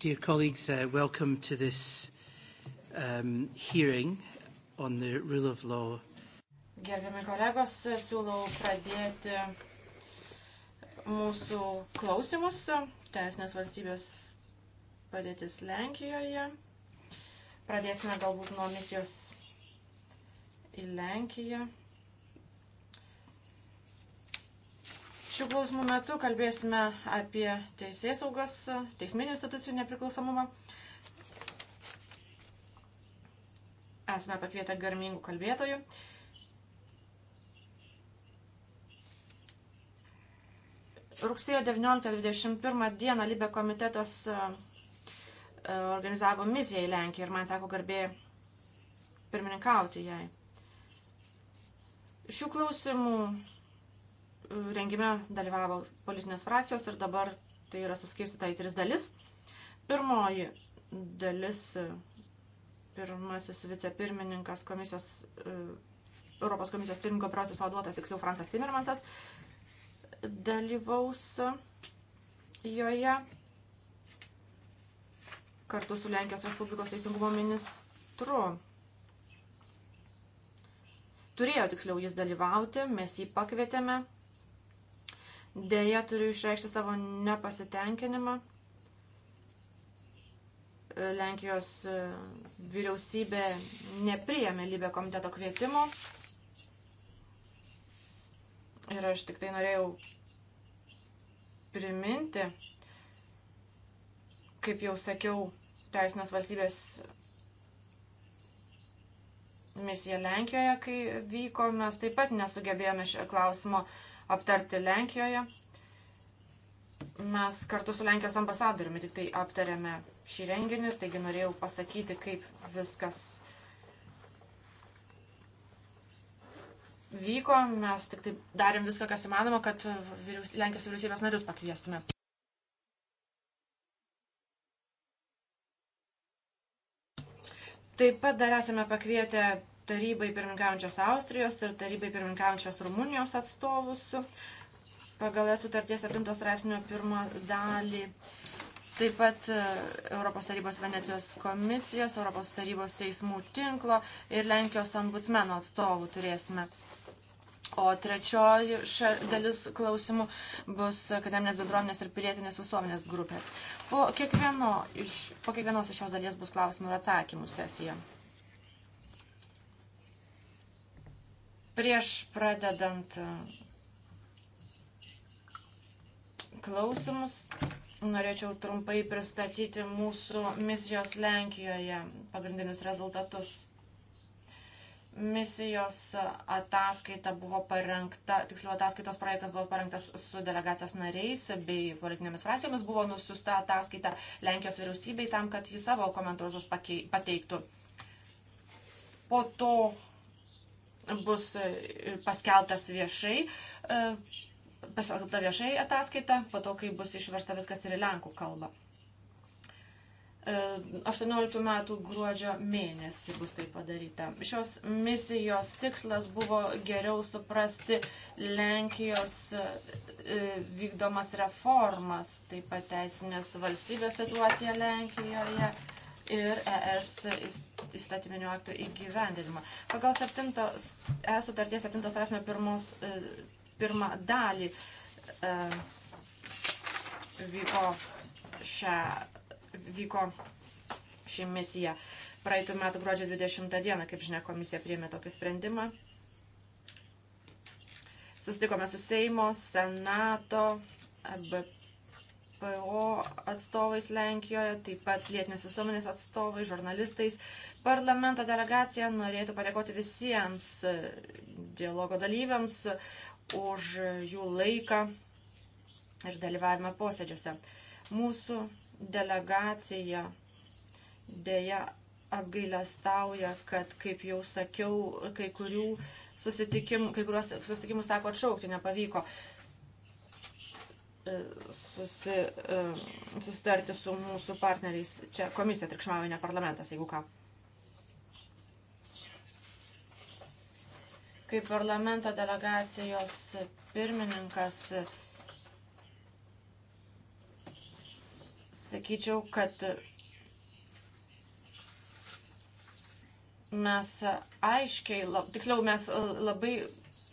Dear colleagues, uh, welcome to this um, hearing on the rule of law. Gerbiami kolegos, siūlau pradėti mūsų klausimus. Teisinės valstybės padėtis Lenkijoje. Pradėsime galbūt nuo misijos į Lenkiją. Šių klausimų metu kalbėsime apie teisės saugos, teisminių institucijų nepriklausomumą. Esame pakvietę garmingų kalbėtojų. Rugsėjo 19-21 dieną Libė komitetas e, e, organizavo misiją į Lenkiją ir man teko garbė pirmininkauti jai. Šių klausimų rengime dalyvavo politinės frakcijos ir dabar tai yra suskirstyta į tris dalis. Pirmoji dalis, e, pirmasis vicepirmininkas komisijos, e, Europos komisijos pirmininko pirmasis pavaduotas, tiksliau Fransas Timmermansas, dalyvaus joje kartu su Lenkijos Respublikos teisingumo ministru. Turėjo tiksliau jis dalyvauti, mes jį pakvietėme Deja, turiu išreikšti savo nepasitenkinimą. Lenkijos e, vyriausybė nepriėmė Libė komiteto kvietimo. Ir aš tik tai norėjau priminti, kaip jau sakiau, teisinės valstybės misija Lenkijoje, kai vyko, mes taip pat nesugebėjome šio klausimo uh, aptarti Lenkijoje. Mes kartu su Lenkijos ambasadoriumi tik tai aptarėme šį renginį, taigi norėjau pasakyti, kaip viskas vyko. Mes tik tai darėm viską, kas įmanoma, kad vyriaus, Lenkijos vyriausybės narius pakviestume. Taip pat dar esame pakvietę tarybai pirmininkaujančios Austrijos ir tarybai pirmininkaujančios Rumunijos atstovus pagal sutarties 7 straipsnio pirmą dalį. Taip pat e, Europos tarybos Venecijos komisijos, Europos tarybos teismų tinklo ir Lenkijos ombudsmeno atstovų turėsime. O trečioji dalis klausimų bus akademinės bendruomenės ir pilietinės visuomenės grupė. Po, kiekvieno iš, po kiekvienos iš šios dalies bus klausimų ir atsakymų sesija. Prieš pradedant e, klausimus, norėčiau trumpai pristatyti mūsų misijos Lenkijoje pagrindinius rezultatus. Misijos ataskaita buvo parengta, tiksliau ataskaitos projektas buvo parengtas su delegacijos nariais bei politinėmis racijomis buvo nusiusta ataskaita Lenkijos vyriausybei tam, kad jis savo komentarus pateiktų. Po to bus e, paskeltas viešai, e, paskelbta viešai ataskaita, po to, kai bus išversta viskas ir į lenkų kalbą. 18 e, metų gruodžio mėnesį bus tai padaryta. Šios misijos tikslas buvo geriau suprasti Lenkijos vykdomas reformas, taip pat teisinės valstybės situaciją Lenkijoje ir ES įstatyminių aktų įgyvendinimą. Pagal 7, ES sutarties 7 straipsnio pirmos, e, pirmą dalį e, vyko, šią, vyko ši misija. Praeitų metų gruodžio 20 dieną, kaip žinia, komisija priėmė tokį sprendimą. Sustikome su Seimo, Senato, e BP NPO atstovais Lenkijoje, taip pat lietinės visuomenės atstovais, žurnalistais. Parlamento delegacija norėtų padėkoti visiems e, dialogo dalyviams už jų laiką ir dalyvavimą posėdžiuose. Mūsų delegacija dėja apgailestauja, kad, kaip jau sakiau, kai kurių susitikimų, kai kuriuos susitikimus teko atšaukti, nepavyko. Uh, E, susi, e, susitarti su mūsų partneriais. Čia komisija trikšmavo, ne parlamentas, jeigu ką. Kaip parlamento delegacijos pirmininkas, sakyčiau, kad mes aiškiai, lab, tiksliau mes labai,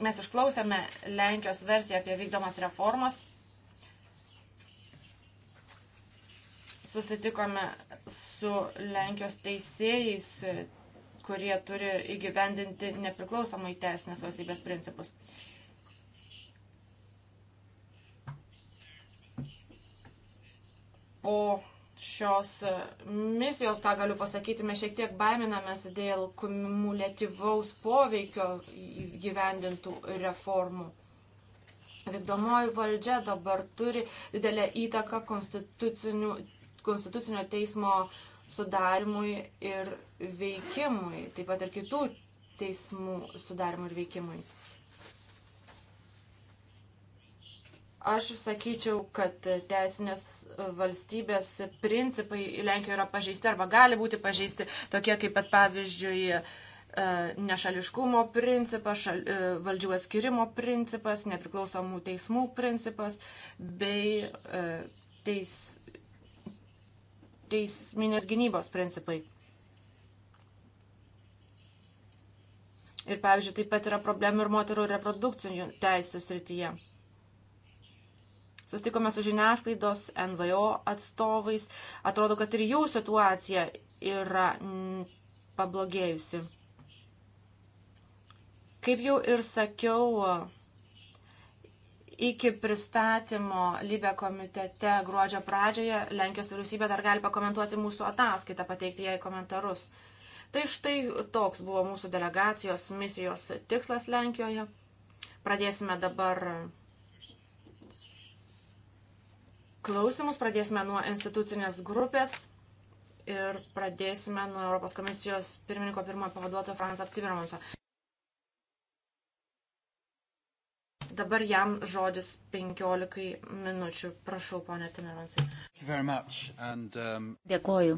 mes išklausėme Lenkijos versiją apie vykdomas reformas susitikome su Lenkijos teisėjais, kurie turi įgyvendinti nepriklausomai teisinės valstybės principus. Po šios misijos, ką galiu pasakyti, mes šiek tiek baiminamės dėl kumuliatyvaus poveikio įgyvendintų reformų. Vykdomoji valdžia dabar turi didelę įtaką konstitucinių konstitucinio teismo sudarimui ir veikimui, taip pat ir kitų teismų sudarimui ir veikimui. Aš sakyčiau, kad teisinės valstybės principai Lenkijoje yra pažeisti arba gali būti pažeisti, tokie kaip, bet, pavyzdžiui, e, nešališkumo principas, šal, e, valdžių atskirimo principas, nepriklausomų teismų principas bei e, teis, teisminės gynybos principai. Ir, pavyzdžiui, taip pat yra problemų ir moterų reprodukcinių teisų srityje. Sustikome su žiniasklaidos NVO atstovais. Atrodo, kad ir jų situacija yra pablogėjusi. Kaip jau ir sakiau, iki pristatymo Libė komitete gruodžio pradžioje Lenkijos vyriausybė dar gali pakomentuoti mūsų ataskaitą, pateikti jai komentarus. Tai štai toks buvo mūsų delegacijos misijos tikslas Lenkijoje. Pradėsime dabar klausimus, pradėsime nuo institucinės grupės ir pradėsime nuo Europos komisijos pirmininko pirmojo pavaduotojo Franzo Timirmanso. Dabar jam žodis 15 minučių. Prašau, ponė Timmermansai. Um... Dėkoju.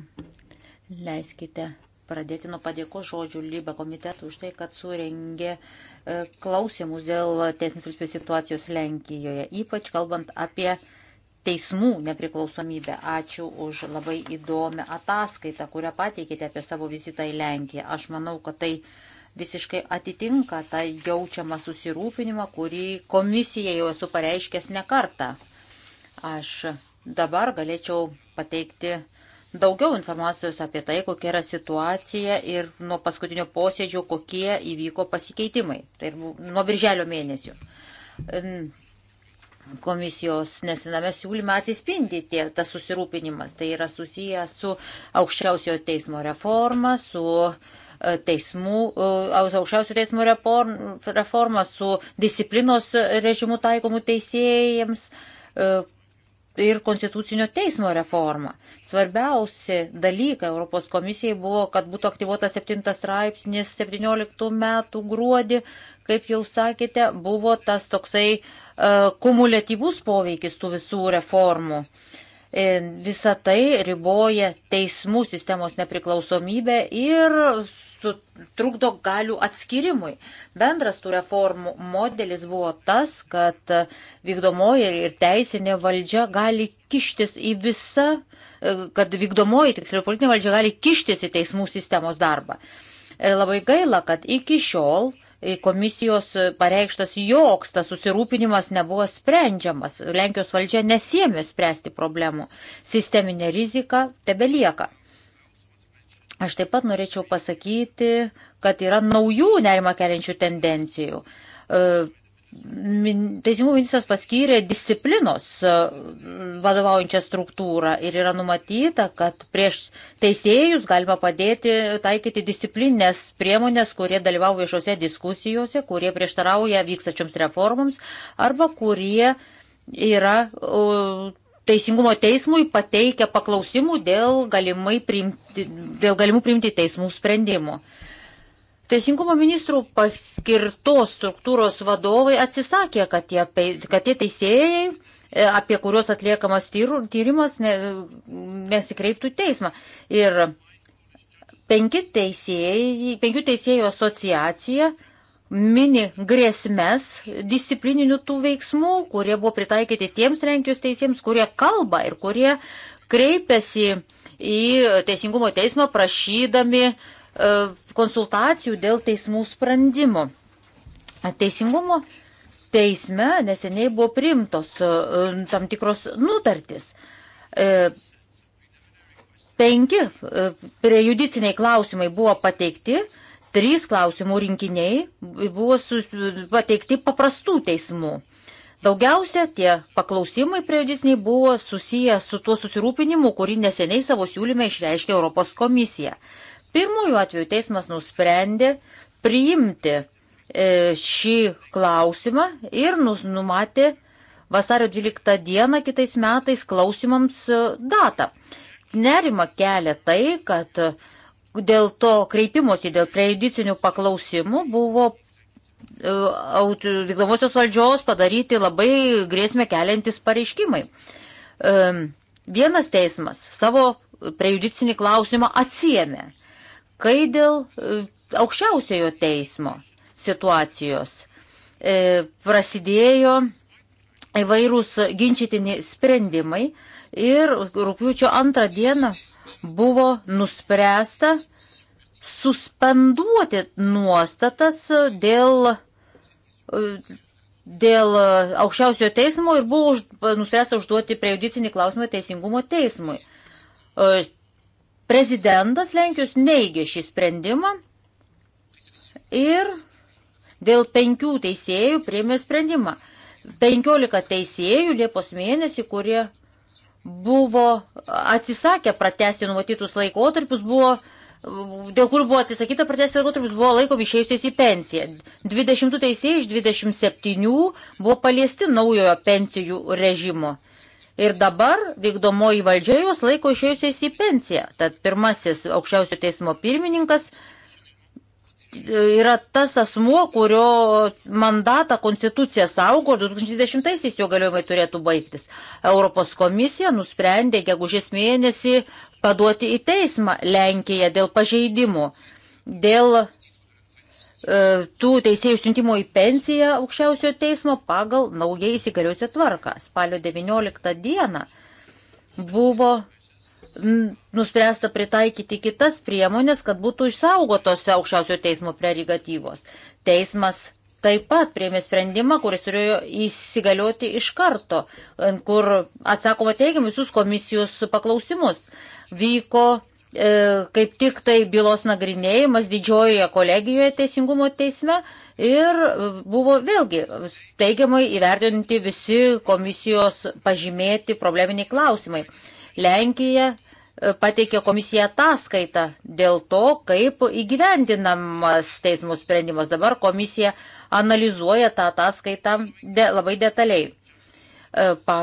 Leiskite pradėti nuo padėko žodžių Lyba komitetų už tai, kad surengė e, klausimus dėl teisinės valstybės situacijos Lenkijoje, ypač kalbant apie teismų nepriklausomybę. Ačiū už labai įdomią ataskaitą, kurią pateikėte apie savo vizitą į Lenkiją. Aš manau, kad tai visiškai atitinka tą jaučiamą susirūpinimą, kurį komisija jau esu pareiškęs ne kartą. Aš dabar galėčiau pateikti daugiau informacijos apie tai, kokia yra situacija ir nuo paskutinio posėdžio, kokie įvyko pasikeitimai. Tai ir nuo birželio mėnesių. Komisijos nesiname siūlyme atsispindi tie, tas susirūpinimas. Tai yra susiję su aukščiausiojo teismo reforma, su uh, teismų, e, aukščiausių teismų reforma su disciplinos režimu taikomų teisėjams e, ir konstitucinio teismo reforma. Svarbiausi dalykai Europos komisijai buvo, kad būtų aktyvuotas 7 straipsnis 17 metų gruodį, kaip jau sakėte, buvo tas toksai uh, kumuliatyvus poveikis tų visų reformų. Visa tai riboja teismų sistemos nepriklausomybę ir trukdo galių atskirimui. Bendras tų reformų modelis buvo tas, kad vykdomoji ir teisinė valdžia gali kištis į visą, kad vykdomoji, tiksliau, politinė valdžia gali kištis į teismų sistemos darbą. E, labai gaila, kad iki šiol e, komisijos pareikštas joks tas susirūpinimas nebuvo sprendžiamas. Lenkijos valdžia nesiemė spręsti problemų. Sisteminė rizika tebelieka. Aš taip pat norėčiau pasakyti, kad yra naujų nerima keliančių tendencijų. E, Teisingumo ministras paskyrė disciplinos e, vadovaujančią struktūrą ir yra numatyta, kad prieš teisėjus galima padėti taikyti disciplinės priemonės, kurie dalyvauja viešose diskusijose, kurie prieštarauja vykstačioms reformoms arba kurie yra Teisingumo teismui pateikia paklausimų dėl, priimti, dėl galimų priimti teismų sprendimų. Teisingumo ministrų paskirtos struktūros vadovai atsisakė, kad tie, kad tie teisėjai, e, apie kuriuos atliekamas tyrimas, ne, nesikreiptų teismą. Ir penki teisėjai, penkių teisėjų asociacija mini grėsmės disciplininių tų veiksmų, kurie buvo pritaikyti tiems Lenkijos teisėms, kurie kalba ir kurie kreipiasi į Teisingumo teismą prašydami e, konsultacijų dėl teismų sprendimų. Teisingumo teisme neseniai buvo priimtos e, tam tikros nutartis. E, penki prejudiciniai klausimai buvo pateikti Trys klausimų rinkiniai buvo pateikti paprastų teismų. Daugiausia tie paklausimai prejudiciniai buvo susiję su tuo susirūpinimu, kurį neseniai savo siūlyme išreiškė Europos komisija. Pirmųjų atveju teismas nusprendė priimti e, šį klausimą ir nu, numatė vasario 12 dieną kitais metais klausimams e, datą. Nerima kelia tai, kad dėl to kreipimosi, dėl prejudicinių paklausimų buvo e, vykdomosios valdžios padaryti labai grėsmę keliantis pareiškimai. E, vienas teismas savo prejudicinį klausimą atsiemė, kai dėl e, aukščiausiojo teismo situacijos prasidėjo įvairūs ginčytini sprendimai ir rūpiučio antrą dieną buvo nuspręsta suspenduoti nuostatas dėl, dėl aukščiausiojo teismo ir buvo už, nuspręsta užduoti prejudicinį klausimą teisingumo teismui. E, prezidentas Lenkijos neigė šį sprendimą ir dėl penkių teisėjų priėmė sprendimą. 15 teisėjų Liepos mėnesį, kurie buvo atsisakę pratesti numatytus laikotarpius, buvo, dėl kur buvo atsisakyta pratesti laikotarpius, buvo laikomi išėjusiais į pensiją. 20 teisėjai iš 27 buvo paliesti naujojo pensijų režimo. Ir dabar vykdomoji valdžia juos laiko išėjusiais į pensiją. Tad pirmasis aukščiausio teismo pirmininkas yra tas asmuo, kurio mandatą konstitucija saugo ir 2020-aisiais jo galiojimai turėtų baigtis. Europos komisija nusprendė gegužės mėnesį paduoti į teismą Lenkiją dėl pažeidimų, dėl e, tų teisėjų siuntimo į pensiją aukščiausiojo teismo pagal naujai įsigaliusią tvarką. Spalio 19 dieną buvo nuspręsta pritaikyti kitas priemonės, kad būtų išsaugotos aukščiausio teismo prerogatyvos. Teismas taip pat priėmė sprendimą, kuris turėjo įsigalioti iš karto, kur atsakoma teigiamai visus komisijos paklausimus. Vyko e, kaip tik tai bylos nagrinėjimas didžiojoje kolegijoje teisingumo teisme ir buvo vėlgi teigiamai įvertinti visi komisijos pažymėti probleminiai klausimai. Lenkija E, pateikė komisija ataskaitą dėl to, kaip įgyvendinamas teismų sprendimas. Dabar komisija analizuoja tą ataskaitą de, labai detaliai. E,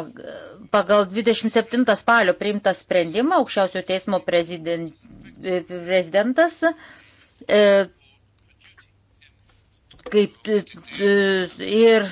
pagal 27 spalio priimtą sprendimą aukščiausio teismo prezident, e, prezidentas kaip ir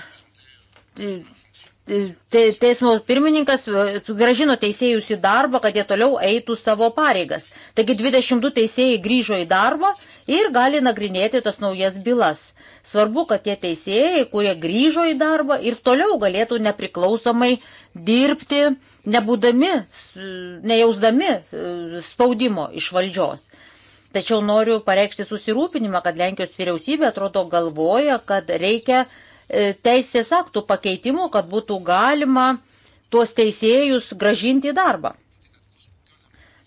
teismo pirmininkas e, gražino teisėjus į darbą, kad jie toliau eitų savo pareigas. Taigi 22 teisėjai grįžo į darbą ir gali nagrinėti tas naujas bylas. Svarbu, kad tie teisėjai, kurie grįžo į darbą ir toliau galėtų nepriklausomai dirbti, nebūdami, nejausdami e, spaudimo iš valdžios. Tačiau noriu pareikšti susirūpinimą, kad Lenkijos vyriausybė atrodo galvoja, kad reikia uh, E, teisės aktų pakeitimų, kad būtų galima tuos teisėjus gražinti į darbą.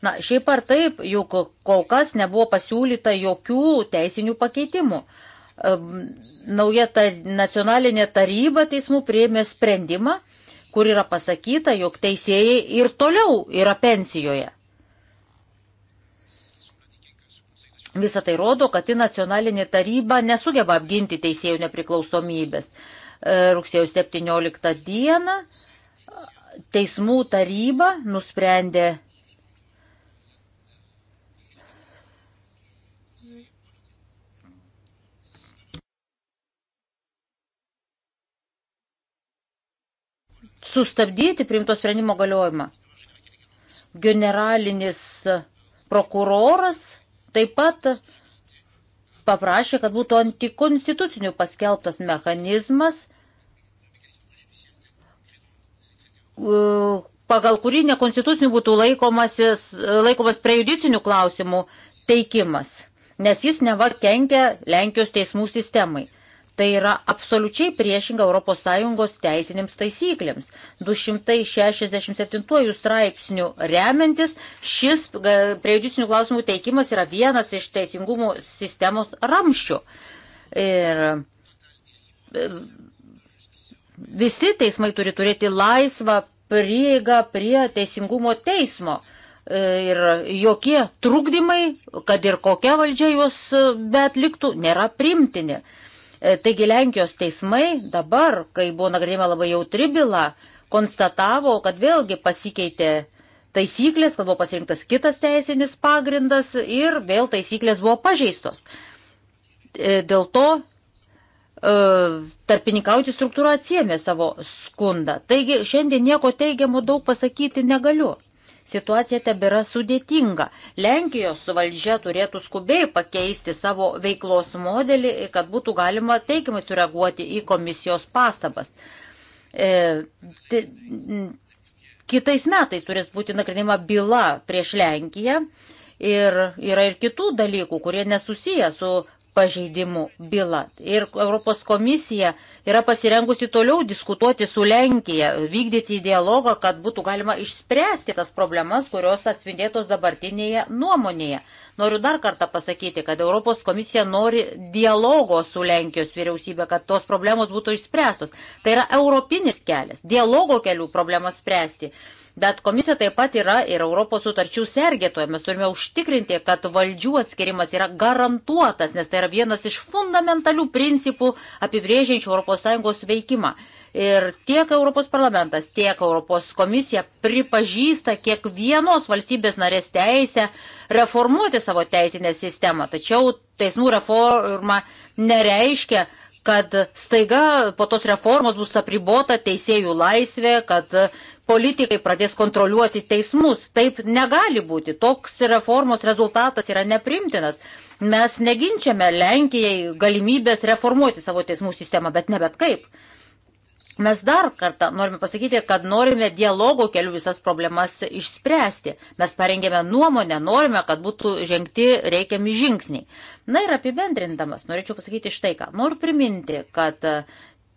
Na, šiaip ar taip, juk kol kas nebuvo pasiūlyta jokių teisinių pakeitimų. E, nauja ta, nacionalinė taryba teismų prieėmė sprendimą, kur yra pasakyta, jog teisėjai ir toliau yra pensijoje. Visą tai rodo, kad į nacionalinį tarybą nesugeba apginti teisėjų nepriklausomybės. E, rugsėjo 17 dieną teismų taryba nusprendė sustabdyti priimto sprendimo galiojimą. Generalinis prokuroras Taip pat paprašė, kad būtų antikonstitucinių paskelbtas mechanizmas, pagal kurį nekonstitucinių būtų laikomas, laikomas prejudicinių klausimų teikimas, nes jis neva kenkia Lenkijos teismų sistemai. Tai yra absoliučiai priešinga ES teisinėms taisyklėms. 267 straipsnių remiantis, šis prejudicinių klausimų teikimas yra vienas iš teisingumo sistemos ramščių. Ir e, visi teismai turi turėti laisvą prieigą prie teisingumo teismo e, ir jokie trukdymai, kad ir kokia valdžia juos e, bet liktų, nėra primtini. E, taigi Lenkijos teismai dabar, kai buvo nagrinėjama labai jautri byla, konstatavo, kad vėlgi pasikeitė taisyklės, kad buvo pasirinktas kitas teisinis pagrindas ir vėl taisyklės buvo pažeistos. E, dėl to e, tarpininkauti struktūra atsiemė savo skundą. Taigi šiandien nieko teigiamo daug pasakyti negaliu situacija tebėra sudėtinga. Lenkijos valdžia turėtų skubiai pakeisti savo veiklos modelį, kad būtų galima teikiamai sureaguoti į komisijos pastabas. E, te, kitais metais turės būti nagrinima byla prieš Lenkiją. Ir yra ir kitų dalykų, kurie nesusiję su pažeidimų byla. Ir Europos komisija yra pasirengusi toliau diskutuoti su Lenkija, vykdyti dialogą, kad būtų galima išspręsti tas problemas, kurios atspindėtos dabartinėje nuomonėje. Noriu dar kartą pasakyti, kad Europos komisija nori dialogo su Lenkijos vyriausybė, kad tos problemos būtų išspręstos. Tai yra europinis kelias, dialogo kelių problemas spręsti. Bet komisija taip pat yra ir Europos sutarčių sergėtoja. Mes turime užtikrinti, kad valdžių atskirimas yra garantuotas, nes tai yra vienas iš fundamentalių principų apibrėžiančių ES veikimą. Ir tiek Europos parlamentas, tiek Europos komisija pripažįsta kiekvienos valstybės narės teisę reformuoti savo teisinę sistemą. Tačiau teismų reforma nereiškia, kad staiga po tos reformos bus apribota teisėjų laisvė, kad politikai pradės kontroliuoti teismus. Taip negali būti. Toks reformos rezultatas yra neprimtinas. Mes neginčiame Lenkijai galimybės reformuoti savo teismų sistemą, bet ne bet kaip. Mes dar kartą norime pasakyti, kad norime dialogo keliu visas problemas išspręsti. Mes parengėme nuomonę, norime, kad būtų žengti reikiami žingsniai. Na ir apibendrindamas, norėčiau pasakyti štai ką. Noriu priminti, kad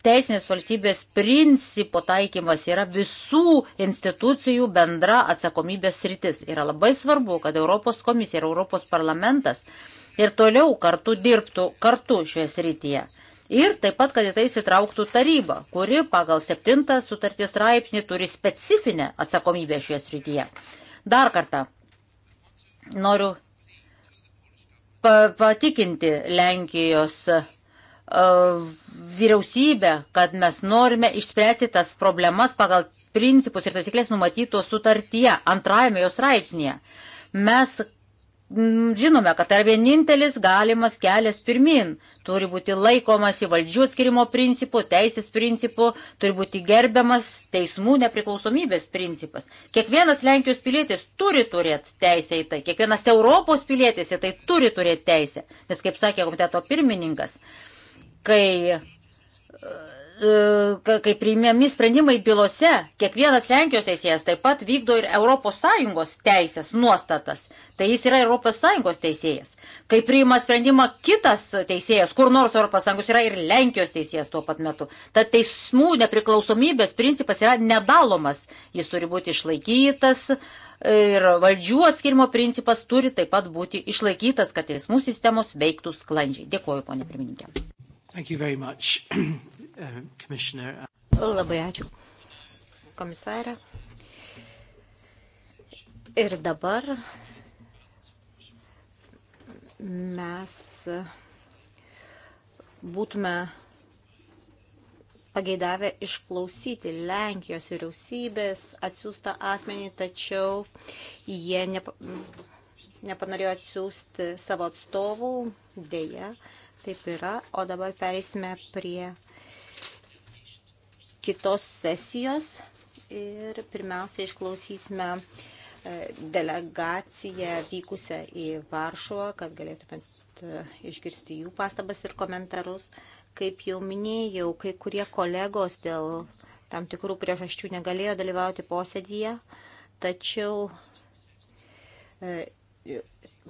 teisinės valstybės principo taikymas yra visų institucijų bendra atsakomybės sritis. Yra labai svarbu, kad Europos komisija ir Europos parlamentas ir toliau kartu dirbtų kartu šioje srityje. Ir taip pat, kad į tai įsitrauktų taryba, kuri pagal 7 sutarties straipsnį turi specifinę atsakomybę šioje srityje. Dar kartą noriu patikinti Lenkijos vyriausybę, kad mes norime išspręsti tas problemas pagal principus ir taisyklės numatytos sutartyje, antrajame jos straipsnėje. Mes žinome, kad tai yra vienintelis galimas kelias pirmin. Turi būti laikomasi valdžių atskirimo principų, teisės principų, turi būti gerbiamas teismų nepriklausomybės principas. Kiekvienas Lenkijos pilietis turi turėti teisę į tai, kiekvienas Europos pilietis į tai turi turėti teisę. Nes, kaip sakė komiteto pirmininkas, uh, kai e, kai priimiami sprendimai bylose, kiekvienas Lenkijos teisėjas taip pat vykdo ir ES teisės nuostatas. Tai jis yra ES teisėjas. Kai priima sprendimą kitas teisėjas, kur nors ES yra ir Lenkijos teisėjas tuo pat metu. Tad teismų nepriklausomybės principas yra nedalomas. Jis turi būti išlaikytas ir valdžių atskirimo principas turi taip pat būti išlaikytas, kad teismų sistemos veiktų sklandžiai. Dėkuoju, ponė pirmininkė. Uh, Labai ačiū, komisarė. Ir dabar mes būtume pageidavę išklausyti Lenkijos vyriausybės atsiųstą asmenį, tačiau jie nepa, nepanorėjo atsiųsti savo atstovų, dėja, Taip yra. O dabar pereisime prie kitos sesijos ir pirmiausia išklausysime e, delegaciją vykusią į Varšuvą, kad galėtumėt e, išgirsti jų pastabas ir komentarus. Kaip jau minėjau, kai kurie kolegos dėl tam tikrų priežasčių negalėjo dalyvauti posėdyje, tačiau e,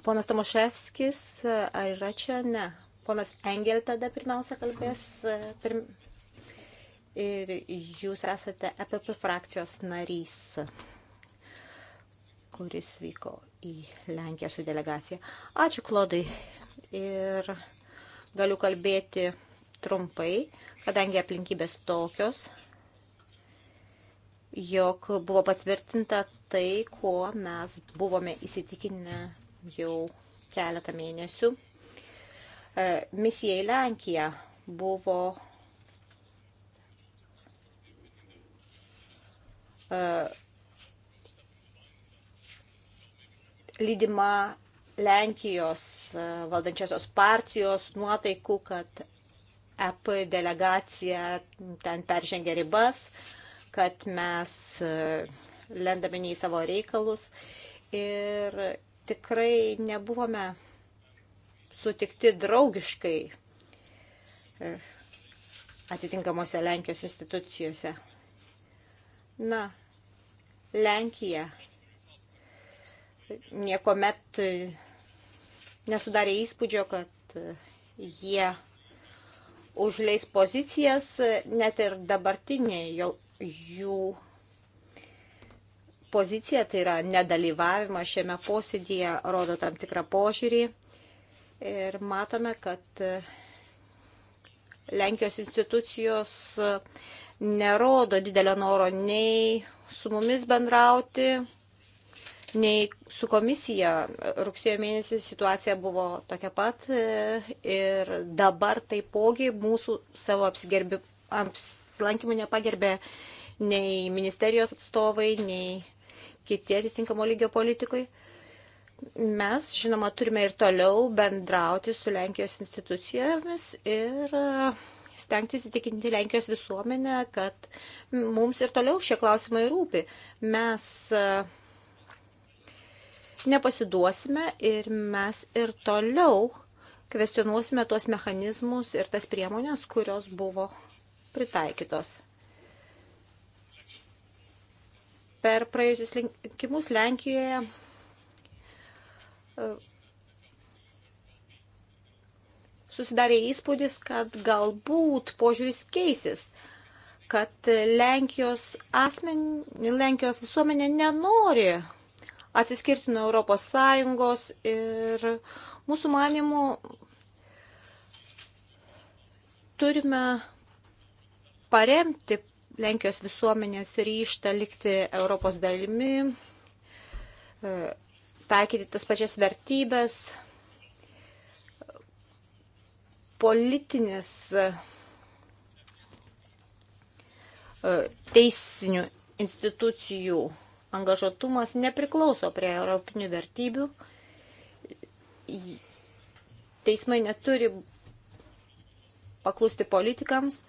ponas Tomoševskis, ar yra čia? Ne, Ponas Engel tada pirmiausia kalbės. E, Pirm... Ir jūs esate EPP frakcijos narys, kuris vyko į Lenkiją su delegacija. Ačiū, Klodai. Ir galiu kalbėti trumpai, kadangi aplinkybės tokios, jog buvo patvirtinta tai, kuo mes buvome įsitikinę jau keletą mėnesių E, misija į Lenkiją buvo e, lydima Lenkijos e, valdančiosios partijos nuotaikų, kad EP delegacija ten peržengia ribas, kad mes lendame ne į savo reikalus. Ir tikrai nebuvome sutikti draugiškai e, atitinkamuose Lenkijos institucijose. Na, Lenkija nieko met e, nesudarė įspūdžio, kad e, jie užleis pozicijas, net ir dabartinė jau, jų pozicija, tai yra nedalyvavimas šiame posėdėje, rodo tam tikrą požiūrį Ir matome, kad e, Lenkijos institucijos e, nerodo didelio noro nei su mumis bendrauti, nei su komisija. Rugsėjo mėnesį situacija buvo tokia pat e, ir dabar taipogi mūsų savo apsilankimų nepagerbė nei ministerijos atstovai, nei kiti atitinkamo lygio politikai. Mes, žinoma, turime ir toliau bendrauti su Lenkijos institucijomis ir e, stengtis įtikinti Lenkijos visuomenę, kad mums ir toliau šie klausimai rūpi. Mes e, nepasiduosime ir mes ir toliau kvestionuosime tuos mechanizmus ir tas priemonės, kurios buvo pritaikytos. Per praėjusius rinkimus Lenkijoje susidarė įspūdis, kad galbūt požiūris keisis, kad Lenkijos, asmen, Lenkijos visuomenė nenori atsiskirti nuo Europos Sąjungos ir mūsų manimų turime paremti Lenkijos visuomenės ryštą likti Europos dalimi, taikyti tas pačias vertybės. Politinis e, teisinių institucijų angažuotumas nepriklauso prie europinių vertybių. Teismai neturi paklusti politikams,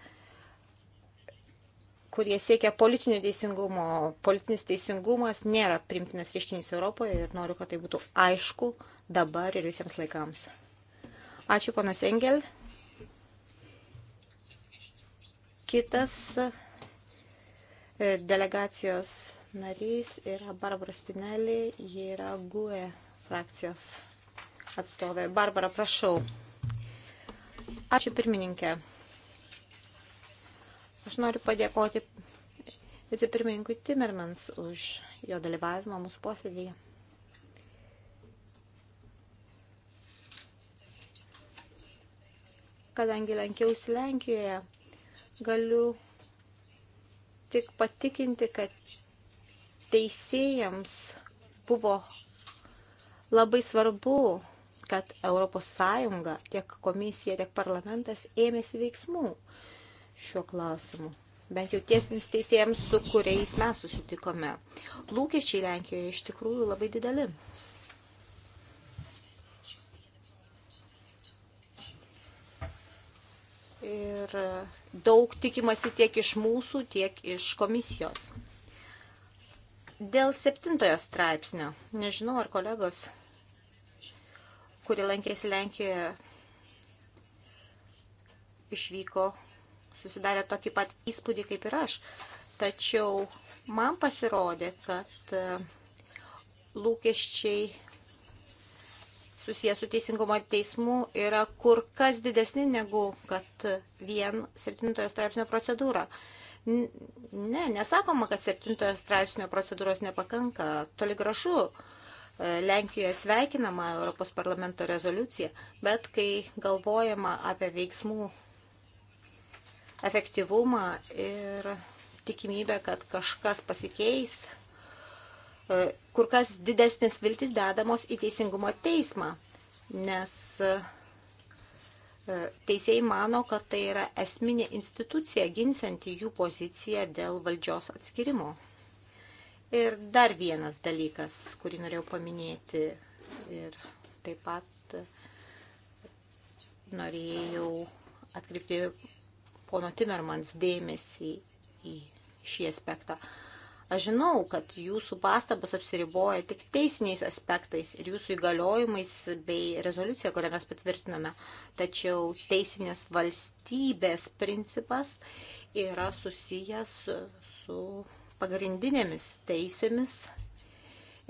kurie siekia politinio teisingumo. Politinis teisingumas nėra primtinas reiškinys Europoje ir noriu, kad tai būtų aišku dabar ir visiems laikams. Ačiū, ponas Engel. Kitas e, delegacijos narys yra Barbara Spinelli, ji yra GUE frakcijos atstovė. Barbara, prašau. Ačiū pirmininkė. Aš noriu padėkoti vicepirmininkui Timmermans už jo dalyvavimą mūsų posėdėje. Kadangi lankiausi Lenkijoje, galiu tik patikinti, kad teisėjams buvo labai svarbu, kad ES, tiek komisija, tiek parlamentas ėmėsi veiksmų šiuo klausimu. Bent jau tiesiems teisėjams, su kuriais mes susitikome. Lūkesčiai Lenkijoje iš tikrųjų labai dideli. Ir daug tikimasi tiek iš mūsų, tiek iš komisijos. Dėl septintojo straipsnio, nežinau ar kolegos, kuri lankėsi Lenkijoje, išvyko susidarė tokį pat įspūdį kaip ir aš. Tačiau man pasirodė, kad e, lūkesčiai susijęs su teisingumo teismu yra kur kas didesni negu kad vien 7 straipsnio procedūra. Ne, nesakoma, kad 7 straipsnio procedūros nepakanka. Toli gražu, e, Lenkijoje sveikinama Europos parlamento rezoliucija, bet kai galvojama apie veiksmų efektyvumą ir tikimybę, kad kažkas pasikeis, e, kur kas didesnės viltis dedamos į teisingumo teismą, nes e, teisėjai mano, kad tai yra esminė institucija ginsianti jų poziciją dėl valdžios atskirimo. Ir dar vienas dalykas, kurį norėjau paminėti ir taip pat norėjau atkreipti pono Timermans dėmesį į šį aspektą. Aš žinau, kad jūsų pastabos apsiriboja tik teisiniais aspektais ir jūsų įgaliojimais bei rezoliucija, kurią mes patvirtiname. Tačiau teisinės valstybės principas yra susijęs su, su pagrindinėmis teisėmis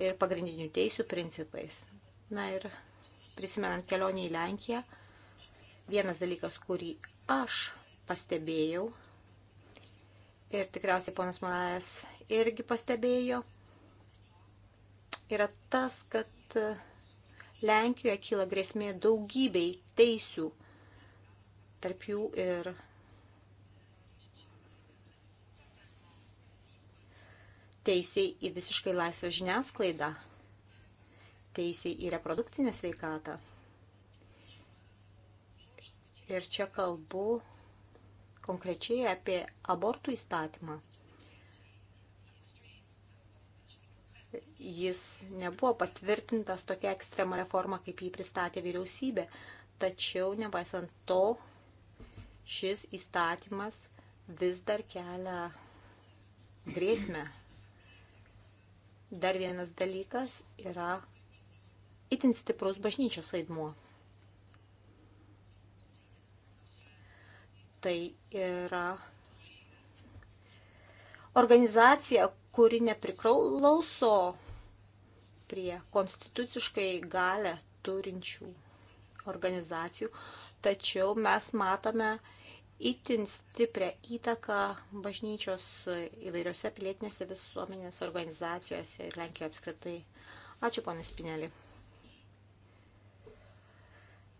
ir pagrindinių teisų principais. Na ir prisimenant kelionį į Lenkiją, vienas dalykas, kurį aš pastebėjau. Ir tikriausiai ponas Morajas irgi pastebėjo. Yra tas, kad e, Lenkijoje kyla grėsmė daugybei teisių, tarp jų ir teisiai į visiškai laisvą žiniasklaidą, teisiai į reprodukcinę sveikatą. Ir čia kalbu konkrečiai apie abortų įstatymą. Jis nebuvo patvirtintas tokia ekstrema reforma, kaip jį pristatė vyriausybė, tačiau nepaisant to, šis įstatymas vis dar kelia grėsmę. Dar vienas dalykas yra itin stiprus bažnyčios vaidmuo. tai yra organizacija, kuri nepriklauso prie konstituciškai galę turinčių organizacijų, tačiau mes matome itin stiprią įtaką bažnyčios įvairiose pilietinėse visuomenės organizacijose ir Lenkijoje apskritai. Ačiū, ponas Pinelį.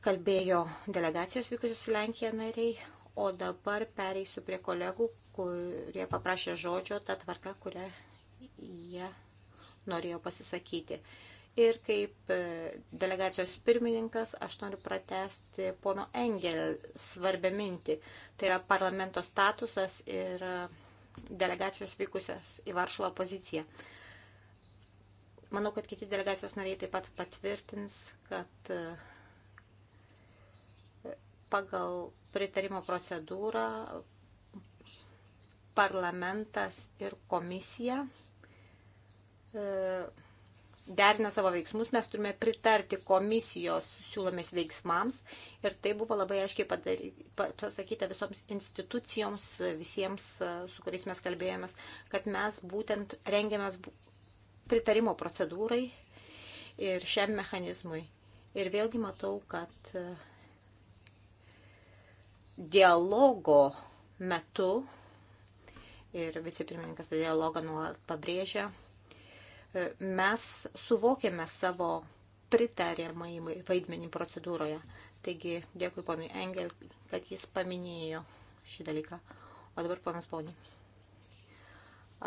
Kalbėjo delegacijos vykusios į Lenkiją nariai, O dabar pereisiu prie kolegų, kurie paprašė žodžio tą tvarką, kurią jie norėjo pasisakyti. Ir kaip e, delegacijos pirmininkas aš noriu pratesti pono Engel svarbę mintį. Tai yra parlamento statusas ir e, delegacijos vykusias į Varšuvą poziciją. Manau, kad kiti delegacijos nariai taip pat patvirtins, kad e, pagal pritarimo procedūrą parlamentas ir komisija e, derina savo veiksmus, mes turime pritarti komisijos siūlomis veiksmams ir tai buvo labai aiškiai padary, pasakyta visoms institucijoms, visiems, e, su kuriais mes kalbėjomės, kad mes būtent rengiamės pritarimo procedūrai ir šiam mechanizmui. Ir vėlgi matau, kad uh, dialogo metu ir vicepirmininkas tą dialogą nuolat pabrėžia, e, mes suvokėme savo pritariamai vaidmenį procedūroje. Taigi dėkui ponui Engel, kad jis paminėjo šį dalyką. O dabar ponas ponį.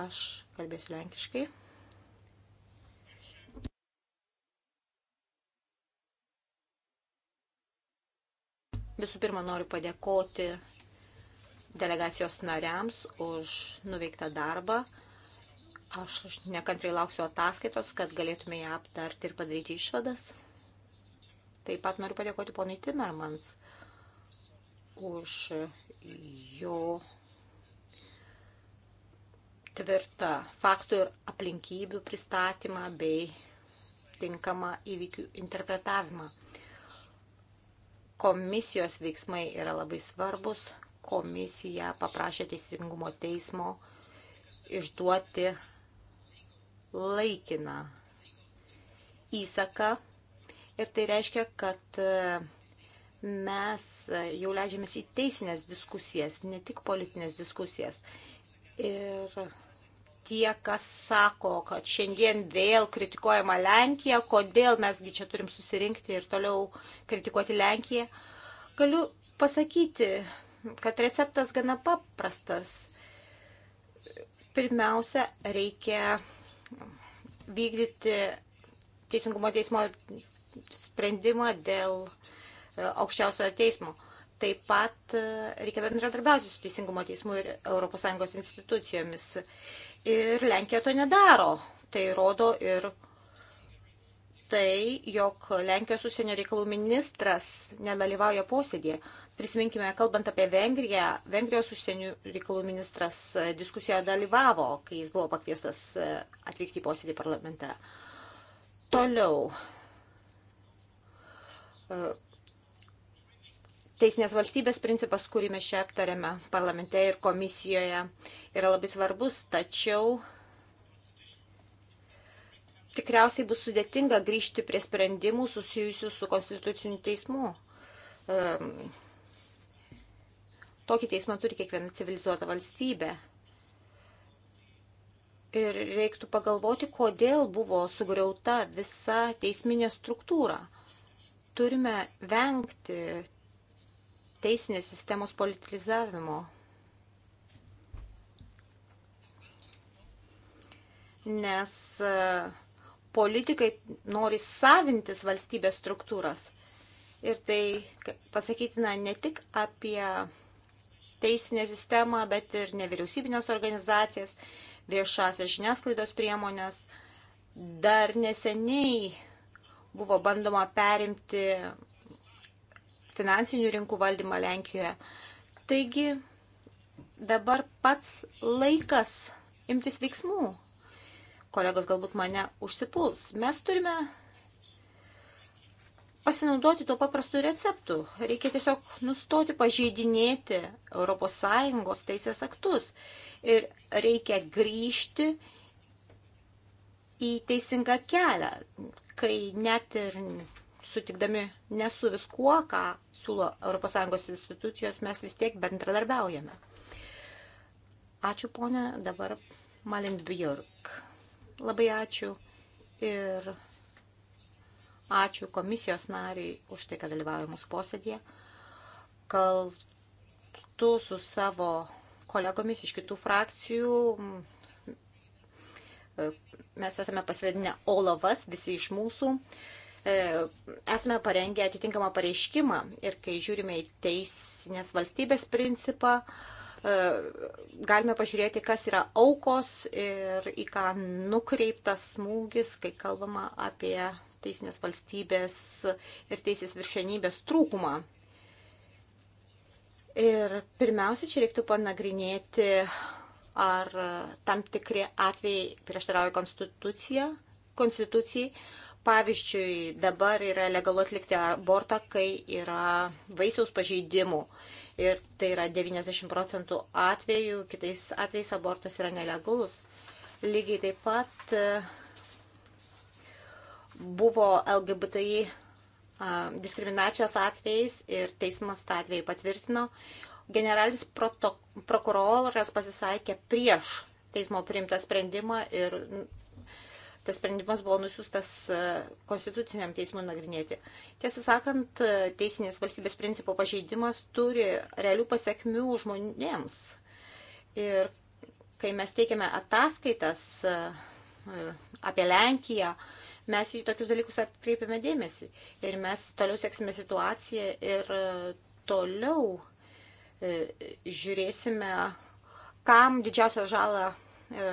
Aš kalbėsiu lenkiškai. Visų pirma, noriu padėkoti delegacijos nariams už nuveiktą darbą. Aš nekantrai lauksiu ataskaitos, kad galėtume ją aptarti ir padaryti išvadas. Taip pat noriu padėkoti ponai Timmermans už jo tvirtą faktų ir aplinkybių pristatymą bei tinkamą įvykių interpretavimą. Komisijos veiksmai yra labai svarbus. Komisija paprašė Teisingumo teismo išduoti laikiną įsaką. Ir tai reiškia, kad e, mes jau leidžiamės į teisinės diskusijas, ne tik politinės diskusijas. Ir tie, kas sako, kad šiandien vėl kritikuojama Lenkija, kodėl mesgi čia turim susirinkti ir toliau kritikuoti Lenkiją. Galiu pasakyti, kad receptas gana paprastas. Pirmiausia, reikia vykdyti Teisingumo teismo sprendimą dėl e, aukščiausiojo teismo. Taip pat e, reikia bendradarbiauti su Teisingumo teismu ir ES institucijomis. Ir Lenkija to nedaro. Tai rodo ir tai, jog Lenkijos užsienio reikalų ministras nedalyvauja posėdėje. Prisiminkime, kalbant apie Vengriją, Vengrijos užsienio reikalų ministras e, diskusijoje dalyvavo, kai jis buvo pakviestas e, atvykti į posėdį parlamente. Toliau. E, teisinės valstybės principas, kurį mes čia aptarėme parlamente ir komisijoje, yra labai svarbus, tačiau tikriausiai bus sudėtinga grįžti prie sprendimų susijusių su konstituciniu teismu. Ehm, tokį teismą turi kiekviena civilizuota valstybė. Ir reiktų pagalvoti, kodėl buvo sugriauta visa teisminė struktūra. Turime vengti teisinės sistemos politizavimo. Nes e, politikai nori savintis valstybės struktūras. Ir tai pasakytina ne tik apie teisinę sistemą, bet ir nevyriausybinės organizacijas, viešasias žiniasklaidos priemonės. Dar neseniai buvo bandoma perimti finansinių rinkų valdymą Lenkijoje. Taigi dabar pats laikas imtis veiksmų. Kolegos galbūt mane užsipuls. Mes turime pasinaudoti tuo paprastu receptu. Reikia tiesiog nustoti pažeidinėti ES teisės aktus. Ir reikia grįžti į teisingą kelią, kai net ir sutikdami ne su viskuo, ką siūlo ES institucijos, mes vis tiek bendradarbiaujame. Ačiū, ponė, dabar Malin Björk. Labai ačiū ir ačiū komisijos nariai už tai, kad dalyvauja mūsų posėdėje. Kaltu su savo kolegomis iš kitų frakcijų mes esame pasvedinę Olavas, visi iš mūsų. Uh, E, esame parengę atitinkamą pareiškimą ir kai žiūrime į teisinės valstybės principą, e, galime pažiūrėti, kas yra aukos ir į ką nukreiptas smūgis, kai kalbama apie teisinės valstybės ir teisės viršenybės trūkumą. Ir pirmiausia, čia reiktų panagrinėti, ar tam tikri atvejai prieštarauja konstituciją, konstitucijai, Pavyzdžiui, dabar yra legalu atlikti abortą, kai yra vaisiaus pažeidimų. Ir tai yra 90 procentų atvejų, kitais atvejais abortas yra nelegalus. Lygiai taip pat e, buvo LGBTI diskriminacijos atvejais ir teismas tą atvejį patvirtino. Generalinis prokuroras pasisakė prieš teismo priimtą sprendimą ir tas sprendimas buvo nusiųstas e, konstituciniam teismui nagrinėti. Tiesą sakant, e, teisinės valstybės principo pažeidimas turi realių pasiekmių žmonėms. Ir kai mes teikiame ataskaitas e, apie Lenkiją, mes į tokius dalykus atkreipiame dėmesį. Ir mes toliau seksime situaciją ir toliau žiūrėsime, kam didžiausią žalą E,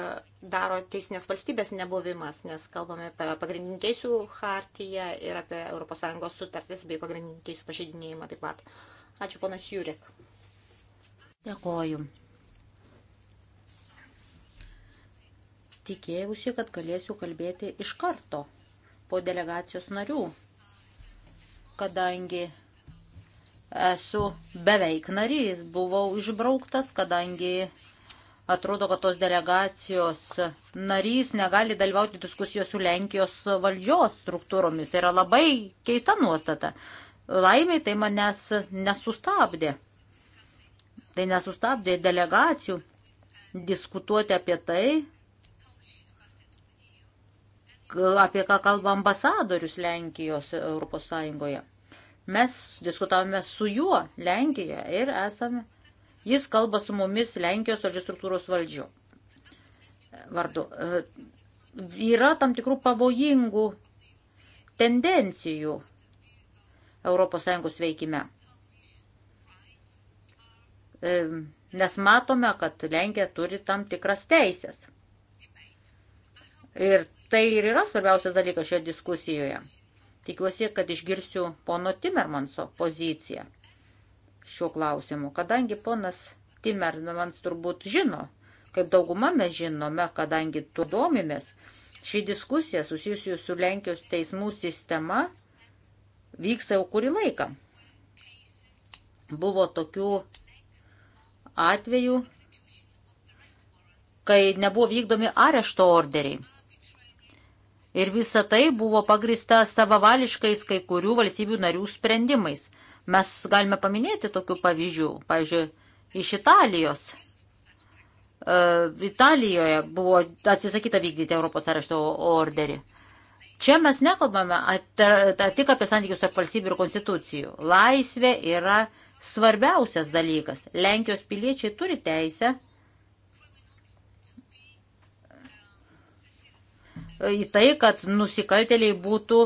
daro teisinės valstybės nebuvimas, nes kalbame apie pagrindinių teisų hartiją ir apie ES sutartis bei pagrindinių teisų pažeidinėjimą taip pat. Ačiū, ponas Jurek. Dėkoju. Tikėjusi, kad galėsiu kalbėti iš karto po delegacijos narių, kadangi esu beveik narys, buvau išbrauktas, kadangi Atrodo, kad tos delegacijos narys negali dalyvauti diskusijos su Lenkijos valdžios struktūromis. Yra labai keista nuostata. Laimiai tai manęs nesustabdė. Tai nesustabdė delegacijų diskutuoti apie tai, apie ką kalba ambasadorius Lenkijos Europos Sąjungoje. Mes diskutavome su juo Lenkijoje ir esame Jis kalba su mumis Lenkijos valdžios struktūros valdžiu. Vardu. E, yra tam tikrų pavojingų tendencijų ES veikime. Nes e, matome, kad Lenkija turi tam tikras teisės. Ir tai ir yra svarbiausias dalykas šioje diskusijoje. Tikiuosi, kad išgirsiu pono Timermanso poziciją šiuo klausimu, kadangi ponas Timermans turbūt žino, kaip dauguma mes žinome, kadangi tuo domimės, ši diskusija susijusi su Lenkijos teismų sistema vyksta jau kurį laiką. Buvo tokių atvejų, kai nebuvo vykdomi arešto orderiai. Ir visa tai buvo pagrista savavališkais kai kurių valstybių narių sprendimais – Mes galime paminėti tokių pavyzdžių. Pavyzdžiui, iš Italijos. E, Italijoje buvo atsisakyta vykdyti Europos arešto orderį. Čia mes nekalbame atar, atar, tik apie santykius tarp valstybių ir konstitucijų. Laisvė yra svarbiausias dalykas. Lenkijos piliečiai turi teisę e, į tai, kad nusikaltėliai būtų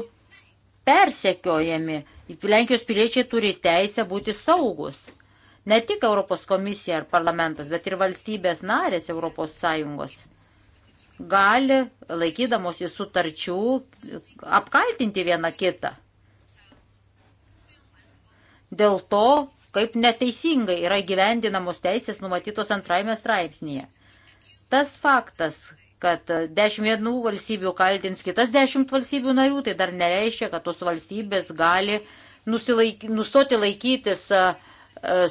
persekiojami. Lenkijos piliečiai turi teisę būti saugus. Ne tik Europos komisija ar parlamentas, bet ir valstybės narės Europos Sąjungos gali, laikydamosi sutarčių, apkaltinti vieną kitą. Dėl to, kaip neteisingai yra gyvendinamos teisės numatytos antrajame straipsnėje. Tas faktas, kad dešimt vienų valstybių kaltins kitas dešimt valstybių narių, tai dar nereiškia, kad tos valstybės gali nusilaik, nustoti laikytis e,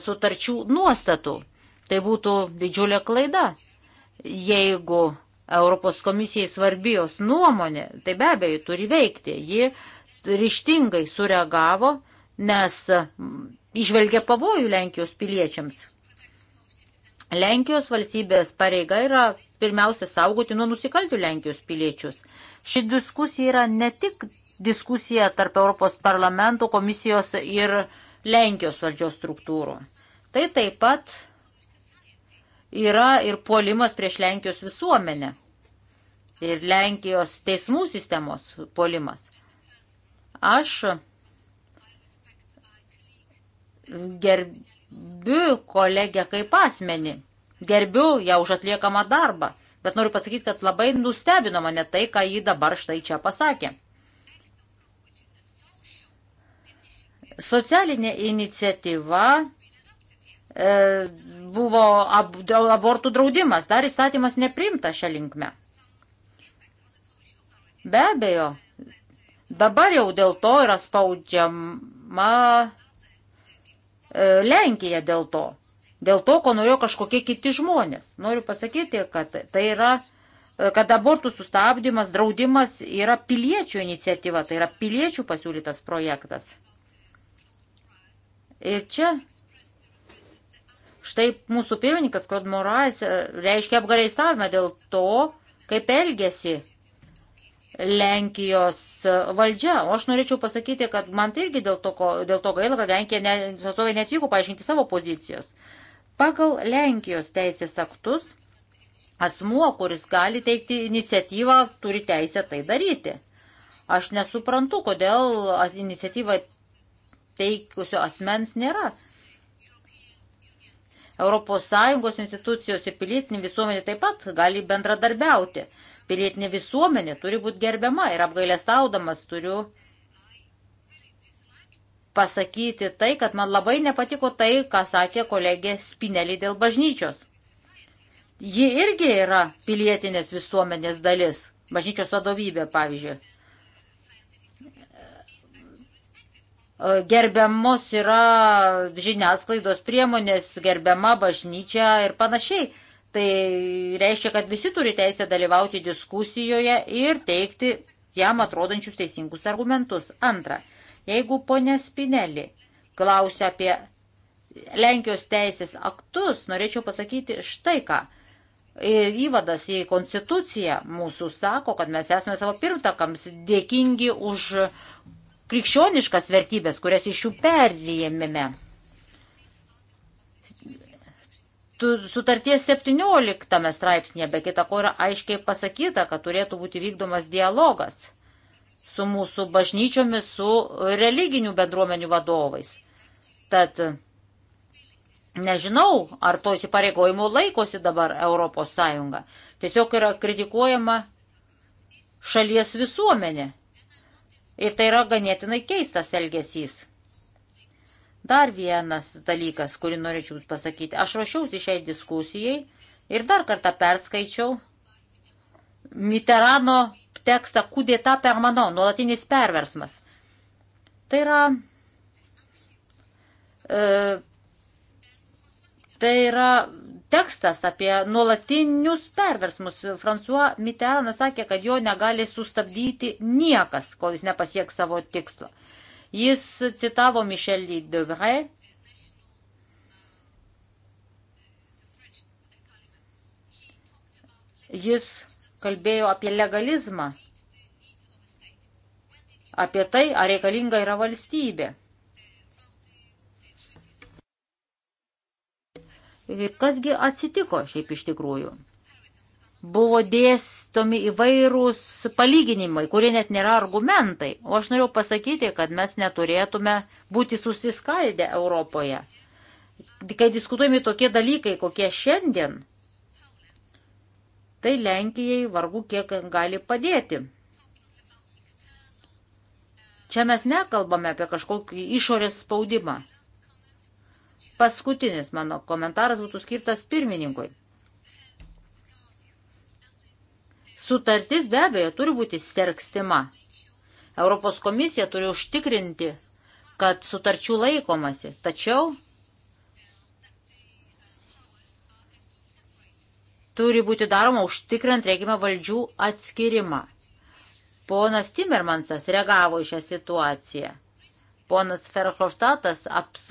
sutarčių nuostatų. Tai būtų didžiulė klaida. Jeigu Europos komisijai svarbi jos nuomonė, tai be abejo turi veikti. Ji ryštingai sureagavo, nes išvelgia pavojų Lenkijos piliečiams. Lenkijos valstybės pareiga yra pirmiausia saugoti nuo nusikaltų Lenkijos piliečius. Ši diskusija yra ne tik diskusija tarp Europos parlamento komisijos ir Lenkijos valdžios struktūrų. Tai taip pat yra ir puolimas prieš Lenkijos visuomenę ir Lenkijos teismų sistemos puolimas. Aš gerbiu gerbiu kolegę kaip asmenį, gerbiu ją už atliekamą darbą, bet noriu pasakyti, kad labai nustebino mane tai, ką ji dabar štai čia pasakė. Socialinė iniciatyva e, buvo ab, abortų draudimas, dar įstatymas neprimta šią linkmę. Be abejo, dabar jau dėl to yra spaudžiama E, Lenkiją dėl to. Dėl to, ko norėjo kažkokie kiti žmonės. Noriu pasakyti, kad tai yra, e, kad abortų sustabdymas, draudimas yra piliečių iniciatyva, tai yra piliečių pasiūlytas projektas. Ir čia štai mūsų pirmininkas Klod Morais reiškia apgareistavimą dėl to, kaip elgesi Lenkijos valdžia. O aš norėčiau pasakyti, kad man tai irgi dėl to, ko, dėl to gaila, kad Lenkija ne, atstovai netvyko paaiškinti savo pozicijos. Pagal Lenkijos teisės aktus asmuo, kuris gali teikti iniciatyvą, turi teisę tai daryti. Aš nesuprantu, kodėl iniciatyvą teikusio asmens nėra. ES institucijos ir pilietinė visuomenė taip pat gali bendradarbiauti. Pilietinė visuomenė turi būti gerbiama ir apgailestaudamas turiu pasakyti tai, kad man labai nepatiko tai, ką sakė kolegė Spinelį dėl bažnyčios. Ji irgi yra pilietinės visuomenės dalis, bažnyčios vadovybė, pavyzdžiui. Gerbiamos yra žiniasklaidos priemonės, gerbiama bažnyčia ir panašiai. Tai reiškia, kad visi turi teisę dalyvauti diskusijoje ir teikti jam atrodančius teisingus argumentus. Antra, jeigu ponė Spinelli klausia apie Lenkijos teisės aktus, norėčiau pasakyti štai ką. Įvadas į konstituciją mūsų sako, kad mes esame savo pirmtakams dėkingi už krikščioniškas vertybės, kurias iš jų perėmėme. sutarties 17 straipsnėje, be kita ko yra aiškiai pasakyta, kad turėtų būti vykdomas dialogas su mūsų bažnyčiomis, su religinių bendruomenių vadovais. Tad nežinau, ar to įsipareigojimo laikosi dabar Europos Sąjunga. Tiesiog yra kritikuojama šalies visuomenė. Ir tai yra ganėtinai keistas elgesys. Dar vienas dalykas, kurį norėčiau Jums pasakyti. Aš ruošiausi šiai diskusijai ir dar kartą perskaičiau Mitterano tekstą Kudėta per mano, nuolatinis perversmas. Tai yra. E, tai yra tekstas apie nuolatinius perversmus. François Mitteranas sakė, kad jo negali sustabdyti niekas, kol jis nepasieks savo tikslo. Jis citavo Mišelį Devre. Jis kalbėjo apie legalizmą, apie tai, ar reikalinga yra valstybė. Kasgi atsitiko šiaip iš tikrųjų? buvo dėstomi įvairūs palyginimai, kurie net nėra argumentai. O aš noriu pasakyti, kad mes neturėtume būti susiskaldę Europoje. Kai diskutuojami tokie dalykai, kokie šiandien, tai Lenkijai vargu kiek gali padėti. Čia mes nekalbame apie kažkokį išorės spaudimą. Paskutinis mano komentaras būtų skirtas pirmininkui. Sutartis be abejo turi būti serkstima. Europos komisija turi užtikrinti, kad sutarčių laikomasi. Tačiau turi būti daroma užtikrint reikimą valdžių atskirimą. Ponas Timermansas reagavo į šią situaciją. Ponas Ferhofstatas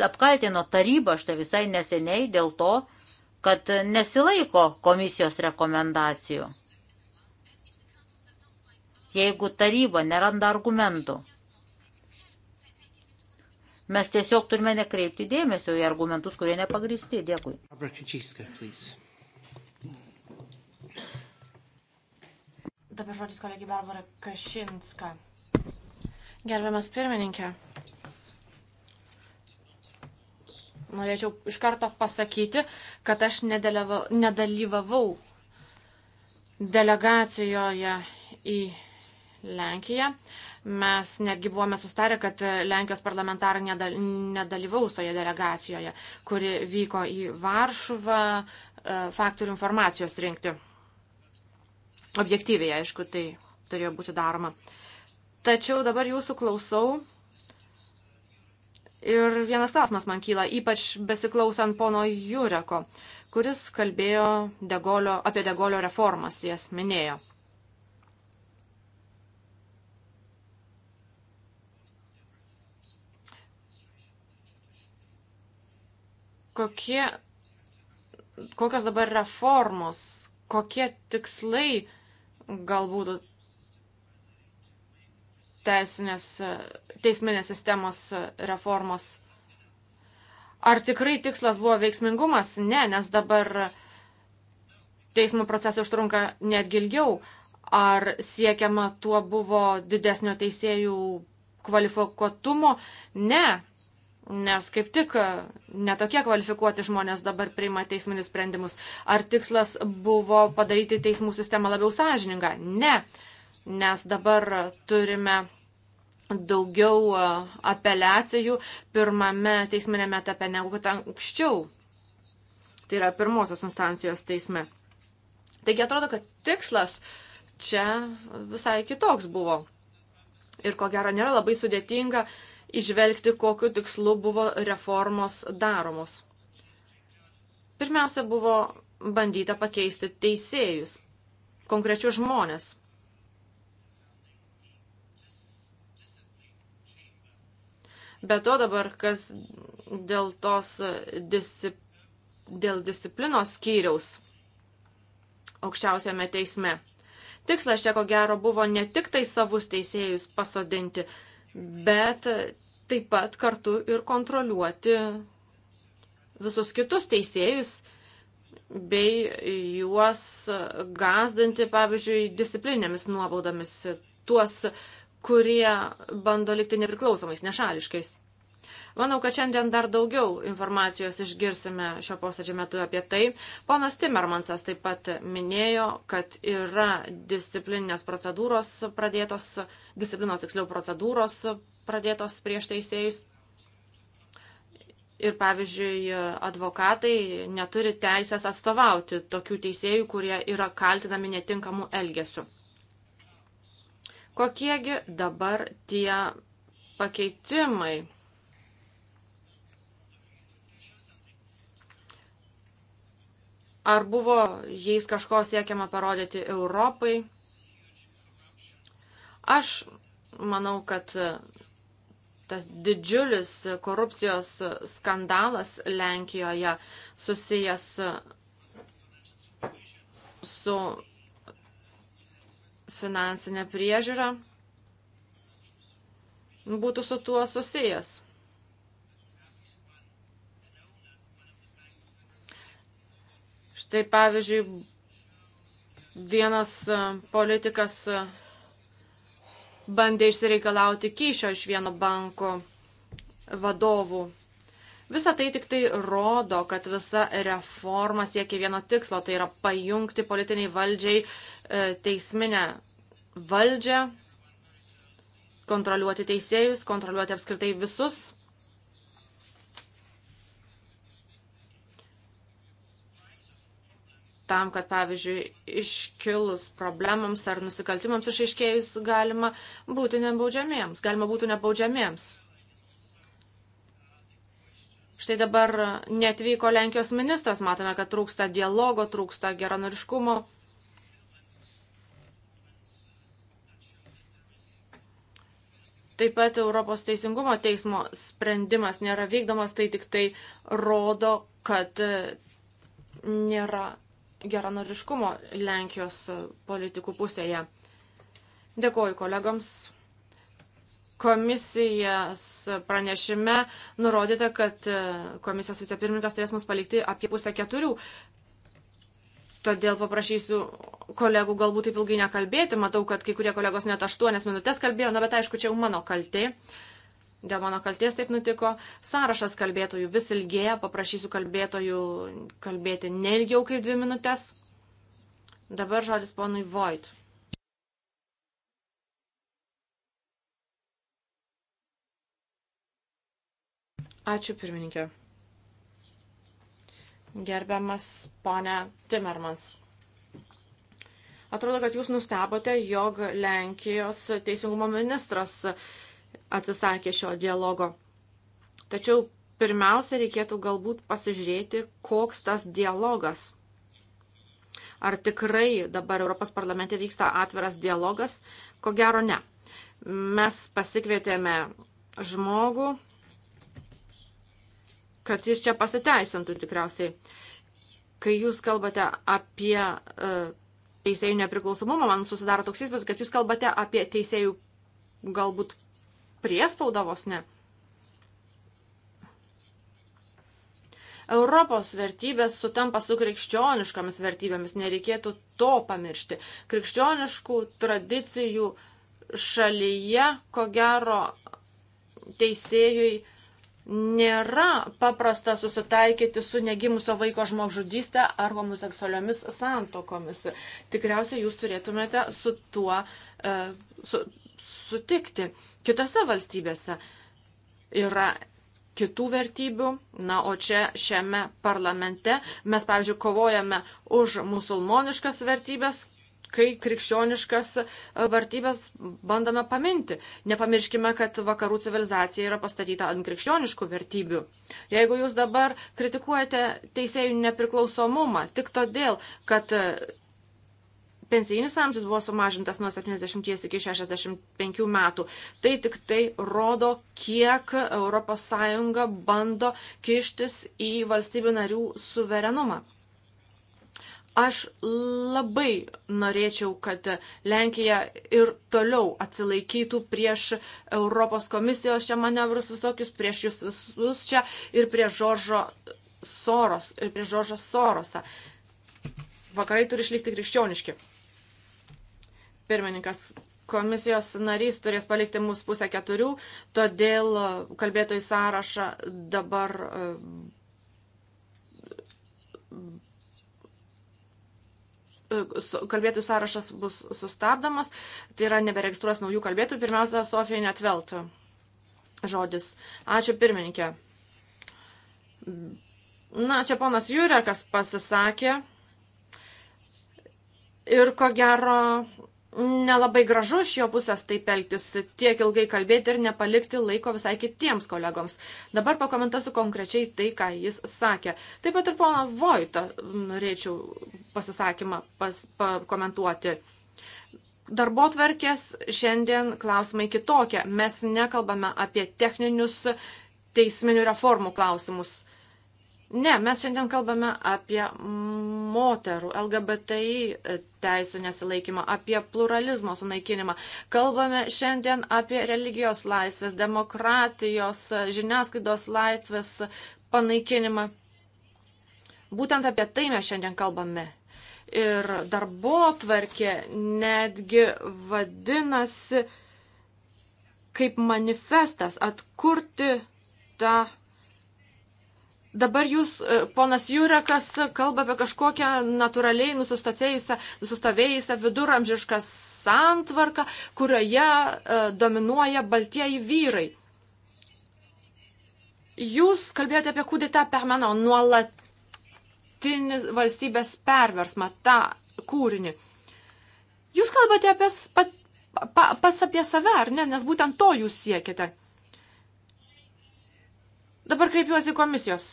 apkaltino tarybą štai visai neseniai dėl to, kad nesilaiko komisijos rekomendacijų jeigu taryba neranda argumentų. Mes tiesiog turime nekreipti dėmesio į argumentus, kurie nepagristi. Dėkui. Dabar žodis kolegija Barbara Kašinska. Gerbiamas pirmininkė, norėčiau iš karto pasakyti, kad aš nedalyvavau delegacijoje į Lenkiją. Mes netgi buvome sustarę, kad Lenkijos parlamentarai nedalyvaus toje delegacijoje, kuri vyko į Varšuvą e, faktorių informacijos rinkti. Objektyviai, aišku, tai turėjo būti daroma. Tačiau dabar jūsų klausau. Ir vienas klausimas man kyla, ypač besiklausant pono Jureko, kuris kalbėjo Degolio, apie Degolio reformas, jas minėjo. kokie, kokios dabar reformos, kokie tikslai galbūt teisinės, teisminės sistemos reformos. Ar tikrai tikslas buvo veiksmingumas? Ne, nes dabar teismų procesai užtrunka netgi ilgiau. Ar siekiama tuo buvo didesnio teisėjų kvalifikuotumo? Ne, Nes kaip tik e, netokie kvalifikuoti žmonės dabar priima teisminius sprendimus. Ar tikslas buvo padaryti teismų sistemą labiau sąžiningą? Ne, nes dabar turime daugiau e, apeliacijų pirmame teisminėme etape negu kad anksčiau. Tai yra pirmosios instancijos teisme. Taigi atrodo, kad tikslas čia visai kitoks buvo. Ir ko gero nėra labai sudėtinga uh, išvelgti, kokiu tikslu buvo reformos daromos. Pirmiausia, buvo bandyta pakeisti teisėjus, konkrečius žmonės. Be to dabar, kas dėl tos disip, dėl disciplinos skyriaus aukščiausiame teisme. Tikslas čia ko gero buvo ne tik tai savus teisėjus pasodinti, bet taip pat kartu ir kontroliuoti visus kitus teisėjus bei juos gazdinti, pavyzdžiui, disciplinėmis nuobaudomis tuos, kurie bando likti nepriklausomais, nešališkais. Manau, kad šiandien dar daugiau informacijos išgirsime šio posėdžio metu apie tai. Ponas Timermansas taip pat minėjo, kad yra disciplininės procedūros pradėtos, disciplinos tiksliau procedūros pradėtos prieš teisėjus. Ir pavyzdžiui, advokatai neturi teisės atstovauti tokių teisėjų, kurie yra kaltinami netinkamų elgesių. Kokiegi dabar tie pakeitimai Ar buvo jais kažko siekiama parodyti Europai? Aš manau, kad tas didžiulis korupcijos skandalas Lenkijoje susijęs su finansinė priežiūra būtų su tuo susijęs. Štai pavyzdžiui, vienas e, politikas e, bandė išsireikalauti kyšio iš vieno banko vadovų. Visa tai tik tai rodo, kad visa reforma siekia vieno tikslo, tai yra pajungti politiniai valdžiai e, teisminę valdžią, kontroliuoti teisėjus, kontroliuoti apskritai visus tam, kad, pavyzdžiui, iškilus problemams ar nusikaltimams išaiškėjus galima būti nebaudžiamiems, galima būti nebaudžiamiems. Štai dabar netvyko Lenkijos ministras, matome, kad trūksta dialogo, trūksta geranoriškumo. Taip pat Europos teisingumo teismo sprendimas nėra vykdomas, tai tik tai rodo, kad nėra geranoriškumo Lenkijos politikų pusėje. Dėkoju kolegoms. Komisijas pranešime nurodyta, kad komisijos vicepirmininkas turės mus palikti apie pusę keturių. Todėl paprašysiu kolegų galbūt taip ilgai nekalbėti. Matau, kad kai kurie kolegos net aštuonias minutės kalbėjo, na bet aišku, čia jau mano kaltė. Uh, Dėl mano kalties taip nutiko. Sąrašas kalbėtojų vis ilgėja. Paprašysiu kalbėtojų kalbėti neilgiau kaip dvi minutės. Dabar žodis ponui Voit. Ačiū pirmininkė. Gerbiamas ponė Timermans. Atrodo, kad jūs nustebote, jog Lenkijos teisingumo ministras atsisakė šio dialogo. Tačiau pirmiausia, reikėtų galbūt pasižiūrėti, koks tas dialogas. Ar tikrai dabar Europos parlamente vyksta atviras dialogas? Ko gero ne. Mes pasikvietėme žmogų, kad jis čia pasiteisintų tikriausiai. Kai jūs kalbate apie uh, teisėjų nepriklausomumą, man susidaro toks įspūdis, kad jūs kalbate apie teisėjų galbūt priespaudavos ne. Europos vertybės sutampa su krikščioniškomis vertybėmis, nereikėtų to pamiršti. Krikščioniškų tradicijų šalyje, ko gero, teisėjui nėra paprasta susitaikyti su negimusio vaiko žmogžudystė ar homoseksualiomis santokomis. Tikriausiai jūs turėtumėte su tuo, e, su, sutikti. Kitose valstybėse yra kitų vertybių. Na, o čia šiame parlamente mes, pavyzdžiui, kovojame už musulmoniškas vertybės, kai krikščioniškas e, vertybės bandome paminti. Nepamirškime, kad vakarų civilizacija yra pastatyta ant krikščioniškų vertybių. Jeigu jūs dabar kritikuojate teisėjų nepriklausomumą tik todėl, kad e, pensijinis amžius buvo sumažintas nuo 70 iki 65 metų. Tai tik tai rodo, kiek ES bando kištis į valstybių narių suverenumą. Aš labai norėčiau, kad Lenkija ir toliau atsilaikytų prieš Europos komisijos čia manevrus visokius, prieš jūs visus čia ir prieš Žoržo Soros, ir prieš Žoržo Sorosą. Vakarai turi išlikti krikščioniški. Pirmininkas komisijos narys turės palikti mus pusę keturių, todėl e, kalbėtojų sąrašą dabar e, e, kalbėtojų sąrašas bus sustabdomas, tai yra neberegistruos naujų kalbėtojų. Pirmiausia, Sofija netvelt žodis. Ačiū pirmininkė. Na, čia ponas Jurekas pasisakė ir ko gero nelabai gražu iš jo pusės taip elgtis, tiek ilgai kalbėti ir nepalikti laiko visai kitiems kolegoms. Dabar pakomentuosiu konkrečiai tai, ką jis sakė. Taip pat ir pono Vojtą norėčiau pasisakymą pas, pakomentuoti. Darbo tvarkės šiandien klausimai kitokie. Mes nekalbame apie techninius teisminių reformų klausimus. Ne, mes šiandien kalbame apie moterų LGBTI teisų nesilaikymą, apie pluralizmo sunaikinimą. Kalbame šiandien apie religijos laisvės, demokratijos, žiniasklaidos laisvės panaikinimą. Būtent apie tai mes šiandien kalbame. Ir darbo tvarkė netgi vadinasi kaip manifestas atkurti tą Dabar jūs, e, ponas Jurekas, kalba apie kažkokią natūraliai nusistovėjusią viduramžišką santvarką, kurioje e, dominuoja baltieji vyrai. Jūs kalbėjote apie kudetą permano nuolatinį valstybės perversmą, tą kūrinį. Jūs kalbate apie, pat, pa, pats apie save, ar ne? Nes būtent to jūs siekite. Dabar kreipiuosi komisijos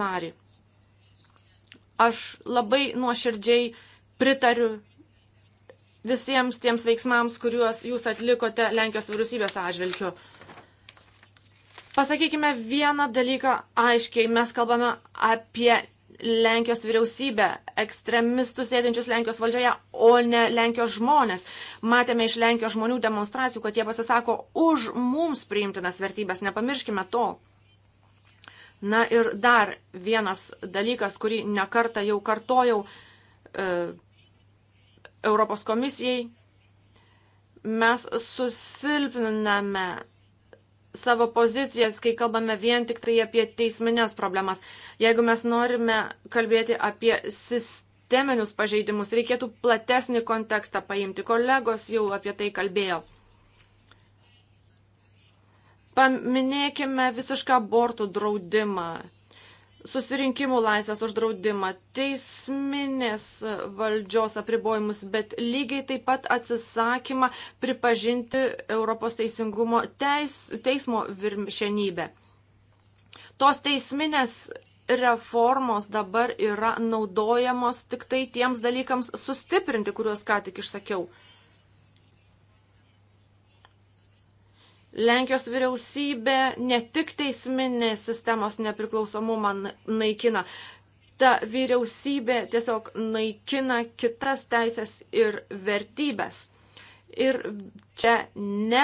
nari. Aš labai nuoširdžiai pritariu visiems tiems veiksmams, kuriuos jūs atlikote Lenkijos vyriausybės atžvilgiu. Pasakykime vieną dalyką aiškiai. Mes kalbame apie Lenkijos vyriausybę, ekstremistus sėdinčius Lenkijos valdžioje, o ne Lenkijos žmonės. Matėme iš Lenkijos žmonių demonstracijų, kad jie pasisako už mums priimtinas vertybės. Nepamirškime to. Na ir dar vienas dalykas, kurį nekartą jau kartojau e, Europos komisijai, mes susilpniname savo pozicijas, kai kalbame vien tik tai apie teisminės problemas. Jeigu mes norime kalbėti apie sisteminius pažeidimus, reikėtų platesnį kontekstą paimti. Kolegos jau apie tai kalbėjo. Paminėkime visišką abortų draudimą, susirinkimų laisvės uždraudimą, teisminės valdžios apribojimus, bet lygiai taip pat atsisakymą pripažinti Europos teisingumo teis, teismo viršenybę. Tos teisminės reformos dabar yra naudojamos tik tai tiems dalykams sustiprinti, kuriuos ką tik išsakiau. Lenkijos vyriausybė ne tik teisminės sistemos nepriklausomumą naikina, ta vyriausybė tiesiog naikina kitas teisės ir vertybės. Ir čia ne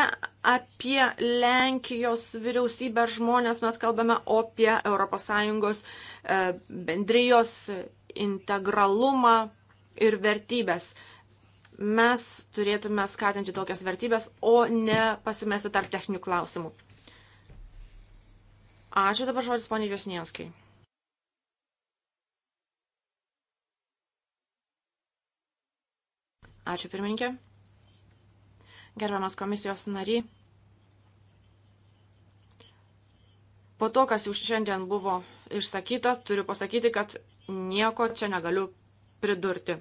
apie Lenkijos vyriausybę žmonės mes kalbame, o apie ES e, bendrijos integralumą ir vertybės. Mes turėtume skatinti tokias vertybės, o ne pasimesti tarp techninių klausimų. Ačiū dabar žodis poniai Josnievskai. Ačiū pirmininkė. Gerbiamas komisijos nary. Po to, kas jau šiandien buvo išsakyta, turiu pasakyti, kad nieko čia negaliu pridurti.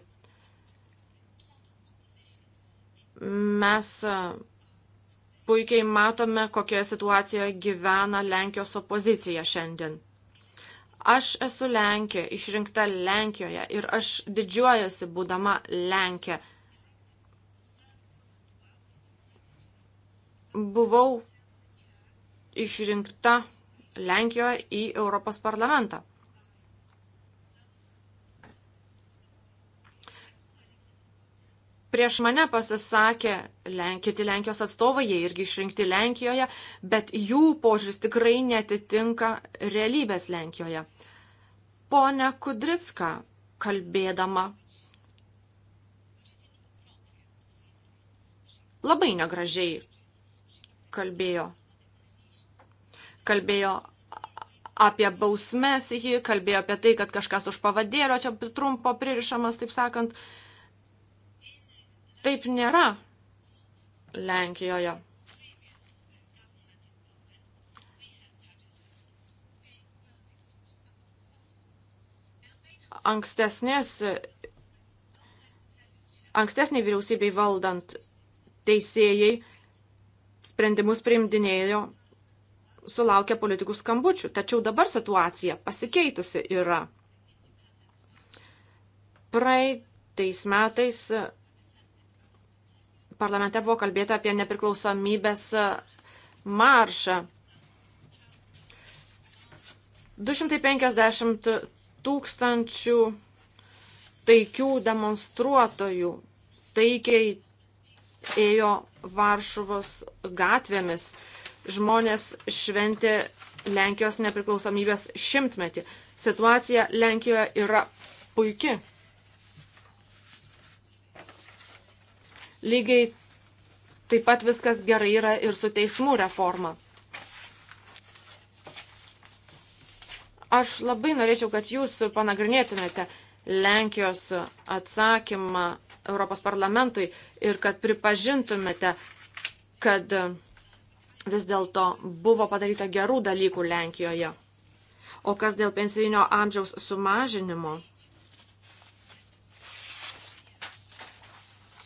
Mes e, puikiai matome, kokioje situacijoje gyvena Lenkijos opozicija šiandien. Aš esu Lenkija, išrinkta Lenkijoje ir aš didžiuojasi būdama Lenkija. Buvau išrinkta Lenkijoje į Europos parlamentą. Prieš mane pasisakė kiti Lenkijos atstovai, jie irgi išrinkti Lenkijoje, bet jų požiūris tikrai netitinka realybės Lenkijoje. Pone Kudricka, kalbėdama, labai negražiai kalbėjo. Kalbėjo apie bausmes, ji kalbėjo apie tai, kad kažkas už pavadėlio čia trumpo pririšamas, taip sakant, uh, Taip nėra Lenkijoje. Ankstesnės, ankstesniai vyriausybei valdant teisėjai sprendimus priimdinėjo sulaukia politikų skambučių. Tačiau dabar situacija pasikeitusi yra. Praeitais metais parlamente buvo kalbėta apie nepriklausomybės e, maršą. 250 tūkstančių taikių demonstruotojų taikiai ėjo Varšuvos gatvėmis. Žmonės šventė Lenkijos nepriklausomybės šimtmetį. Situacija Lenkijoje yra puikia. Lygiai taip pat viskas gerai yra ir su teismų reforma. Aš labai norėčiau, kad jūs panagrinėtumėte Lenkijos atsakymą Europos parlamentui ir kad pripažintumėte, kad vis dėlto buvo padaryta gerų dalykų Lenkijoje. O kas dėl pensijinio amžiaus sumažinimo?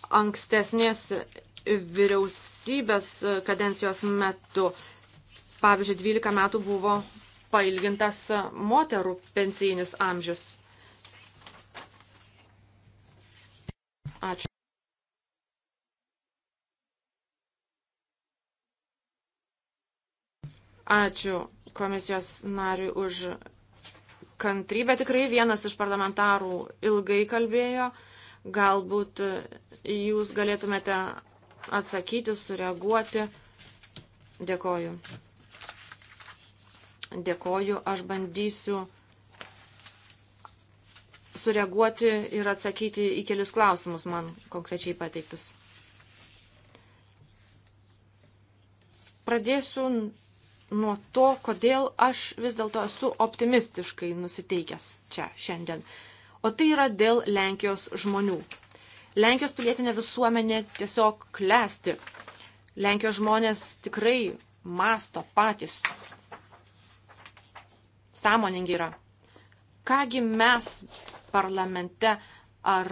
ankstesnės vyriausybės kadencijos metu, pavyzdžiui, 12 metų buvo pailgintas moterų pensijinis amžius. Ačiū. Ačiū komisijos nariui už kantrybę. Tikrai vienas iš parlamentarų ilgai kalbėjo. Galbūt jūs galėtumėte atsakyti, sureaguoti. Dėkoju. Dėkoju, aš bandysiu sureaguoti ir atsakyti į kelis klausimus man konkrečiai pateiktus. Pradėsiu nuo to, kodėl aš vis dėlto esu optimistiškai nusiteikęs čia šiandien. O tai yra dėl Lenkijos žmonių. Lenkijos pilietinė visuomenė tiesiog klesti. Lenkijos žmonės tikrai masto patys. Sąmoningi yra. Kągi mes parlamente ar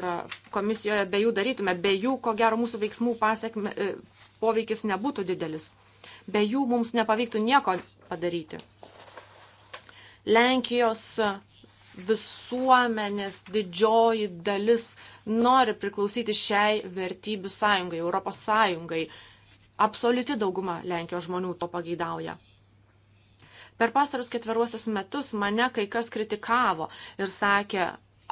komisijoje be jų darytume, be jų, ko gero, mūsų veiksmų pasiekme, e, poveikis nebūtų didelis. Be jų mums nepavyktų nieko padaryti. Lenkijos visuomenės didžioji dalis nori priklausyti šiai vertybių sąjungai, Europos sąjungai. Absoliuti dauguma Lenkijos žmonių to pageidauja. Per pastarus ketveruosius metus mane kai kas kritikavo ir sakė,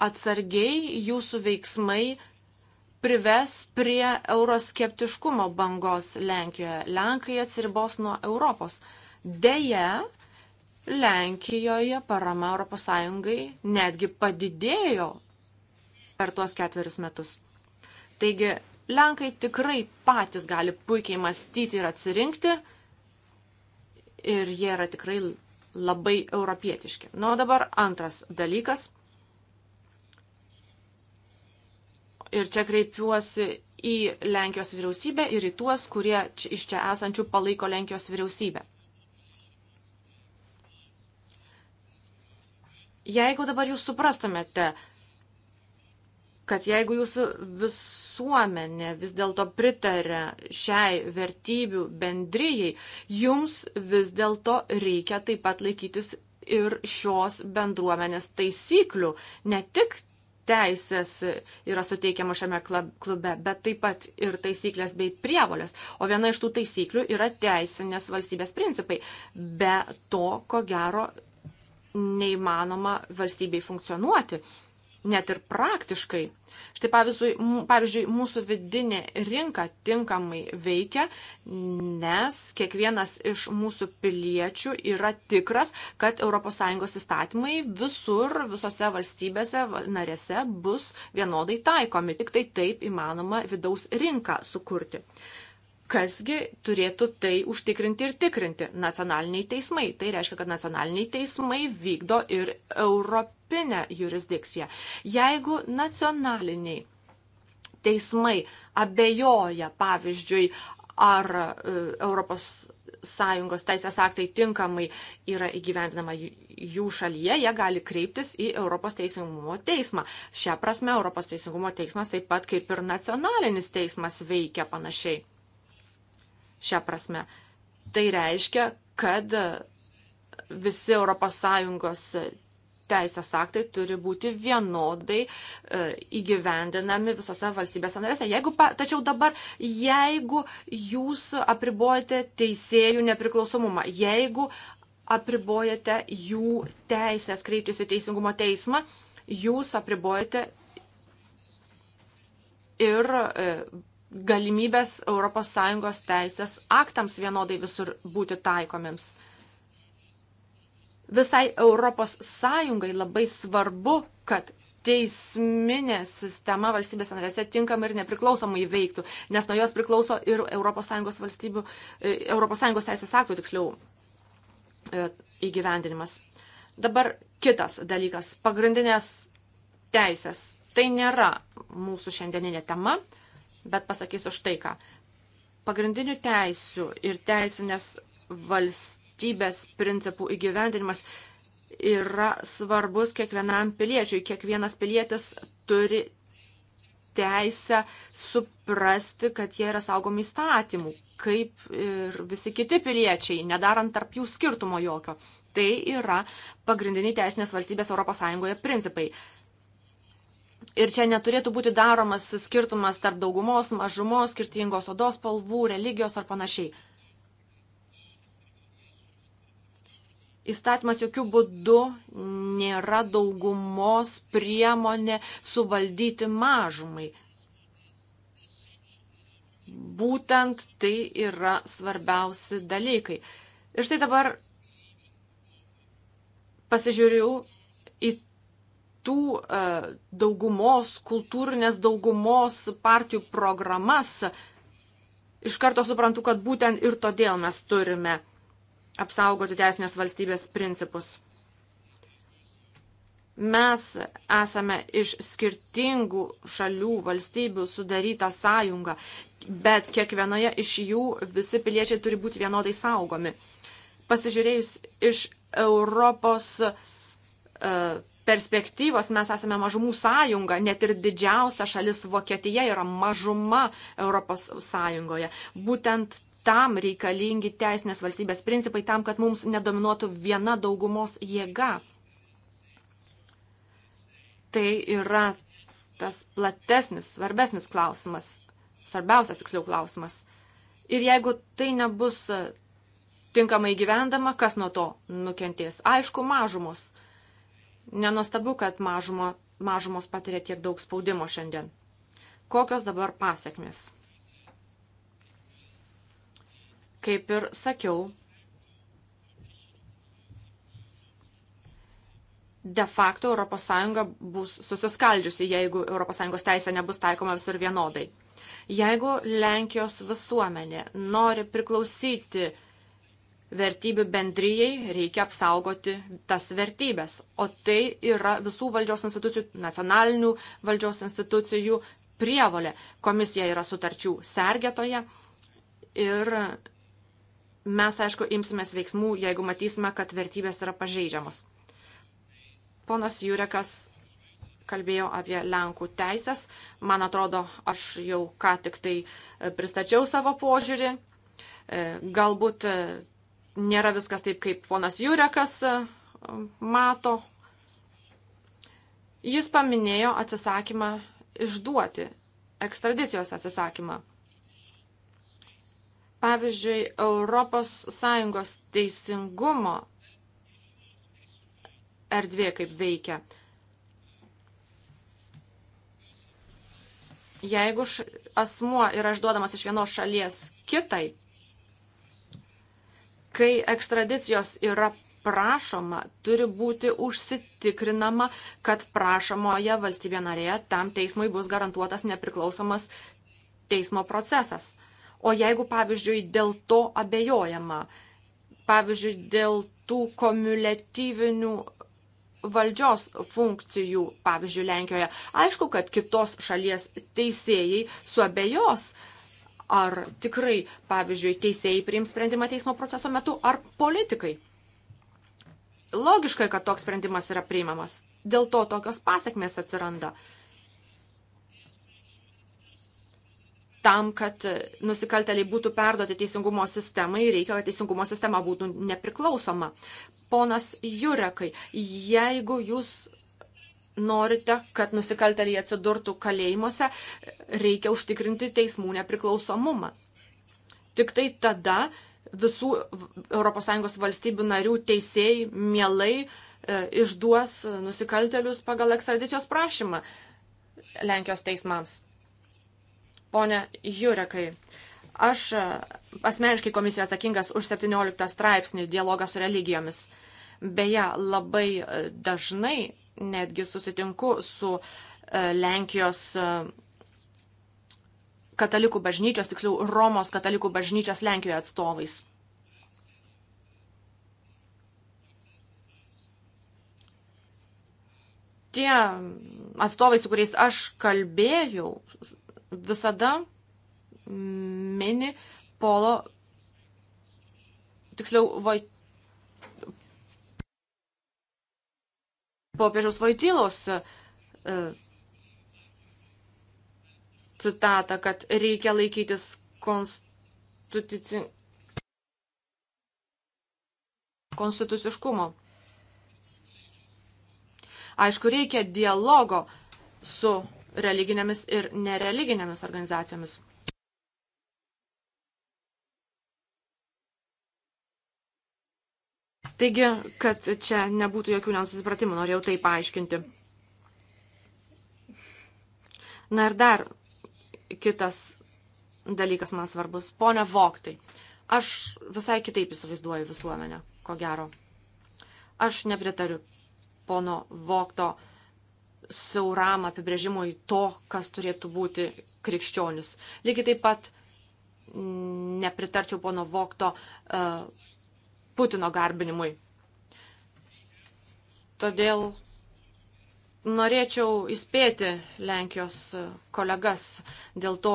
atsargiai jūsų veiksmai prives prie euroskeptiškumo bangos Lenkijoje. Lenkai atsiribos nuo Europos. Deja, Lenkijoje parama ES netgi padidėjo per tuos ketverius metus. Taigi, Lenkai tikrai patys gali puikiai mąstyti ir atsirinkti ir jie yra tikrai labai europietiški. Na, nu, o dabar antras dalykas. Ir čia kreipiuosi į Lenkijos vyriausybę ir į tuos, kurie iš čia esančių palaiko Lenkijos vyriausybę. Jeigu dabar jūs suprastumėte, kad jeigu jūsų visuomenė vis dėlto pritarė šiai vertybių bendryjai, jums vis dėlto reikia taip pat laikytis ir šios bendruomenės taisyklių. Ne tik teisės yra suteikiama šiame klube, bet taip pat ir taisyklės bei prievolės. O viena iš tų taisyklių yra teisinės valstybės principai. Be to, ko gero, neįmanoma valstybei funkcionuoti, net ir praktiškai. Štai pavyzdžiui, mūsų vidinė rinka tinkamai veikia, nes kiekvienas iš mūsų piliečių yra tikras, kad ES įstatymai visur, visose valstybėse narėse bus vienodai taikomi. Tik tai taip įmanoma vidaus rinką sukurti kasgi turėtų tai užtikrinti ir tikrinti - nacionaliniai teismai. Tai reiškia, kad nacionaliniai teismai vykdo ir europinę jurisdikciją. Jeigu nacionaliniai teismai abejoja, pavyzdžiui, ar e, Europos sąjungos teisės aktai tinkamai yra įgyvendinama jų šalyje, jie gali kreiptis į Europos teisingumo teismą. Šią prasme Europos teisingumo teismas taip pat kaip ir nacionalinis teismas veikia panašiai šią prasme. Tai reiškia, kad visi ES teisės aktai turi būti vienodai e, įgyvendinami visose valstybėse narėse. Jeigu, tačiau dabar, jeigu jūs apribojate teisėjų nepriklausomumą, jeigu apribojate jų teisės kreiptis į teisingumo teismą, jūs apribojate ir e, galimybės ES teisės aktams vienodai visur būti taikomiems. Visai ES labai svarbu, kad teisminė sistema valstybės narėse tinkamai ir nepriklausomai veiktų, nes nuo jos priklauso ir ES valstybių, e, ES teisės aktų tiksliau e, įgyvendinimas. Dabar kitas dalykas - pagrindinės teisės. Tai nėra mūsų šiandieninė tema, bet pasakysiu štai ką. Pagrindinių teisių ir teisinės valstybės principų įgyvendinimas yra svarbus kiekvienam piliečiui. Kiekvienas pilietis turi teisę suprasti, kad jie yra saugomi įstatymų, kaip ir visi kiti piliečiai, nedarant tarp jų skirtumo jokio. Tai yra pagrindiniai teisinės valstybės ES principai. Ir čia neturėtų būti daromas skirtumas tarp daugumos, mažumos, skirtingos odos spalvų, religijos ar panašiai. Įstatymas jokių būdų nėra daugumos priemonė suvaldyti mažumai. Būtent tai yra svarbiausi dalykai. Ir štai dabar pasižiūrėjau tų e, daugumos, kultūrinės daugumos partijų programas, iš karto suprantu, kad būtent ir todėl mes turime apsaugoti teisinės valstybės principus. Mes esame iš skirtingų šalių, valstybių sudaryta sąjunga, bet kiekvienoje iš jų visi piliečiai turi būti vienodai saugomi. Pasižiūrėjus iš Europos uh, perspektyvos mes esame mažumų sąjunga, net ir didžiausia šalis Vokietija yra mažuma Europos sąjungoje. Būtent tam reikalingi teisinės valstybės principai, tam, kad mums nedominuotų viena daugumos jėga. Tai yra tas platesnis, svarbesnis klausimas, svarbiausias tiksliau klausimas. Ir jeigu tai nebus tinkamai gyvendama, kas nuo to nukentės? Aišku, mažumos Nenostabu, kad mažumo, mažumos patiria tiek daug spaudimo šiandien. Kokios dabar pasiekmes? Kaip ir sakiau, de facto ES bus susiskaldžiusi, jeigu ES teisė nebus taikoma visur vienodai. Jeigu Lenkijos visuomenė nori priklausyti vertybių bendryjai reikia apsaugoti tas vertybės. O tai yra visų valdžios institucijų, nacionalinių valdžios institucijų prievolė. Komisija yra sutarčių sergėtoje ir mes, aišku, imsimės veiksmų, jeigu matysime, kad vertybės yra pažeidžiamos. Ponas Jurekas kalbėjo apie Lenkų teisės. Man atrodo, aš jau ką tik tai e, pristačiau savo požiūrį. E, galbūt e, nėra viskas taip, kaip ponas Jurekas e, mato. Jis paminėjo atsisakymą išduoti, ekstradicijos atsisakymą. Pavyzdžiui, ES teisingumo erdvė kaip veikia. Jeigu asmuo yra išduodamas iš vienos šalies kitai, Kai ekstradicijos yra prašoma, turi būti užsitikrinama, kad prašomoje valstybė narėje tam teismui bus garantuotas nepriklausomas teismo procesas. O jeigu, pavyzdžiui, dėl to abejojama, pavyzdžiui, dėl tų kumuliatyvinių valdžios funkcijų, pavyzdžiui, Lenkijoje, aišku, kad kitos šalies teisėjai suabejos, uh, ar tikrai, pavyzdžiui, teisėjai priims sprendimą teismo proceso metu, ar politikai. Logiška, kad toks sprendimas yra priimamas. Dėl to tokios pasiekmes atsiranda. Tam, kad nusikalteliai būtų perduoti teisingumo sistemai, reikia, kad teisingumo sistema būtų nepriklausoma. Ponas Jurekai, jeigu jūs norite, kad nusikalteliai atsidurtų kalėjimuose, reikia užtikrinti teismų nepriklausomumą. Tik tai tada visų ES valstybių narių teisėjai mielai e, išduos nusikaltelius pagal ekstradicijos prašymą Lenkijos teismams. Pone Jurekai, aš e, asmeniškai komisijoje atsakingas už 17 straipsnį dialogą su religijomis. Beje, labai e, dažnai netgi susitinku su e, Lenkijos e, katalikų bažnyčios, tiksliau Romos katalikų bažnyčios Lenkijoje atstovais. Tie atstovai, su kuriais aš kalbėjau, visada mini Polo, tiksliau Vojt popiežiaus Vaitylos e, citatą, kad reikia laikytis konstituci... konstituciškumo. Aišku, reikia dialogo su religinėmis ir nereliginėmis organizacijomis. Taigi, kad čia nebūtų jokių nesusipratimų, norėjau tai paaiškinti. Na ir dar kitas dalykas man svarbus. Pone Voktai, aš visai kitaip įsivaizduoju visuomenę, ko gero. Aš nepritariu pono Vokto siauram apibrėžimui to, kas turėtų būti krikščionis. Lygiai taip pat mm, nepritarčiau pono Vokto uh, e, Putino garbinimui. Todėl norėčiau įspėti Lenkijos kolegas dėl to,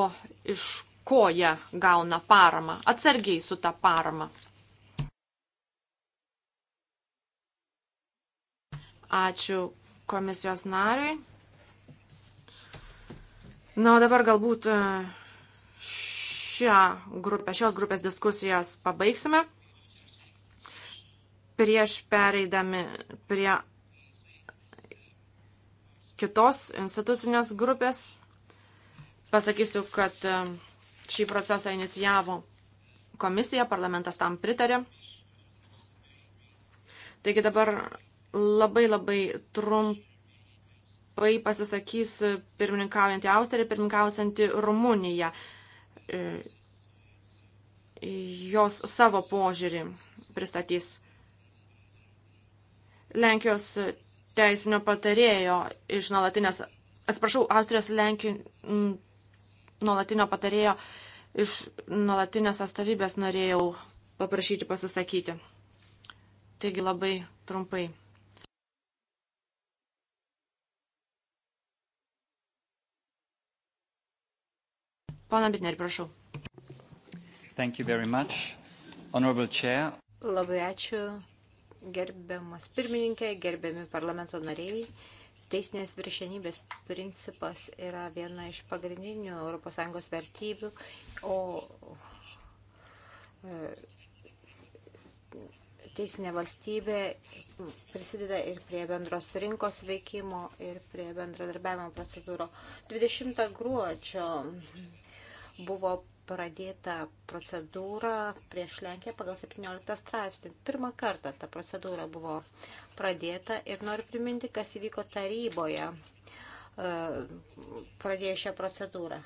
iš ko jie gauna paramą. Atsargiai su tą paramą. Ačiū komisijos nariui. Na, o dabar galbūt e, šią grupę, šios grupės diskusijas pabaigsime prieš pereidami prie kitos institucinės grupės. Pasakysiu, kad e, šį procesą inicijavo komisija, parlamentas tam pritarė. Taigi dabar labai labai trumpai pasisakys pirmininkaujantį Austriją, pirmininkaujantį Rumuniją. E, jos savo požiūrį pristatys. Lenkijos teisinio patarėjo iš nuolatinės, atsiprašau, Austrijos Lenkijų nuolatinio patarėjo iš nuolatinės atstovybės norėjau paprašyti pasisakyti. Taigi labai trumpai. Pana Bitner, prašau. Thank you very much. Honorable Chair. Labai ačiū, Gerbiamas pirmininkė, gerbiami parlamento nariai, teisinės viršenybės principas yra viena iš pagrindinių ES vertybių, o e, teisinė valstybė prisideda ir prie bendros rinkos veikimo, ir prie bendradarbiavimo procedūro. 20 gruodžio buvo pradėta procedūra prieš Lenkiją pagal 17 straipsnį. Pirmą kartą ta procedūra buvo pradėta ir noriu priminti, kas įvyko taryboje e, pradėjo šią procedūrą.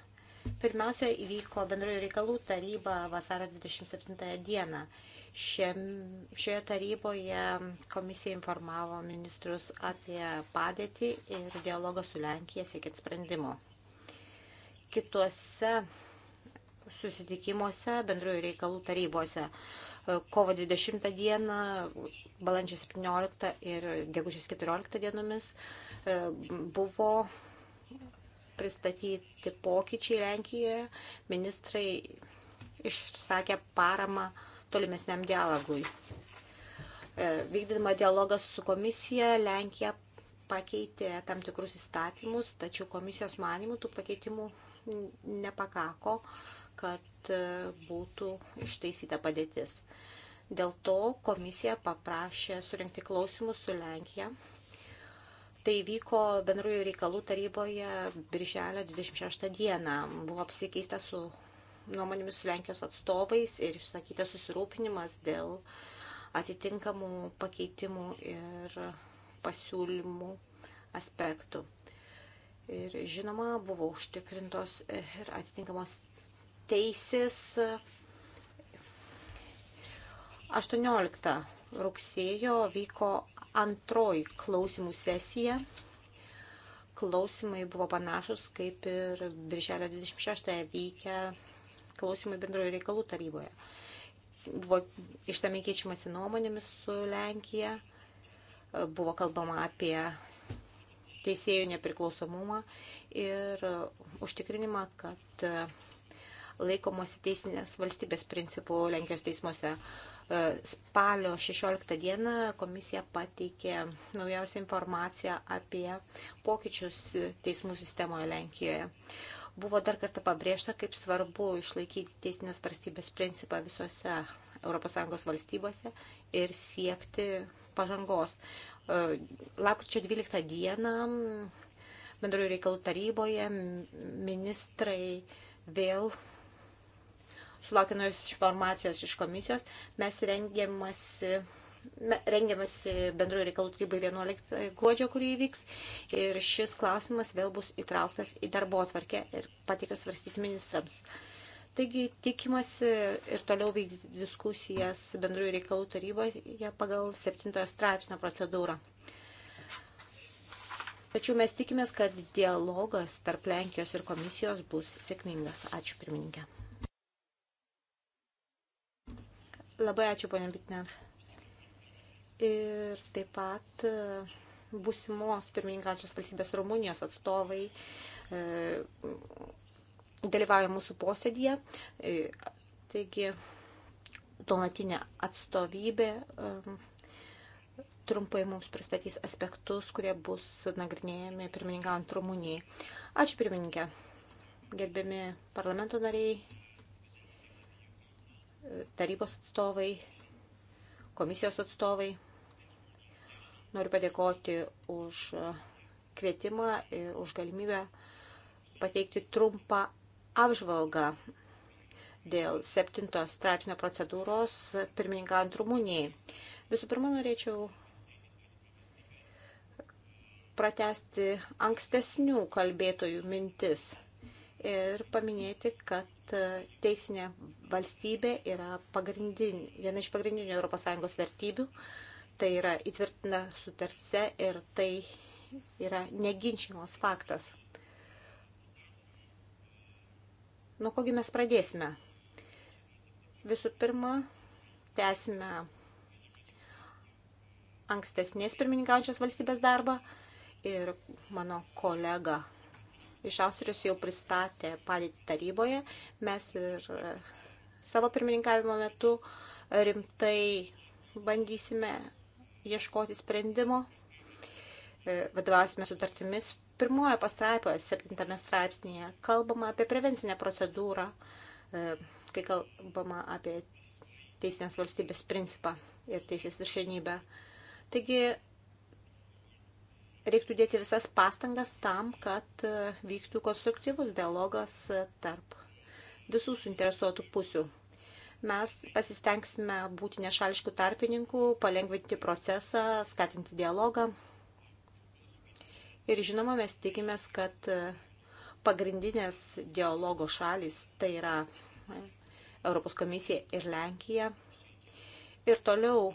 Pirmiausia, įvyko bendrojų reikalų taryba vasaro 27 dieną. Šioje taryboje komisija informavo ministrus apie padėtį ir dialogą su Lenkija siekiant sprendimo. Kituose susitikimuose, bendrųjų reikalų tarybose. E, kovo 20 dieną, balandžio 17 ir gegužės 14 dienomis e, buvo pristatyti pokyčiai Lenkijoje. Ministrai išsakė paramą tolimesniam dialogui. E, vykdydama dialogą su komisija, Lenkija pakeitė tam tikrus įstatymus, tačiau komisijos manimų tų pakeitimų nepakako kad e, būtų ištaisyta padėtis. Dėl to komisija paprašė surinkti klausimus su Lenkija. Tai vyko bendrųjų reikalų taryboje birželio 26 dieną. Buvo apsikeista su nuomonėmis su Lenkijos atstovais ir išsakyta susirūpinimas dėl atitinkamų pakeitimų ir pasiūlymų aspektų. Ir žinoma, buvo užtikrintos ir atitinkamos teisės 18 rugsėjo vyko antroji klausimų sesija. Klausimai buvo panašus kaip ir birželio 26-ąją vykę klausimai bendrojo reikalų taryboje. Buvo ištamiai keičiamasi nuomonėmis su Lenkija, buvo kalbama apie teisėjų nepriklausomumą ir užtikrinimą, kad laikomasi teisinės valstybės principų Lenkijos teismuose. E, spalio 16 dieną komisija pateikė naujausią informaciją apie pokyčius teismų sistemoje Lenkijoje. Buvo dar kartą pabrėžta, kaip svarbu išlaikyti teisinės valstybės principą visose ES valstybėse ir siekti pažangos. E, lapkričio 12 dieną bendrojų reikalų taryboje ministrai vėl sulaukėme informacijos iš komisijos, mes rengiamasi rengiamasi bendrojo reikalų tarybai 11 gruodžio, kurį įvyks. Ir šis klausimas vėl bus įtrauktas į darbo atvarkę ir patiktas svarstyti ministrams. Taigi tikimasi ir toliau vykdyti diskusijas bendrojo reikalų taryboje pagal 7 straipsnio procedūrą. Tačiau mes tikimės, kad dialogas tarp Lenkijos ir komisijos bus sėkmingas. Ačiū pirmininkė. Labai ačiū, ponė Bitner. Ir taip pat e, būsimos pirmininkančios valstybės Rumunijos atstovai e, dalyvauja mūsų posėdėje. E, taigi, donatinė atstovybė trumpai mums pristatys aspektus, kurie bus nagrinėjami pirmininkant Rumunijai. Ačiū pirmininkė, gerbiami parlamento nariai, tarybos atstovai, komisijos atstovai. Noriu padėkoti už kvietimą ir už galimybę pateikti trumpą apžvalgą dėl septinto straipsnio procedūros pirmininkant Rumunijai. Visų pirma, norėčiau pratesti ankstesnių kalbėtojų mintis ir paminėti, kad E, teisinė valstybė yra viena iš pagrindinių ES vertybių. Tai yra įtvirtina sutartse ir tai yra neginčiamas faktas. Nuo kogi mes pradėsime? Visų pirma, tęsime ankstesnės pirmininkaujančios valstybės darbą ir mano kolega iš Austrijos jau pristatė padėtį taryboje. Mes ir savo pirmininkavimo metu rimtai bandysime ieškoti sprendimo. E, vadovausime sutartimis. Pirmoje pastraipoje, septintame straipsnėje, kalbama apie prevencinę procedūrą, e, kai kalbama apie teisinės valstybės principą ir teisės viršenybę. Taigi reiktų dėti visas pastangas tam, kad e, vyktų konstruktyvus dialogas e, tarp visų suinteresuotų pusių. Mes pasistengsime būti nešališkų tarpininkų, palengvinti procesą, skatinti dialogą. Ir žinoma, mes tikimės, kad e, pagrindinės dialogo šalis, tai yra Europos komisija ir Lenkija, ir toliau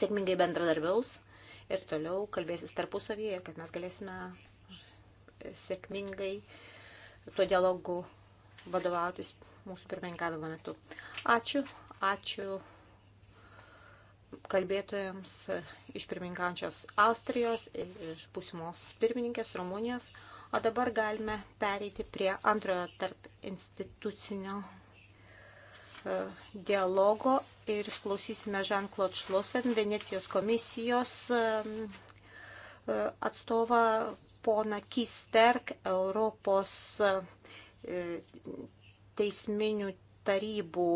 sėkmingai bendradarbiaus ir toliau kalbėsis tarpusavyje, kad mes galėsime sėkmingai tuo dialogu vadovautis mūsų pirmininkavimo metu. Ačiū, ačiū kalbėtojams iš pirmininkančios Austrijos ir iš būsimos pirmininkės Rumunijos. O dabar galime pereiti prie antrojo tarp institucinio E, dialogo ir išklausysime Jean-Claude Schlossen, Venecijos komisijos e, e, atstovą pona Kisterk, Europos teisminių tarybų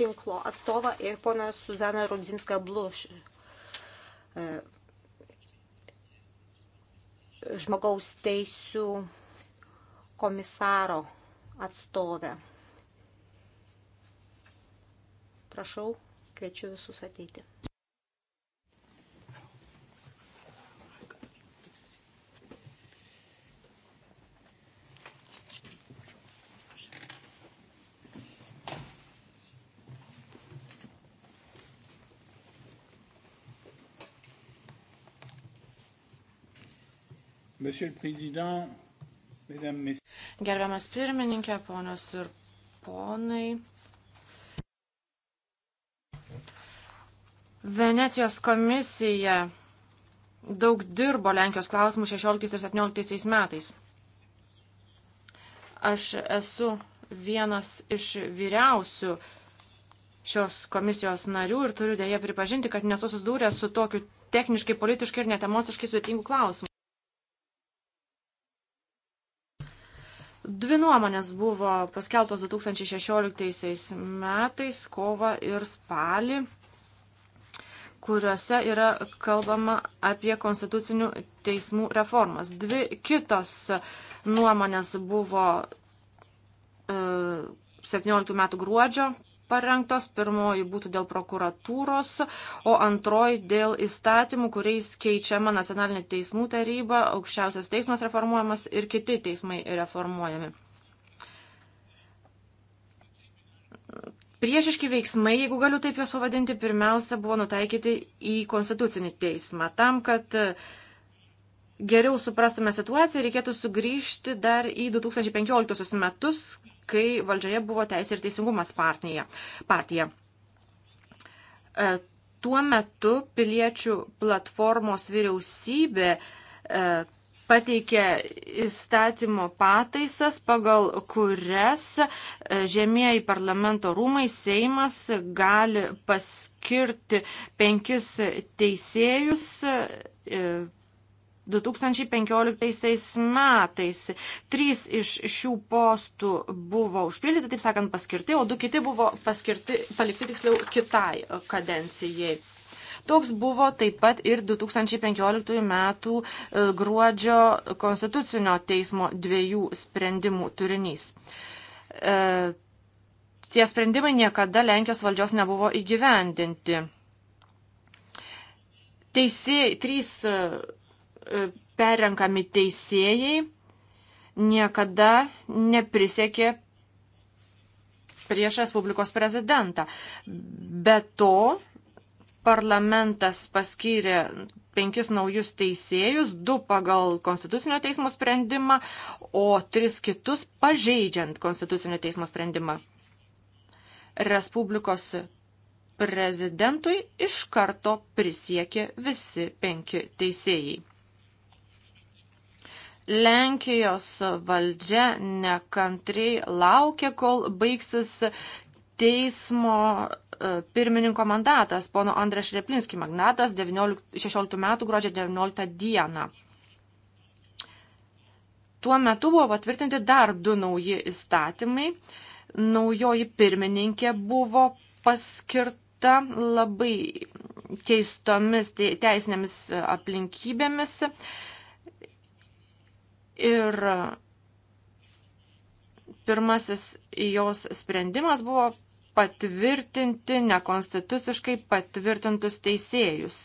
tinklo atstovą ir pona Suzana Rudzinska Bluš, žmogaus teisų komisaro atstovę. Prašau, kviečiu visus ateiti. Gerbiamas pirmininkė, ponios ir ponai, Venecijos komisija daug dirbo Lenkijos klausimų 16 ir 17 metais. Aš esu vienas iš vyriausių šios komisijos narių ir turiu dėje pripažinti, kad nesu susidūręs su tokiu techniškai, politiškai ir net emociškai sudėtingu klausimu. Dvi nuomonės buvo paskeltos 2016 metais, kova ir spalį kuriuose yra kalbama apie konstitucinių teismų reformas. Dvi kitos nuomonės buvo e, 17 metų gruodžio parengtos. Pirmoji būtų dėl prokuratūros, o antroji dėl įstatymų, kuriais keičiama nacionalinė teismų taryba, aukščiausias teismas reformuojamas ir kiti teismai reformuojami. Priešiški veiksmai, jeigu galiu taip juos pavadinti, pirmiausia buvo nutaikyti į konstitucinį teismą. Tam, kad e, geriau suprastume situaciją, reikėtų sugrįžti dar į 2015 metus, kai valdžioje buvo Teisė ir Teisingumas partija. partija. E, tuo metu piliečių platformos vyriausybė e, pateikė įstatymo pataisas, pagal kurias e, žemieji parlamento rūmai Seimas gali paskirti penkis teisėjus 2015 e, metais. Trys iš šių postų buvo užpildyti, taip sakant, paskirti, o du kiti buvo paskirti, palikti tiksliau kitai kadencijai. Toks buvo taip pat ir 2015 m. E, gruodžio Konstitucinio teismo dviejų sprendimų turinys. E, tie sprendimai niekada Lenkijos valdžios nebuvo įgyvendinti. Teisėjai, trys e, perrenkami teisėjai niekada neprisiekė prieš Respublikos prezidentą. Be to, parlamentas paskyrė penkis naujus teisėjus, du pagal Konstitucinio teismo sprendimą, o tris kitus pažeidžiant Konstitucinio teismo sprendimą. Respublikos prezidentui iš karto prisiekė visi penki teisėjai. Lenkijos valdžia nekantriai laukia, kol baigsis teismo E, pirmininko mandatas, pono Andrės Šreplinski magnatas, 19, 16 metų gruodžio 19 dieną. Tuo metu buvo patvirtinti dar du nauji įstatymai. Naujoji pirmininkė buvo paskirta labai keistomis teisinėmis aplinkybėmis. Ir pirmasis jos sprendimas buvo patvirtinti nekonstituciškai patvirtintus teisėjus.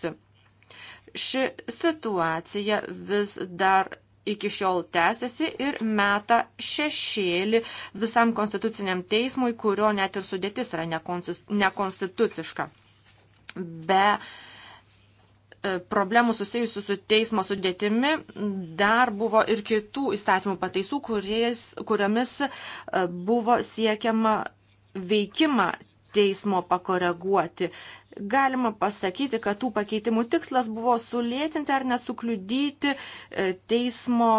Ši situacija vis dar iki šiol tęsiasi ir meta šešėlį visam konstituciniam teismui, kurio net ir sudėtis yra nekonstituciška. Be e, problemų susijusių su teismo sudėtimi dar buvo ir kitų įstatymų pataisų, kuriais, kuriomis e, buvo siekiama veikimą teismo pakoreguoti. Galima pasakyti, kad tų pakeitimų tikslas buvo sulėtinti ar nesukliudyti e, teismo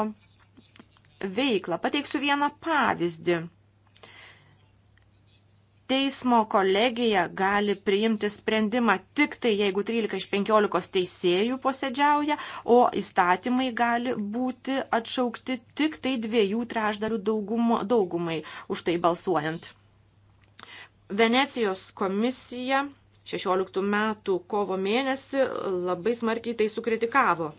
veiklą. Pateiksiu vieną pavyzdį. Teismo kolegija gali priimti sprendimą tik tai, jeigu 13 iš 15 teisėjų posėdžiauja, o įstatymai gali būti atšaukti tik tai dviejų trešdalių daugumai už tai balsuojant. Venecijos komisija 16 metų kovo mėnesį labai smarkiai tai sukritikavo.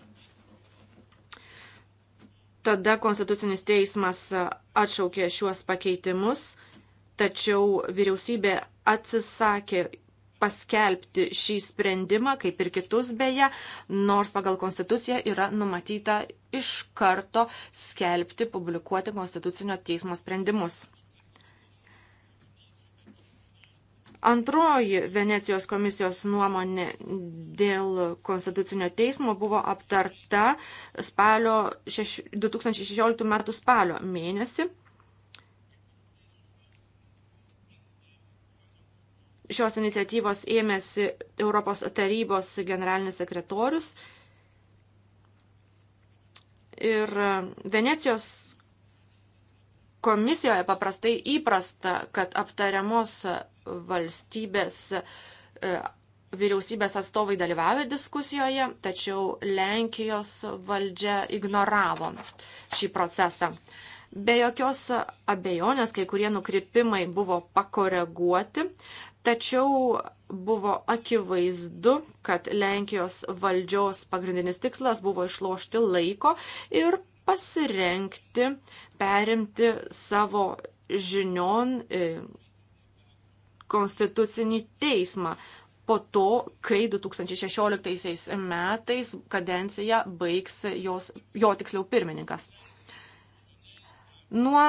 Tada Konstitucinis teismas atšaukė šiuos pakeitimus, tačiau vyriausybė atsisakė paskelbti šį sprendimą, kaip ir kitus beje, nors pagal Konstituciją yra numatyta iš karto skelbti, publikuoti Konstitucinio teismo sprendimus. Antroji Venecijos komisijos nuomonė dėl Konstitucinio teismo buvo aptarta spalio 2016 m. spalio mėnesį. Šios iniciatyvos ėmėsi Europos tarybos generalinis sekretorius. Ir Venecijos komisijoje paprastai įprasta, kad aptariamos valstybės e, vyriausybės atstovai dalyvavo diskusijoje, tačiau Lenkijos valdžia ignoravo šį procesą. Be jokios abejonės kai kurie nukrypimai buvo pakoreguoti, tačiau buvo akivaizdu, kad Lenkijos valdžios pagrindinis tikslas buvo išlošti laiko ir pasirenkti, perimti savo žinion e, konstitucinį teismą po to, kai 2016 metais kadenciją baigs jos, jo tiksliau pirmininkas. Nuo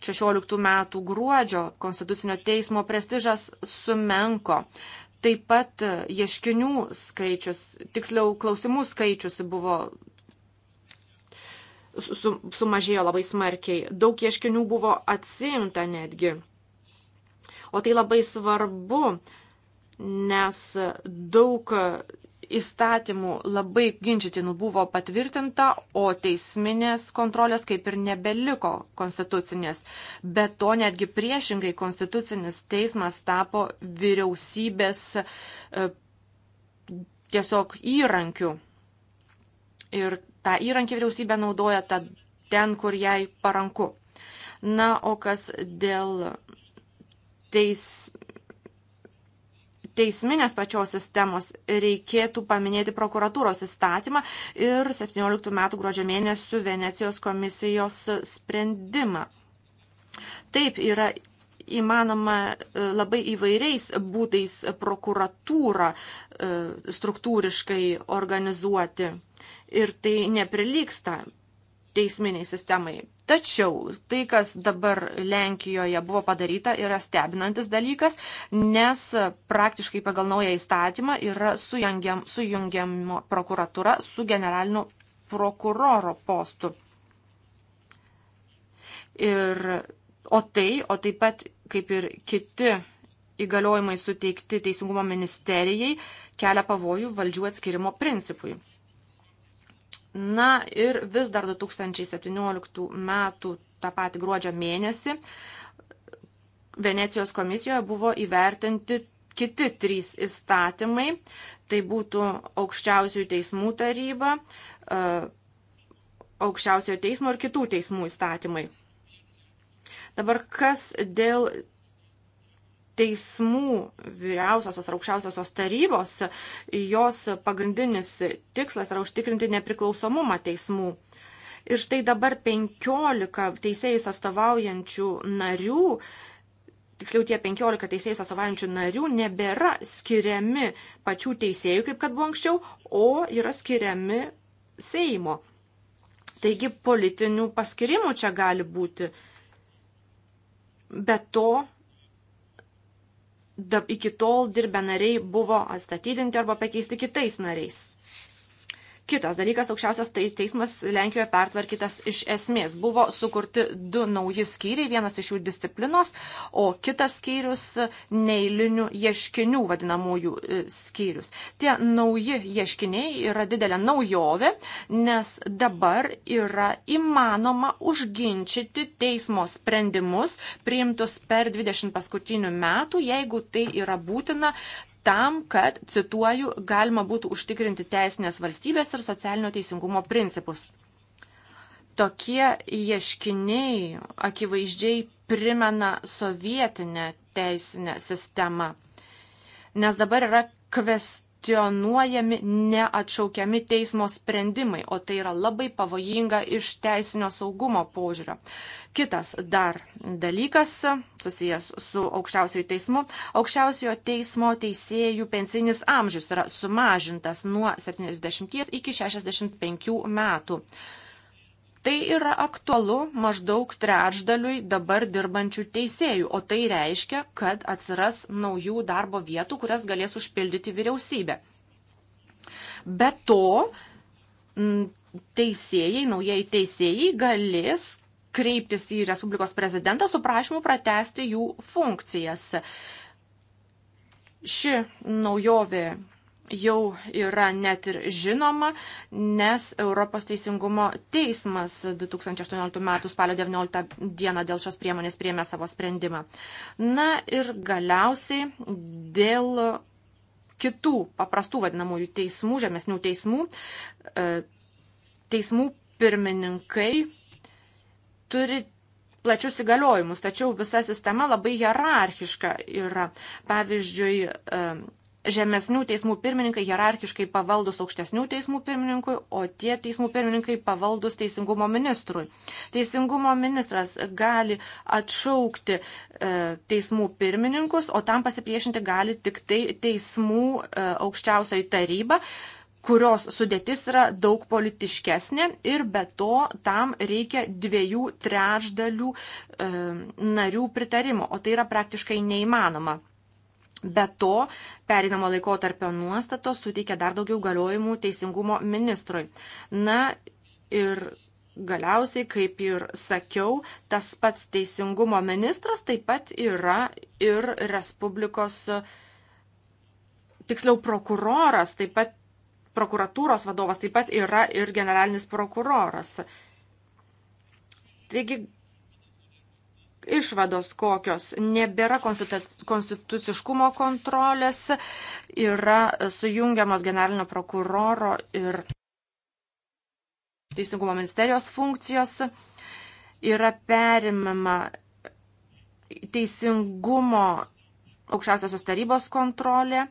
16 metų gruodžio Konstitucinio teismo prestižas sumenko. Taip pat ieškinių skaičius, tiksliau klausimų skaičius buvo su, sumažėjo labai smarkiai. Daug ieškinių buvo atsimta netgi. O tai labai svarbu, nes daug įstatymų labai ginčytinų buvo patvirtinta, o teisminės kontrolės kaip ir nebeliko konstitucinės. Bet to netgi priešingai konstitucinis teismas tapo vyriausybės e, tiesiog įrankiu. Ir tą įrankį vyriausybė naudoja ten, kur jai paranku. Na, o kas dėl teis, teisminės pačios sistemos reikėtų paminėti prokuratūros įstatymą ir 17 metų gruodžio mėnesių Venecijos komisijos sprendimą. Taip yra įmanoma e, labai įvairiais būdais prokuratūrą e, struktūriškai organizuoti ir tai neprilyksta teisminiai sistemai. Tačiau tai, kas dabar Lenkijoje buvo padaryta, yra stebinantis dalykas, nes praktiškai pagal naują įstatymą yra sujungiam, sujungiamo prokuratūra su generaliniu prokuroro postu. Ir, o tai, o taip pat kaip ir kiti įgaliojimai suteikti Teisingumo ministerijai, kelia pavojų valdžių atskirimo principui. Na ir vis dar 2017 metų tą patį gruodžio mėnesį Venecijos komisijoje buvo įvertinti kiti trys įstatymai. Tai būtų aukščiausiųjų teismų taryba, e, aukščiausiojo teismo ir kitų teismų įstatymai. Dabar kas dėl teismų vyriausiosios ar aukščiausiosios tarybos, jos pagrindinis tikslas yra užtikrinti nepriklausomumą teismų. Ir štai dabar 15 teisėjus atstovaujančių narių, tiksliau tie 15 teisėjus atstovaujančių narių nebėra skiriami pačių teisėjų, kaip kad buvo anksčiau, o yra skiriami Seimo. Taigi politinių paskirimų čia gali būti. Be to iki tol dirbę nariai buvo atstatydinti arba pakeisti kitais nariais. Kitas dalykas, aukščiausias teismas Lenkijoje pertvarkytas iš esmės. Buvo sukurti du nauji skyriai, vienas iš jų disciplinos, o kitas skyrius neįlinių ieškinių vadinamųjų e, skyrius. Tie nauji ieškiniai yra didelė naujovė, nes dabar yra įmanoma užginčyti teismo sprendimus priimtus per 20 paskutinių metų, jeigu tai yra būtina tam, kad, cituoju, galima būtų užtikrinti teisinės valstybės ir socialinio teisingumo principus. Tokie ieškiniai akivaizdžiai primena sovietinę teisinę sistemą, nes dabar yra kvest kvestionuojami neatšaukiami teismo sprendimai, o tai yra labai pavojinga iš teisinio saugumo požiūrio. Kitas dar dalykas susijęs su aukščiausiojo teismu. Aukščiausiojo teismo teisėjų pensinis amžius yra sumažintas nuo 70 iki 65 metų. Tai yra aktualu maždaug trečdaliui dabar dirbančių teisėjų, o tai reiškia, kad atsiras naujų darbo vietų, kurias galės užpildyti vyriausybė. Be to, teisėjai, naujieji teisėjai galės kreiptis į Respublikos prezidentą su prašymu pratesti jų funkcijas. Ši naujovė jau yra net ir žinoma, nes Europos teisingumo teismas 2018 m. spalio 19 d. dėl šios priemonės priėmė savo sprendimą. Na ir galiausiai dėl kitų paprastų vadinamųjų teismų, žemesnių teismų, e, teismų pirmininkai turi plačius įgaliojimus, tačiau visa sistema labai hierarchiška yra. Pavyzdžiui, e, žemesnių teismų pirmininkai hierarchiškai pavaldus aukštesnių teismų pirmininkui, o tie teismų pirmininkai pavaldus teisingumo ministrui. Teisingumo ministras gali atšaukti e, teismų pirmininkus, o tam pasipriešinti gali tik tai teismų e, aukščiausioji taryba kurios sudėtis yra daug politiškesnė ir be to tam reikia dviejų trečdalių e, narių pritarimo, o tai yra praktiškai neįmanoma. Be to, perinamo laiko tarpio nuostatos suteikia dar daugiau galiojimų teisingumo ministrui. Na ir galiausiai, kaip ir sakiau, tas pats teisingumo ministras taip pat yra ir Respublikos, tiksliau prokuroras, taip pat prokuratūros vadovas, taip pat yra ir generalinis prokuroras. Taigi išvados kokios. Nebėra konstituciškumo kontrolės, yra sujungiamos generalinio prokuroro ir teisingumo ministerijos funkcijos, yra perimama teisingumo aukščiausiosios tarybos kontrolė,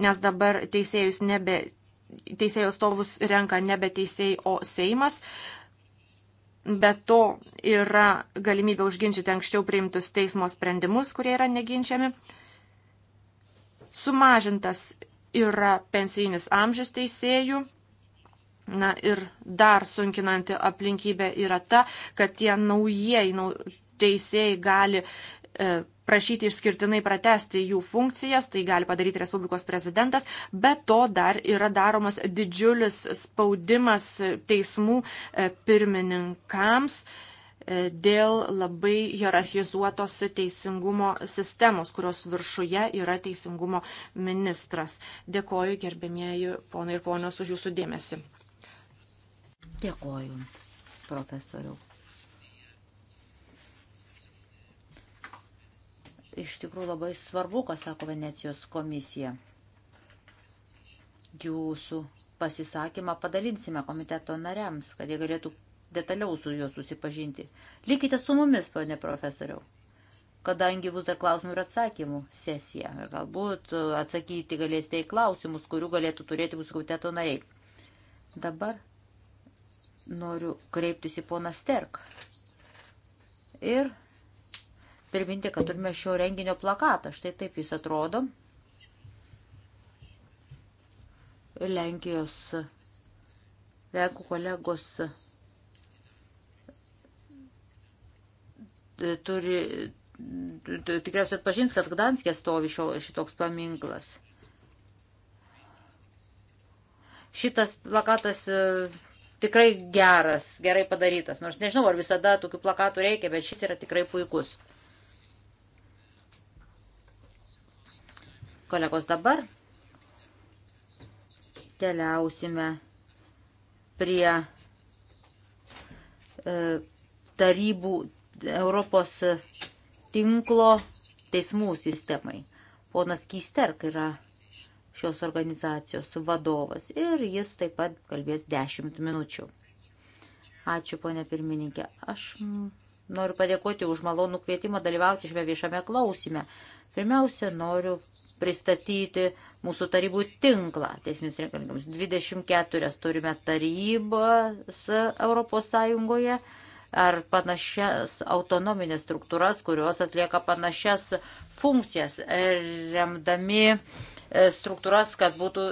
nes dabar teisėjus nebe teisėjų atstovus renka nebe teisėjai, o Seimas. Be to yra galimybė užginčyti anksčiau priimtus teismo sprendimus, kurie yra neginčiami. Sumažintas yra pensijinis amžius teisėjų. Na ir dar sunkinanti aplinkybė yra ta, kad tie naujieji teisėjai gali E, prašyti išskirtinai pratesti jų funkcijas, tai gali padaryti Respublikos prezidentas, bet to dar yra daromas didžiulis spaudimas teismų e, pirmininkams e, dėl labai hierarchizuotos teisingumo sistemos, kurios viršuje yra teisingumo ministras. Dėkoju gerbėmieji ponai ir ponios už jūsų dėmesį. Dėkoju, profesoriau. iš tikrųjų labai svarbu, ką sako Venecijos komisija. Jūsų pasisakymą padalinsime komiteto nariams, kad jie galėtų detaliau su juo susipažinti. Likite su mumis, pane profesoriau, kadangi bus dar klausimų ir atsakymų sesija. Ir galbūt atsakyti galėsite į klausimus, kurių galėtų turėti mūsų komiteto nariai. Dabar noriu kreiptis į poną Sterk. Ir priminti, kad turime šio renginio plakatą. Štai taip jis atrodo. Lenkijos, Lenkų kolegos e, turi, tikriausiai atpažins, kad Gdanskė stovi šio, šitoks paminklas. Šitas plakatas e, tikrai geras, gerai padarytas. Nors nežinau, ar visada tokių plakatų reikia, bet šis yra tikrai puikus. Kolegos, dabar keliausime prie e, tarybų Europos tinklo teismų sistemai. Ponas Kisterk yra šios organizacijos vadovas ir jis taip pat kalbės 10 minučių. Ačiū, ponė pirmininkė. Aš noriu padėkoti už malonų kvietimą dalyvauti šiame viešame klausime. Pirmiausia, noriu pristatyti mūsų tarybų tinklą teisminis reikalingams. 24 turime tarybas Europos Sąjungoje ar panašias autonominės struktūras, kurios atlieka panašias funkcijas, remdami e, struktūras, kad būtų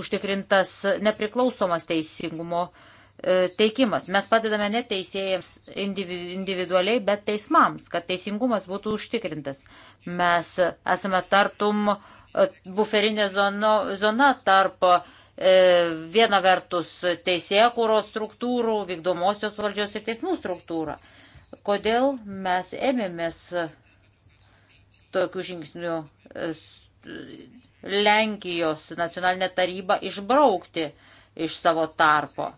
užtikrintas nepriklausomas teisingumo uh, E, teikimas. Mes padedame ne teisėjams individualiai, bet teismams, kad teisingumas būtų užtikrintas. Mes esame tartum e, buferinė zona, zona tarp e, viena vertus teisėjo kūros struktūrų, vykdomosios valdžios ir teismų struktūrą. Kodėl mes ėmėmės tokių žingsnių Lenkijos nacionalinę tarybą išbraukti iš savo tarpo?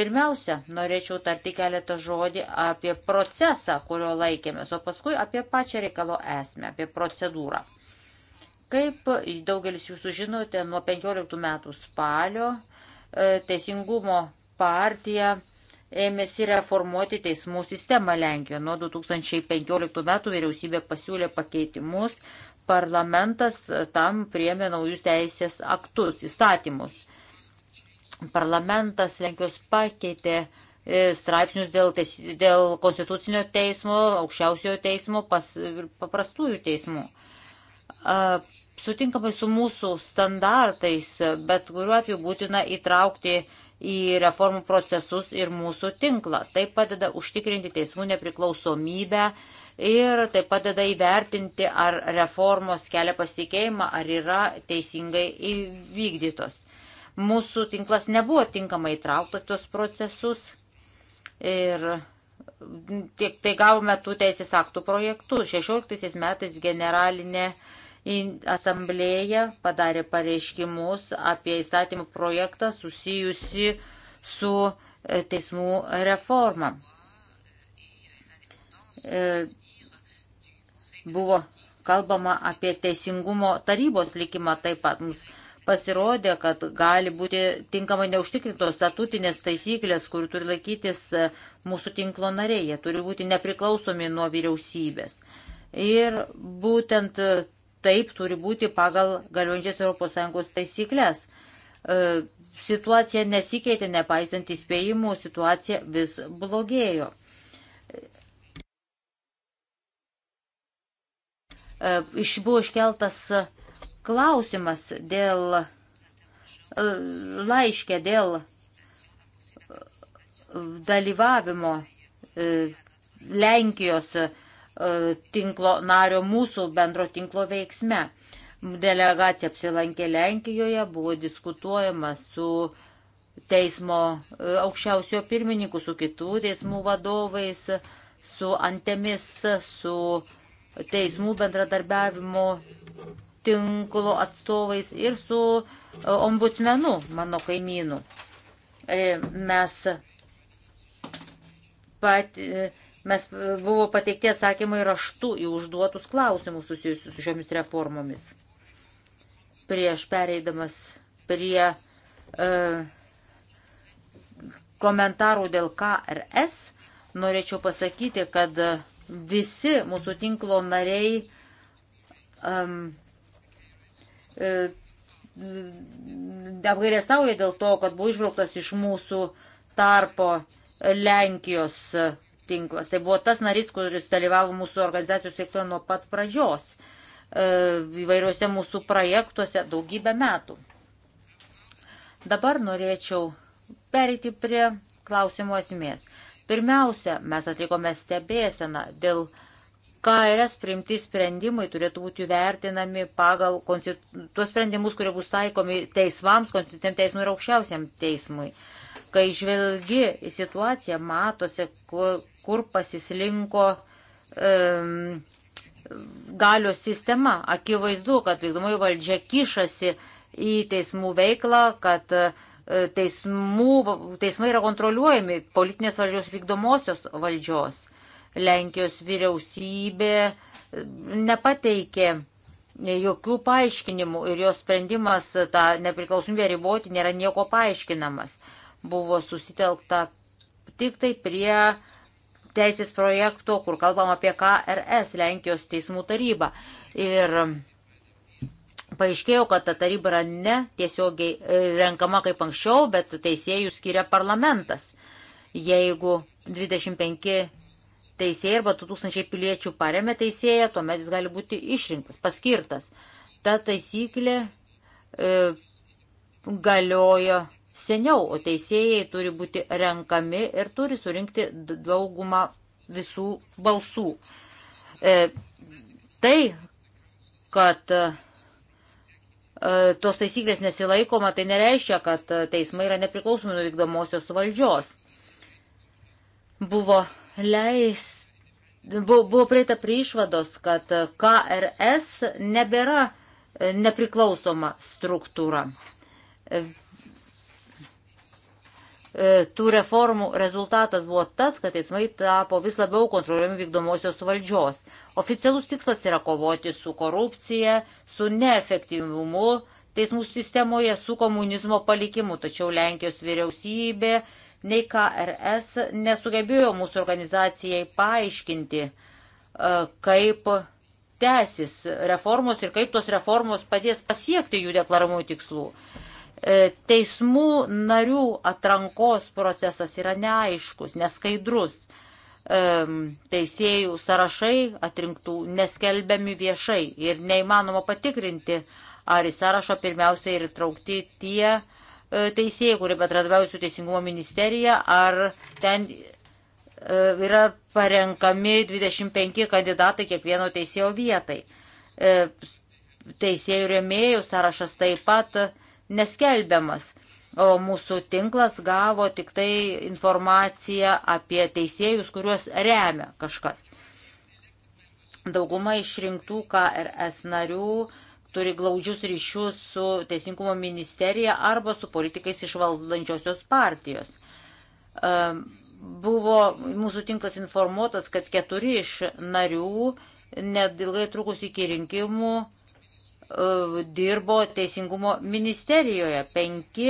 Pirmiausia, norėčiau tarti keletą žodį apie procesą, kurio laikėmės, o paskui apie pačią reikalo esmę, apie procedūrą. Kaip daugelis jūsų žinote, nuo 15 metų spalio e, Teisingumo partija ėmėsi reformuoti teismų sistemą Lenkijoje. Nuo 2015 metų vyriausybė pasiūlė pakeitimus, parlamentas tam priemė naujus teisės aktus, įstatymus. Parlamentas Lenkijos pakeitė e, straipsnius dėl, dėl konstitucinio teismo, aukščiausiojo teismo, pas, paprastųjų teismų. Sutinkamai su mūsų standartais, bet kuriuo atveju būtina įtraukti į reformų procesus ir mūsų tinklą. Tai padeda užtikrinti teismų nepriklausomybę ir tai padeda įvertinti, ar reformos kelia pasitikėjimą, ar yra teisingai įvykdytos. Mūsų tinklas nebuvo tinkamai įtrauktas tos procesus ir tiek tai gavome tų teisės aktų projektų. 16 metais generalinė asamblėja padarė pareiškimus apie įstatymų projektą susijusi su e, teismų reforma. E, buvo kalbama apie teisingumo tarybos likimą taip pat mums pasirodė, kad gali būti tinkamai neužtikrintos statutinės taisyklės, kurių turi laikytis e, mūsų tinklo nariai. Jie turi būti nepriklausomi nuo vyriausybės. Ir būtent e, taip turi būti pagal galiojančias ES taisyklės. E, situacija nesikeitė, nepaisant įspėjimų, situacija vis blogėjo. Iš buvo iškeltas Klausimas dėl e, laiškė dėl e, dalyvavimo e, Lenkijos tinklo nario mūsų bendro tinklo veiksme. Delegacija apsilankė Lenkijoje, buvo diskutuojama su teismo aukščiausio pirmininku, su kitų teismų vadovais, su antemis, su teismų bendradarbiavimu tinklo atstovais ir su e, ombudsmenu mano kaimynu. E, mes, pat, e, mes buvo pateikti atsakymai raštu į užduotus klausimus susijusius su šiomis reformomis. Prieš pereidamas prie e, komentarų dėl KRS, norėčiau pasakyti, kad visi mūsų tinklo nariai um, E, apgailėstauja dėl to, kad buvo išbrauktas iš mūsų tarpo Lenkijos tinklas. Tai buvo tas narys, kuris dalyvavo mūsų organizacijos veikloje nuo pat pradžios, e, įvairiuose mūsų projektuose daugybę metų. Dabar norėčiau perėti prie klausimo esmės. Pirmiausia, mes atlikome stebėseną dėl uh, KRS priimti sprendimai turėtų būti vertinami pagal tuos sprendimus, kurie bus taikomi teismams, konstituciniam teismui ir aukščiausiam teismui. Kai žvelgi į situaciją, matosi, kur, kur pasislinko um, galios sistema. Akivaizdu, kad vykdomoji valdžia kišasi į teismų veiklą, kad uh, teismų, teismai yra kontroliuojami politinės valdžios vykdomosios valdžios Lenkijos vyriausybė e, nepateikė jokių paaiškinimų ir jos sprendimas tą nepriklausomybę riboti nėra nieko paaiškinamas. Buvo susitelkta tik tai prie teisės projekto, kur kalbam apie KRS, Lenkijos teismų tarybą. Ir paaiškėjo, kad ta taryba yra ne tiesiogiai e, renkama kaip anksčiau, bet teisėjų skiria parlamentas. Jeigu 25 teisėjai arba 2000 piliečių paremė teisėją, tuomet jis gali būti išrinktas, paskirtas. Ta taisyklė e, galiojo seniau, o teisėjai turi būti renkami ir turi surinkti daugumą visų balsų. E, tai, kad e, tos taisyklės nesilaikoma, tai nereiškia, kad teismai yra nepriklausomi nuo vykdomosios valdžios. Buvo leis, buvo, buvo prieita prie išvados, kad KRS nebėra e, nepriklausoma struktūra. E, e, tų reformų rezultatas buvo tas, kad teismai tapo vis labiau kontroliuojami vykdomosios valdžios. Oficialus tikslas yra kovoti su korupcija, su neefektyvumu teismų sistemoje, su komunizmo palikimu, tačiau Lenkijos vyriausybė nei KRS nesugebėjo mūsų organizacijai paaiškinti, e, kaip tęsis reformos ir kaip tos reformos padės pasiekti jų deklaramų tikslų. E, teismų narių atrankos procesas yra neaiškus, neskaidrus. E, teisėjų sąrašai atrinktų neskelbiami viešai ir neįmanoma patikrinti, ar į sąrašą pirmiausia ir traukti tie, uh, E, teisėjai, kurie bendradarbiauja su Teisingumo ministerija, ar ten e, yra parenkami 25 kandidatai kiekvieno teisėjo vietai. E, teisėjų rėmėjų sąrašas taip pat neskelbiamas, o mūsų tinklas gavo tik tai informaciją apie teisėjus, kuriuos remia kažkas. Dauguma išrinktų KRS narių turi glaudžius ryšius su Teisingumo ministerija arba su politikais iš valdančiosios partijos. Buvo mūsų tinklas informuotas, kad keturi iš narių nedilgai trukus iki rinkimų e, dirbo Teisingumo ministerijoje. Penki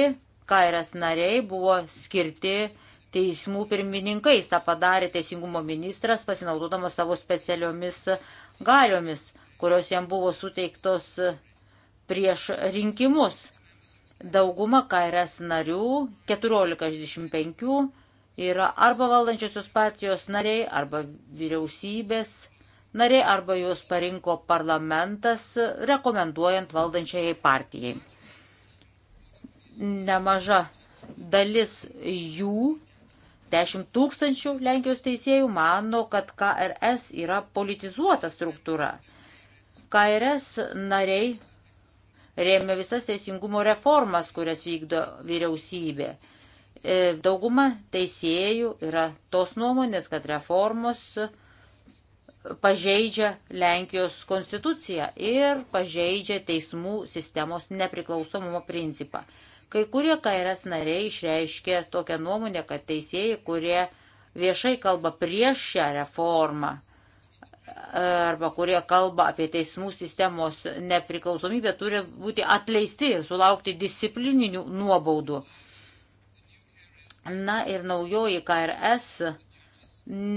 kairės nariai buvo skirti teismų pirmininkais. Ta padarė Teisingumo ministras, pasinaudodamas savo specialiomis galiomis kurios jam buvo suteiktos prieš rinkimus. Dauguma KRS narių, 14-25, yra arba valdančiosios partijos nariai, arba vyriausybės nariai, arba juos parinko parlamentas, rekomenduojant valdančiai partijai. Nemaža dalis jų 10 tūkstančių Lenkijos teisėjų mano, kad KRS yra politizuota struktūra. Kairės nariai rėmė visas teisingumo reformas, kurias vykdo vyriausybė. E, dauguma teisėjų yra tos nuomonės, kad reformos pažeidžia Lenkijos konstituciją ir pažeidžia teismų sistemos nepriklausomumo principą. Kai kurie kairės nariai išreiškė tokią nuomonę, kad teisėjai, kurie viešai kalba prieš šią reformą, arba kurie kalba apie teismų sistemos nepriklausomybę, turi būti atleisti ir sulaukti disciplininių nuobaudų. Na ir naujoji KRS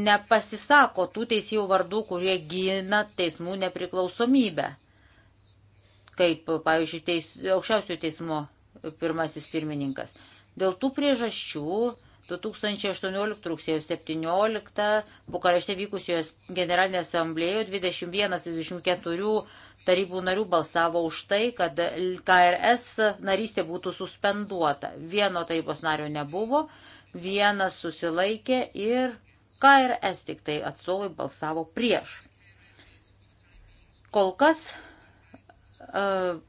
nepasisako tų teisėjų vardų, kurie gina teismų nepriklausomybę. Kaip, pavyzdžiui, teis, aukščiausiojo teismo pirmasis pirmininkas. Dėl tų priežasčių 2018 rugsėjo 17 Bukarešte vykusioje generalinėje asamblėjoje 21-24 tarybų narių balsavo už tai, kad KRS narystė būtų suspenduota. Vieno tarybos nario nebuvo, vienas susilaikė ir KRS tik tai atstovai balsavo prieš. Kol kas uh,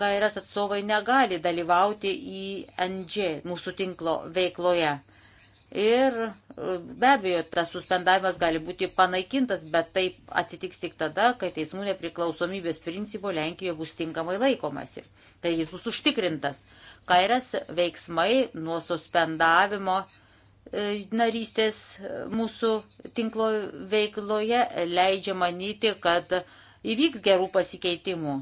KRS atstovai negali dalyvauti į NG mūsų tinklo veikloje. Ir be abejo, tas suspendavimas gali būti panaikintas, bet taip atsitiks tik tada, kai teismų nepriklausomybės principo Lenkijoje bus tinkamai laikomasi, kai jis bus užtikrintas. Kairės veiksmai nuo suspendavimo e, narystės e, mūsų tinklo veikloje leidžia manyti, kad įvyks gerų pasikeitimų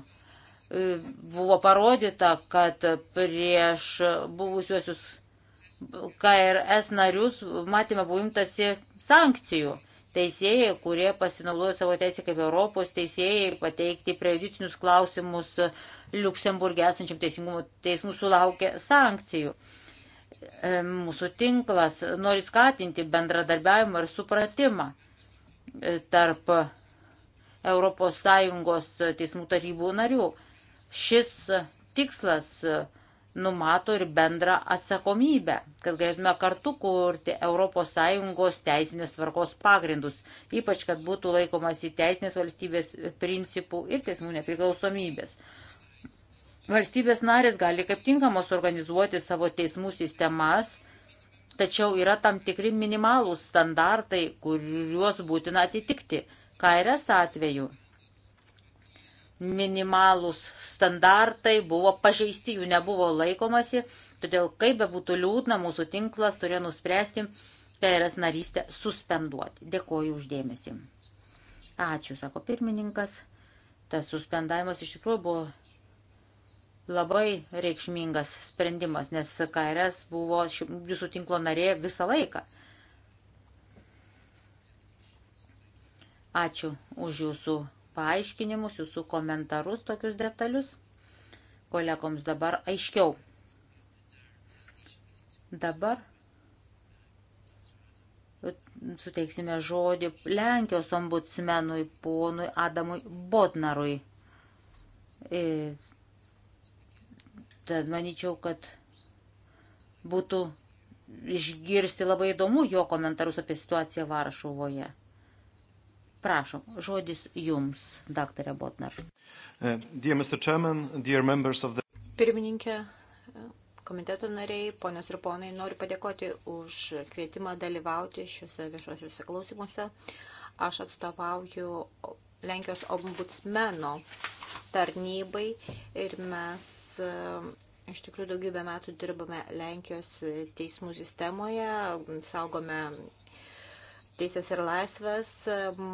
buvo parodyta, kad prieš buvusiuosius KRS narius matėme buvo imtasi sankcijų. Teisėjai, kurie pasinaudojo savo teisę kaip Europos teisėjai, pateikti prejudicinius klausimus Luksemburgė esančiam teisingumo teismų sulaukė sankcijų. E, mūsų tinklas nori skatinti bendradarbiavimą ir supratimą e, tarp ES teismų tarybų narių. Šis tikslas numato ir bendrą atsakomybę, kad galėtume kartu kurti ES teisinės tvarkos pagrindus, ypač kad būtų laikomasi teisinės valstybės principų ir teismų nepriklausomybės. Valstybės narės gali kaip tinkamos organizuoti savo teismų sistemas, tačiau yra tam tikri minimalūs standartai, kuriuos būtina atitikti. KRS atveju minimalūs standartai buvo pažeisti, jų nebuvo laikomasi, todėl kaip be būtų liūdna, mūsų tinklas turėjo nuspręsti PRS narystę suspenduoti. Dėkoju uždėmesi. Ačiū, sako pirmininkas. Tas suspendavimas iš tikrųjų buvo labai reikšmingas sprendimas, nes KRS buvo jūsų tinklo narė visą laiką. Ačiū už jūsų paaiškinimus, jūsų komentarus, tokius detalius. Kolegoms dabar aiškiau. Dabar suteiksime žodį Lenkijos ombudsmenui ponui Adamui Bodnarui. E, tad manyčiau, kad būtų išgirsti labai įdomu jo komentarus apie situaciją Varšuvoje. Prašom, žodis jums, daktarė Botnar. Uh, dear Mr. Chairman, dear members of the... Pirmininkė, komiteto nariai, ponios ir ponai, noriu padėkoti už kvietimą dalyvauti šiuose viešuosiuose klausimuose. Aš atstovauju Lenkijos ombudsmeno tarnybai ir mes uh, Iš tikrųjų, daugybę metų dirbame Lenkijos teismų sistemoje, saugome teisės ir laisvės,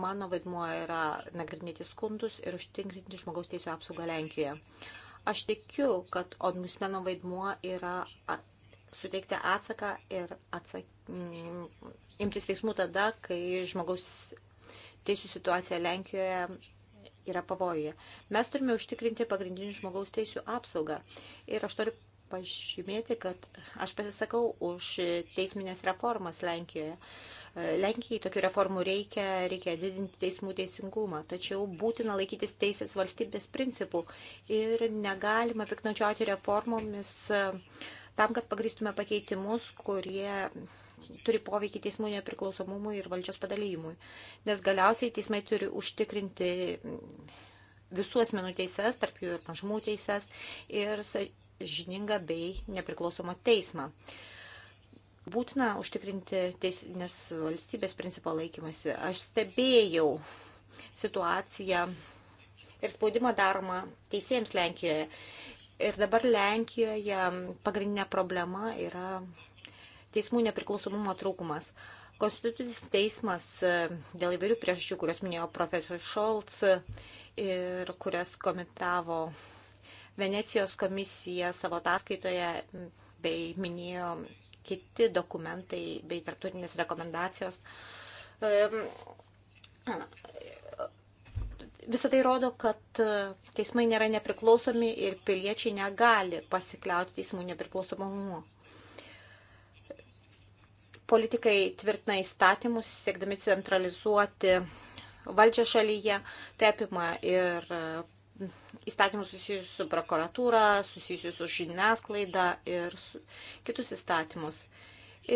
mano vaidmuo yra nagrinėti skundus ir užtinkrinti žmogaus teisų apsaugą Lenkijoje. Aš tikiu, kad ombudsmeno vaidmuo yra suteikti atsaką ir atsak... Mm, imtis veiksmų tada, kai žmogaus teisų situacija Lenkijoje yra pavojuje. Mes turime užtikrinti pagrindinių žmogaus teisų apsaugą. Ir aš noriu pažymėti, kad aš pasisakau už teisminės reformas Lenkijoje. Lenkijai tokių reformų reikia, reikia didinti teismų teisingumą, tačiau būtina laikytis teisės valstybės principų ir negalima piknaudžiauti reformomis e, tam, kad pagristume pakeitimus, kurie turi poveikį teismų nepriklausomumui ir valdžios padalyjimui. Nes galiausiai teismai turi užtikrinti visų asmenų teises, tarp jų ir mažumų teises, ir žininga bei nepriklausoma teisma. Uh, Būtina užtikrinti teisinės valstybės principo laikymasi. Aš stebėjau situaciją ir spaudimą daromą teisėjams Lenkijoje. Ir dabar Lenkijoje pagrindinė problema yra teismų nepriklausomumo trūkumas. Konstitucinis teismas e, dėl įvairių priežasčių, kurias minėjo profesorius Šolts ir kurias komentavo Venecijos komisija savo ataskaitoje bei minėjo kiti dokumentai bei tarptautinės rekomendacijos. Visą tai rodo, kad e, teismai nėra nepriklausomi ir piliečiai negali pasikliauti teismų nepriklausomumu. Politikai tvirtina įstatymus, siekdami centralizuoti valdžią šalyje, tai apima ir e, įstatymus susijusius su prokuratūra, susijusius su žiniasklaida ir su kitus įstatymus.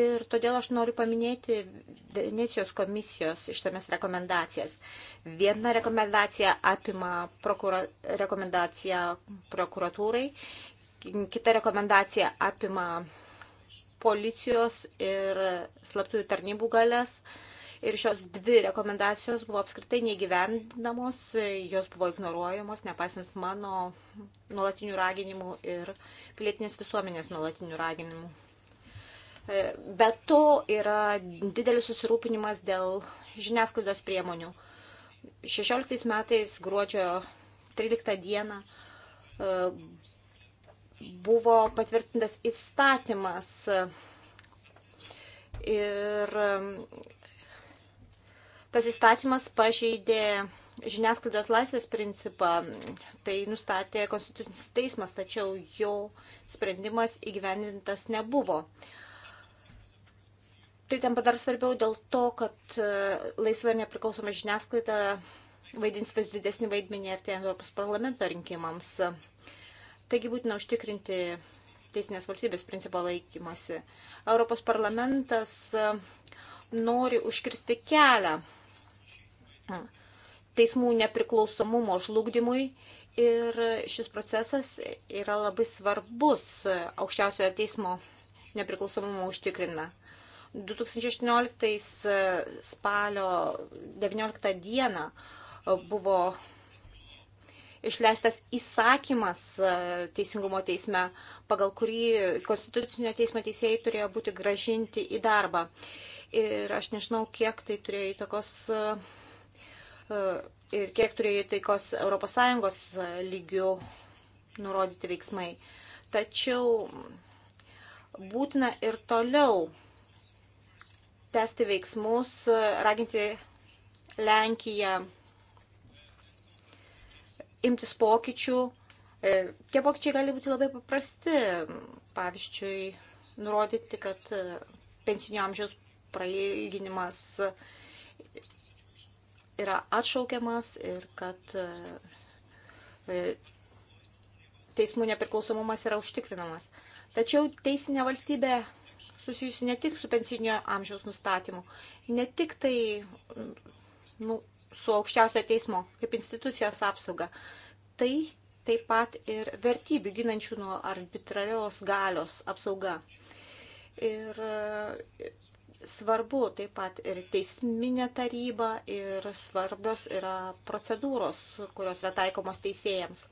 Ir todėl aš noriu paminėti Venecijos komisijos ištames rekomendacijas. Viena rekomendacija apima prokura, rekomendaciją prokuratūrai, kita rekomendacija apima policijos ir slaptųjų tarnybų galės. Uh, ir šios dvi rekomendacijos buvo apskritai neįgyvendinamos, jos buvo ignoruojamos, nepaisant mano nuolatinių raginimų ir pilietinės visuomenės nuolatinių raginimų. E, be to yra didelis susirūpinimas dėl žiniasklaidos priemonių. 16 metais gruodžio 13 dieną e, buvo patvirtintas įstatymas e, ir Tas įstatymas pažeidė žiniasklaidos laisvės principą, tai nustatė Konstitucinis teismas, tačiau jo sprendimas įgyvendintas nebuvo. Tai tampa dar svarbiau dėl to, kad e, laisva ir nepriklausoma žiniasklaida vaidins vis didesnį vaidmenį artėjant Europos parlamento rinkimams. Taigi būtina užtikrinti teisinės valstybės principo laikymasi. Europos parlamentas e, nori užkirsti kelią teismų nepriklausomumo žlugdymui ir šis procesas yra labai svarbus aukščiausiojo teismo nepriklausomumo užtikrina. 2018 e, spalio 19 dieną buvo išleistas įsakymas e, Teisingumo teisme, pagal kurį Konstitucinio teismo teisėjai turėjo būti gražinti į darbą. Ir aš nežinau, kiek tai turėjo įtakos e, E, ir kiek turėjo taikos ES e, lygių nurodyti veiksmai. Tačiau būtina ir toliau tęsti veiksmus, e, raginti Lenkiją imtis pokyčių. Tie pokyčiai gali būti labai paprasti. Pavyzdžiui, nurodyti, kad pensinio amžiaus prailginimas yra atšaukiamas ir kad e, teismų nepriklausomumas yra užtikrinamas. Tačiau teisinė valstybė susijusi ne tik su pensinio amžiaus nustatymu, ne tik tai nu, su aukščiausio teismo kaip institucijos apsauga, tai taip pat ir vertybių ginančių nuo arbitrarios galios apsauga. Ir svarbu taip pat ir teisminė taryba ir svarbios yra procedūros, kurios yra taikomos teisėjams.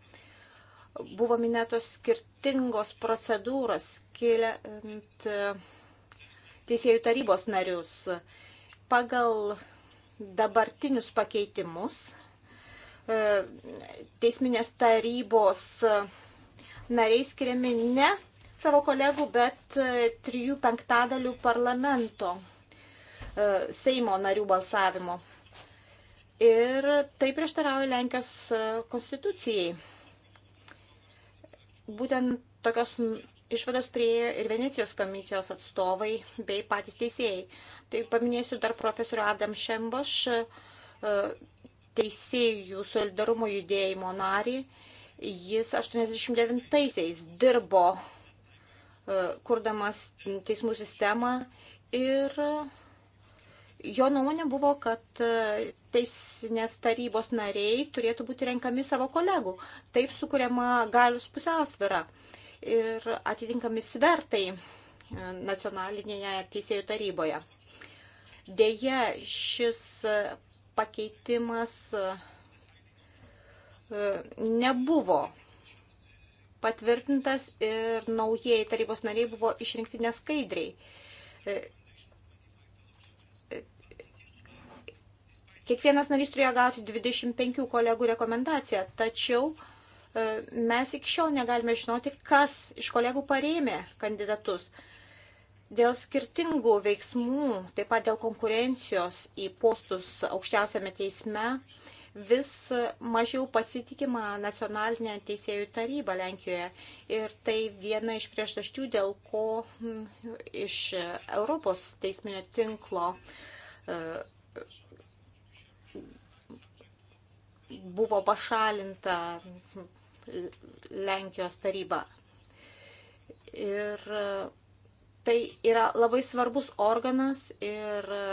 Buvo minėtos skirtingos procedūros, skiliant e, teisėjų tarybos narius. Pagal dabartinius pakeitimus e, teisminės tarybos e, nariai skiriami ne savo kolegų, bet e, trijų penktadalių parlamento e, Seimo narių balsavimo. Ir tai prieštarauja Lenkijos e, konstitucijai. Būtent tokios išvados priejo ir Venecijos komisijos atstovai bei patys teisėjai. Tai paminėsiu dar profesorių Adam Šemboš, teisėjų solidarumo judėjimo narį. Jis 89-aisiais dirbo E, kurdamas teismų sistemą ir jo nuomonė buvo, kad e, teisinės tarybos nariai turėtų būti renkami savo kolegų. Taip sukuriama galius pusiausvira ir atitinkami svertai e, nacionalinėje teisėjų taryboje. Deja, šis pakeitimas nebuvo patvirtintas ir naujieji tarybos nariai buvo išrinkti neskaidriai. E, e, kiekvienas narys turėjo gauti 25 kolegų rekomendaciją, tačiau e, mes iki šiol negalime žinoti, kas iš kolegų parėmė kandidatus. Dėl skirtingų veiksmų, taip pat dėl konkurencijos į postus aukščiausiame teisme, vis mažiau pasitikima nacionalinė teisėjų taryba Lenkijoje. Ir tai viena iš priežasčių, dėl ko iš Europos teisminio tinklo e, buvo pašalinta Lenkijos taryba. Ir e, tai yra labai svarbus organas ir e,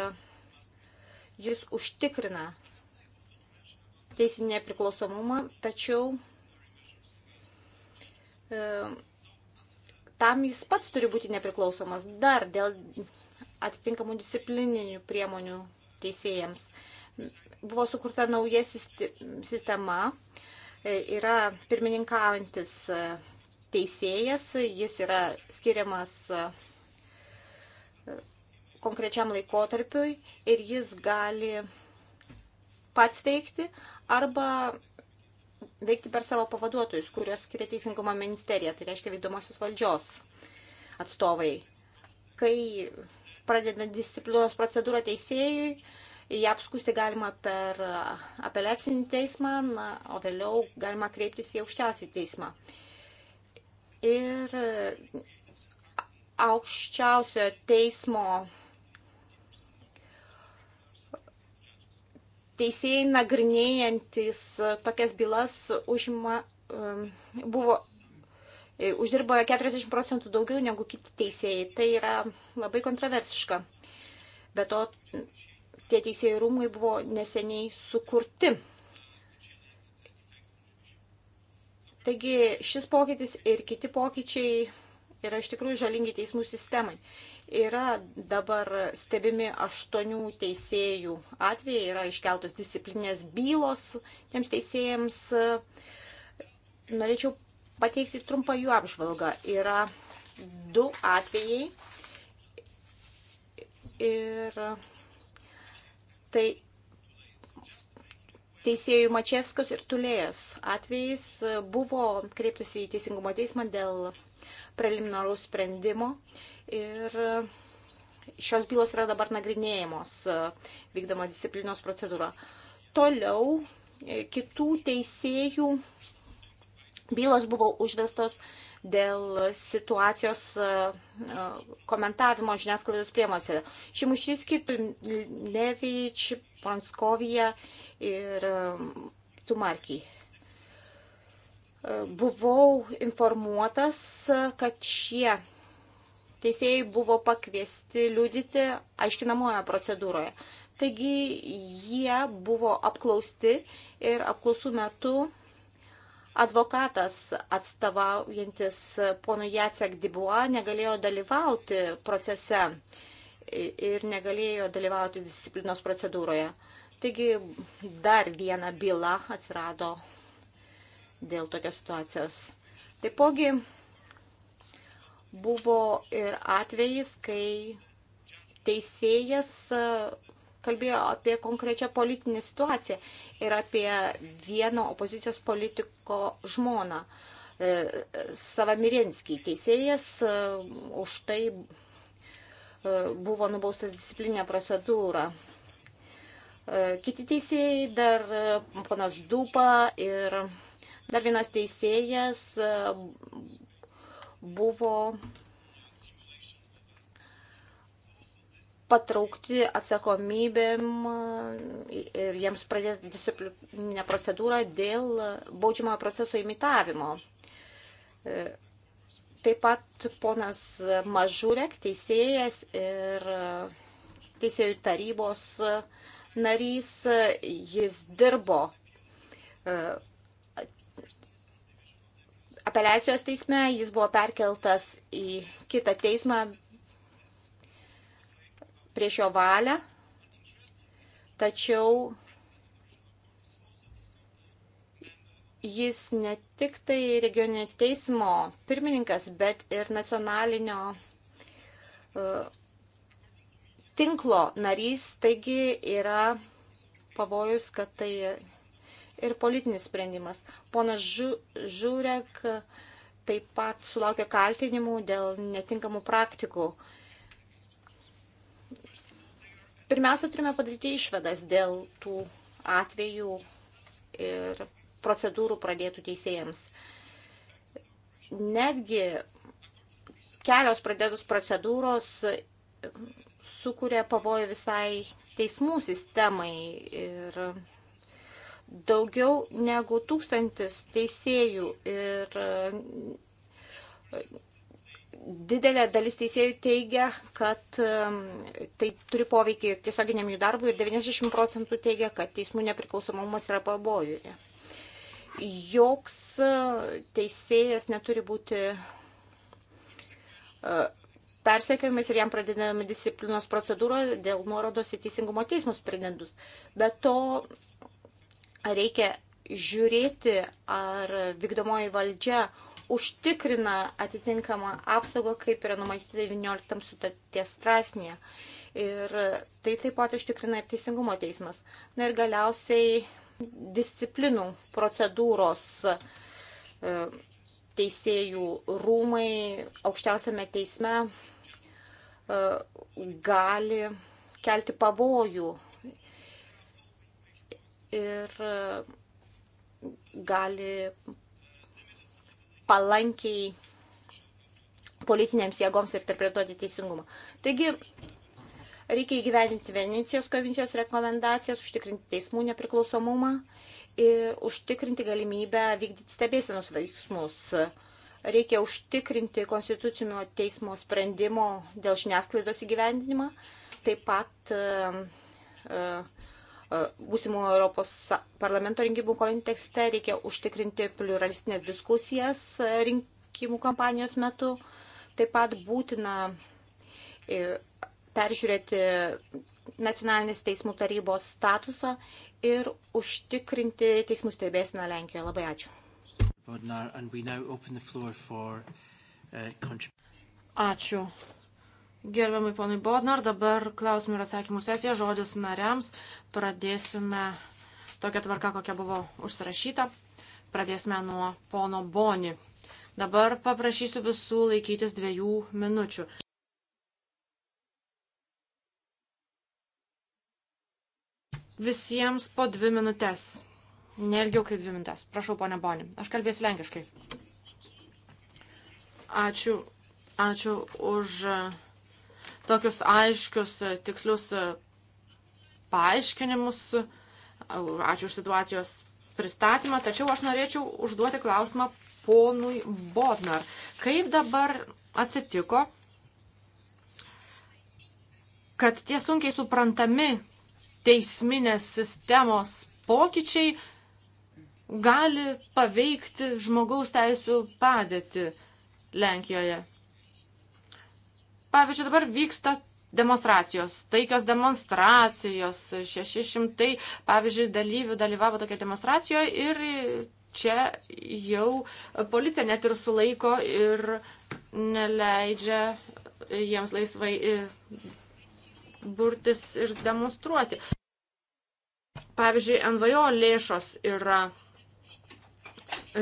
jis užtikrina teisinį nepriklausomumą, tačiau e, tam jis pats turi būti nepriklausomas dar dėl atitinkamų disciplininių priemonių teisėjams. Buvo sukurta nauja sistema, e, yra pirmininkaujantis e, teisėjas, jis yra skiriamas e, konkrečiam laikotarpiui ir jis gali pats veikti arba veikti per savo pavaduotojus, kurios skiria Teisingumo ministerija, tai reiškia vykdomosios valdžios atstovai. Kai pradedant disciplinos procedūrą teisėjui, ją apskusti galima per apeliacinį teismą, na, o vėliau galima kreiptis į aukščiausią teismą. Ir aukščiausiojo teismo teisėjai nagrinėjantis e, tokias bylas užima, buvo, e, uždirbo 40 procentų daugiau negu kiti teisėjai. Tai yra labai kontroversiška. Be to, tie teisėjų rūmai buvo neseniai sukurti. Taigi šis pokytis ir kiti pokyčiai yra iš tikrųjų žalingi teismų sistemai. Yra dabar stebimi aštuonių teisėjų atvejai, yra iškeltos disciplinės bylos tiems teisėjams. Norėčiau pateikti trumpą jų apžvalgą. Yra du atvejai ir tai teisėjų Mačevskos ir Tulėjos atvejais buvo kreiptasi į Teisingumo teismą dėl preliminaraus sprendimo ir šios bylos yra dabar nagrinėjamos e, vykdama disciplinos procedūra. Toliau e, kitų teisėjų bylos buvo užvestos dėl situacijos e, komentavimo žiniasklaidos priemonėse. Šimušyski, Levič, Pranskovija ir Tumarkiai. Buvau informuotas, kad šie teisėjai buvo pakviesti liudyti aiškinamoje procedūroje. Taigi jie buvo apklausti ir apklausų metu advokatas atstovaujantis ponų Jacek Dibua negalėjo dalyvauti procese ir negalėjo dalyvauti disciplinos procedūroje. Taigi dar viena byla atsirado dėl tokios situacijos. Taipogi Buvo ir atvejis, kai teisėjas e, kalbėjo apie konkrečią politinę situaciją ir apie vieno opozicijos politiko žmoną. E, Savamirinskį teisėjas e, už tai buvo nubaustas disciplinė procedūra. Kiti teisėjai, dar panas Dupa ir dar vienas teisėjas buvo patraukti atsakomybėm ir jiems pradėti disciplininę procedūrą dėl baudžiamojo proceso imitavimo. Taip pat ponas Mažurek, teisėjas ir teisėjų tarybos narys, jis dirbo apeliacijos teisme, jis buvo perkeltas į kitą teismą prieš jo valią, tačiau jis ne tik tai regioninio teismo pirmininkas, bet ir nacionalinio uh, tinklo narys, taigi yra pavojus, kad tai ir politinis sprendimas. Ponas Žiūrek taip pat sulaukė kaltinimų dėl netinkamų praktikų. Pirmiausia, turime padaryti išvadas dėl tų atvejų ir procedūrų pradėtų teisėjams. Netgi kelios pradėtos procedūros sukuria pavojų visai teismų sistemai ir Daugiau negu tūkstantis teisėjų ir e, didelė dalis teisėjų teigia, kad e, tai turi poveikį tiesioginiam jų darbui ir 90 procentų teigia, kad teismų nepriklausomumas yra pavojuje. Joks e, teisėjas neturi būti persekiojamas ir jam pradedami disciplinos procedūros dėl nuorodos į teisingumo teismo sprendendus. Be to, reikia žiūrėti, ar vykdomoji valdžia užtikrina atitinkamą apsaugą, kaip yra numatyta 19 sutarties straipsnėje. Ir tai taip pat užtikrina ir Teisingumo teismas. Na ir galiausiai disciplinų procedūros e, teisėjų rūmai aukščiausiame teisme e, gali kelti pavojų ir e, gali palankiai politinėms jėgoms interpretuoti teisingumą. Taigi, reikia įgyveninti Venecijos konvencijos rekomendacijas, užtikrinti teismų nepriklausomumą ir užtikrinti galimybę vykdyti stebėsenos veiksmus. Reikia užtikrinti konstitucinio teismo sprendimo dėl žiniasklaidos įgyvendinimą, taip pat uh, uh, E, būsimų Europos parlamento rinkimų kontekste reikia užtikrinti pluralistinės diskusijas e, rinkimų kampanijos metu. Taip pat būtina e, peržiūrėti nacionalinės teismų tarybos statusą ir užtikrinti teismų stebėsiną Lenkijoje. Labai ačiū. Uh, ačiū. Gerbiamai ponai Bodnar, dabar klausimų ir atsakymų sesija, žodis nariams. Pradėsime tokia tvarka, kokia buvo užsirašyta. Pradėsime nuo pono Boni. Dabar paprašysiu visų laikytis dviejų minučių. Visiems po dvi minutės. Nelgiau kaip dvi minutės. Prašau, ponia Boni. Aš kalbėsiu lenkiškai. Ačiū. Ačiū už. Uh, tokius aiškius, e, tikslius e, paaiškinimus. E, ačiū už situacijos pristatymą, tačiau aš norėčiau užduoti klausimą ponui Bodnar. Kaip dabar atsitiko, kad tie sunkiai suprantami teisminės sistemos pokyčiai gali paveikti žmogaus teisų padėtį Lenkijoje? Pavyzdžiui, dabar vyksta demonstracijos, taikios demonstracijos, 600, pavyzdžiui, dalyvių dalyvavo tokia demonstracijoje ir čia jau policija net ir sulaiko ir neleidžia jiems laisvai e, burtis ir demonstruoti. Pavyzdžiui, NVO lėšos yra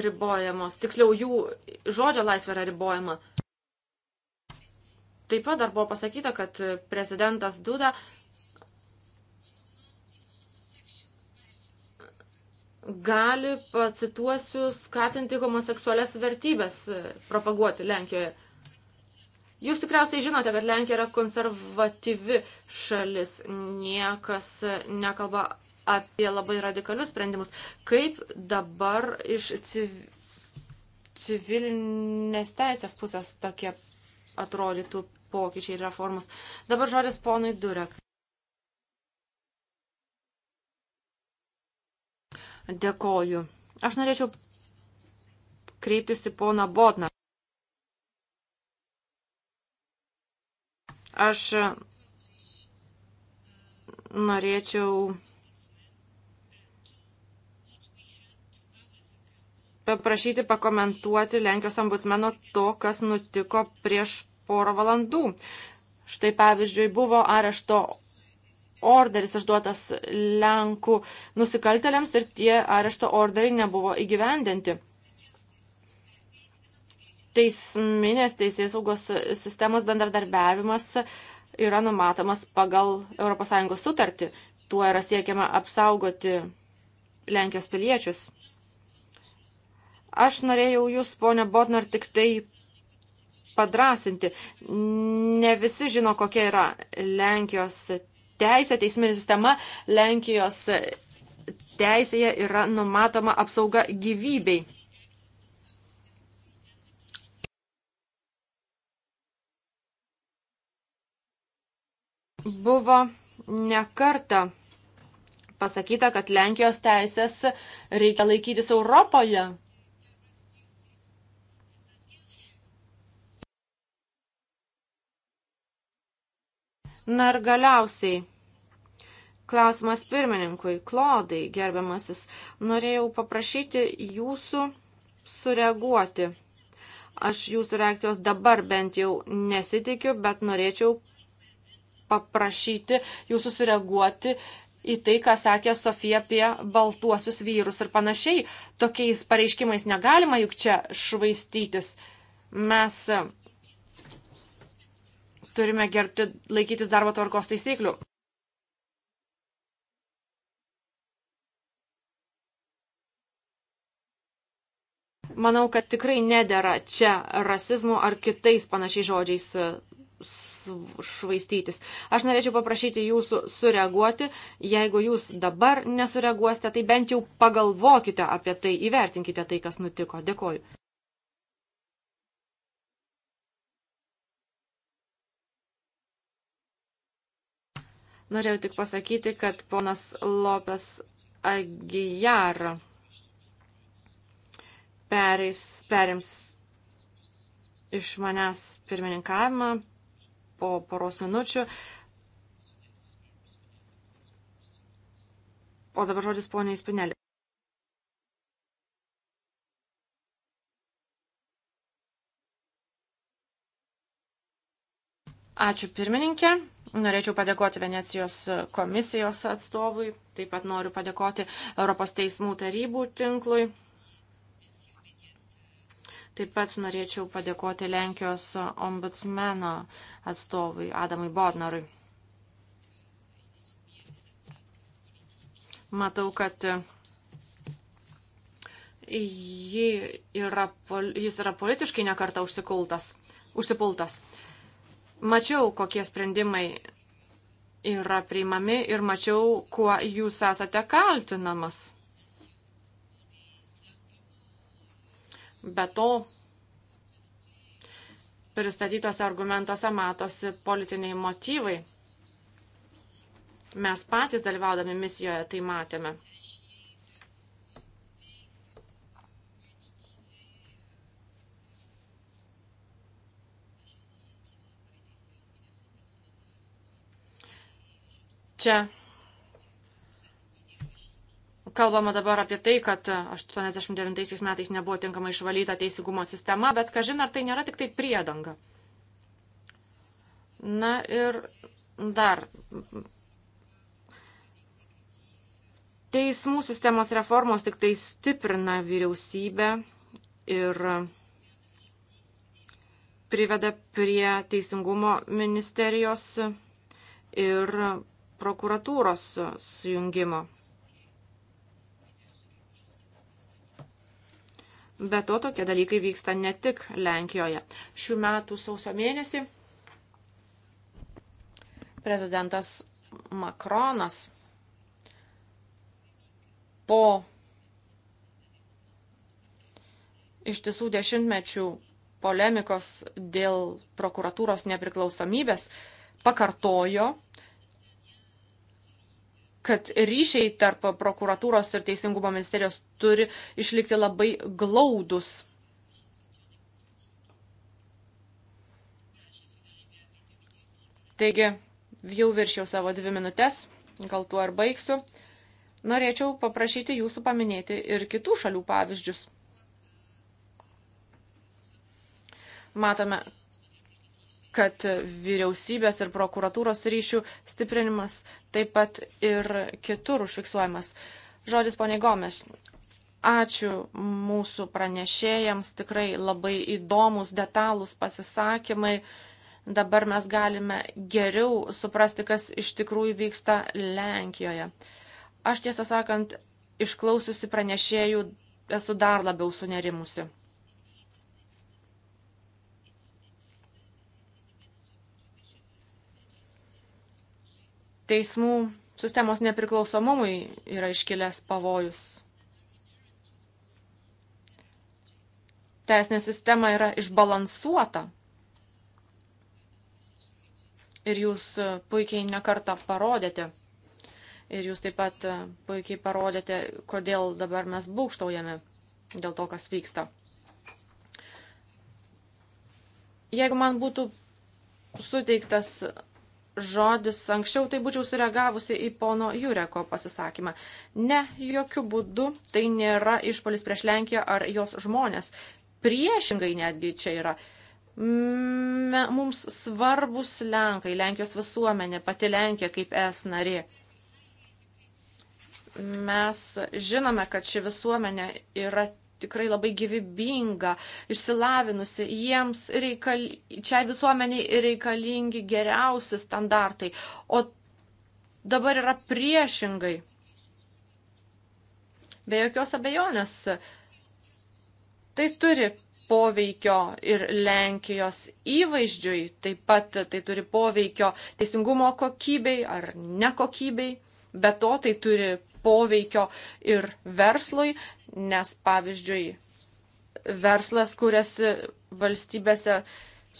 ribojamos, tiksliau jų žodžio laisvė yra ribojama. Taip pat dar buvo pasakyta, kad prezidentas Duda gali, pacituosiu, skatinti homoseksualias vertybės e, propaguoti Lenkijoje. Jūs tikriausiai žinote, kad Lenkija yra konservatyvi šalis. Niekas e, nekalba apie labai radikalius sprendimus. Kaip dabar iš civ... civilinės teisės pusės tokie atrodytų pokyčiai ir reformos. Dabar žodis ponui Durek. Dėkoju. Aš norėčiau kreiptis į poną Botną. Aš norėčiau paprašyti pakomentuoti Lenkijos ambutsmeno to, kas nutiko prieš porą valandų. Štai pavyzdžiui, buvo arešto orderis išduotas Lenkų nusikaltelėms ir tie arešto orderiai nebuvo įgyvendinti. Teisminės teisės saugos sistemos bendradarbiavimas yra numatomas pagal ES sutartį. Tuo yra siekiama apsaugoti Lenkijos piliečius. Aš norėjau jūs, ponė Botnar, tik tai padrasinti. Ne visi žino, kokia yra Lenkijos teisė, teisminė sistema. Lenkijos teisėje yra numatoma apsauga gyvybei. Buvo nekarta pasakyta, kad Lenkijos teisės reikia laikytis Europoje. Na ir galiausiai. Klausimas pirmininkui, Klodai, gerbiamasis, norėjau paprašyti jūsų sureaguoti. Aš jūsų reakcijos dabar bent jau nesitikiu, bet norėčiau paprašyti jūsų sureaguoti į tai, ką sakė Sofija apie baltuosius vyrus ir panašiai. Tokiais pareiškimais negalima juk čia švaistytis. Mes turime gerbti, laikytis darbo tvarkos taisyklių. Manau, kad tikrai nedėra čia rasizmu ar kitais panašiais žodžiais e, švaistytis. Aš norėčiau paprašyti jūsų sureaguoti. Jeigu jūs dabar nesureaguosite, tai bent jau pagalvokite apie tai, įvertinkite tai, kas nutiko. Dėkoju. Norėjau tik pasakyti, kad ponas Lopes Agijar pereis, perims iš manęs pirmininkavimą po poros minučių. O dabar žodis poniai Spinelė. Ačiū pirmininkė. Norėčiau padėkoti Venecijos komisijos atstovui, taip pat noriu padėkoti Europos teismų tarybų tinklui. Taip pat norėčiau padėkoti Lenkijos ombudsmeno atstovui Adamui Bodnarui. Matau, kad jis yra politiškai nekarta užsikultas, užsipultas. Mačiau, kokie sprendimai yra priimami ir mačiau, kuo jūs esate kaltinamas. Be to, pristatytose argumentuose matosi politiniai motyvai. Mes patys dalyvaudami misijoje tai matėme. Čia kalbama dabar apie tai, kad 89 metais nebuvo tinkamai išvalyta teisingumo sistema, bet kažin ar tai nėra tik tai priedanga. Na ir dar. Teismų sistemos reformos tik tai stiprina vyriausybę ir priveda prie teisingumo ministerijos ir prokuratūros sujungimo. Be to, tokie dalykai vyksta ne tik Lenkijoje. Šių metų sausio mėnesį prezidentas Makronas po iš tiesų dešimtmečių polemikos dėl prokuratūros nepriklausomybės pakartojo, kad ryšiai tarp prokuratūros ir teisingumo ministerijos turi išlikti labai glaudus. Taigi, jau viršiau savo dvi minutės, gal tuo ir baigsiu. Norėčiau paprašyti jūsų paminėti ir kitų šalių pavyzdžius. Matome, kad vyriausybės ir prokuratūros ryšių stiprinimas taip pat ir kitur užfiksuojamas. Žodis poniai Gomes. Ačiū mūsų pranešėjams, tikrai labai įdomus, detalūs pasisakymai. Dabar mes galime geriau suprasti, kas iš tikrųjų vyksta Lenkijoje. Aš tiesą sakant, išklausiusi pranešėjų esu dar labiau sunerimusi. teismų sistemos nepriklausomumui yra iškilęs pavojus. Teisinė sistema yra išbalansuota. Ir jūs e, puikiai nekartą parodėte. Ir jūs taip pat e, puikiai parodėte, kodėl dabar mes būkštaujame dėl to, kas vyksta. Jeigu man būtų suteiktas žodis anksčiau, tai būčiau sureagavusi į pono Jureko pasisakymą. Ne, jokių būdų tai nėra išpolis prieš Lenkiją ar jos žmonės. Priešingai netgi čia yra. Me, mums svarbus Lenkai, Lenkijos visuomenė, pati Lenkija kaip es narė. Mes žinome, kad ši visuomenė yra tikrai labai gyvybinga, išsilavinusi, jiems reikal, čia visuomeniai reikalingi geriausi standartai, o dabar yra priešingai. Be jokios abejonės, tai turi poveikio ir Lenkijos įvaizdžiui, taip pat tai turi poveikio teisingumo kokybei ar nekokybei. Be to, tai turi poveikio ir verslui, nes pavyzdžiui, verslas kuriasi valstybėse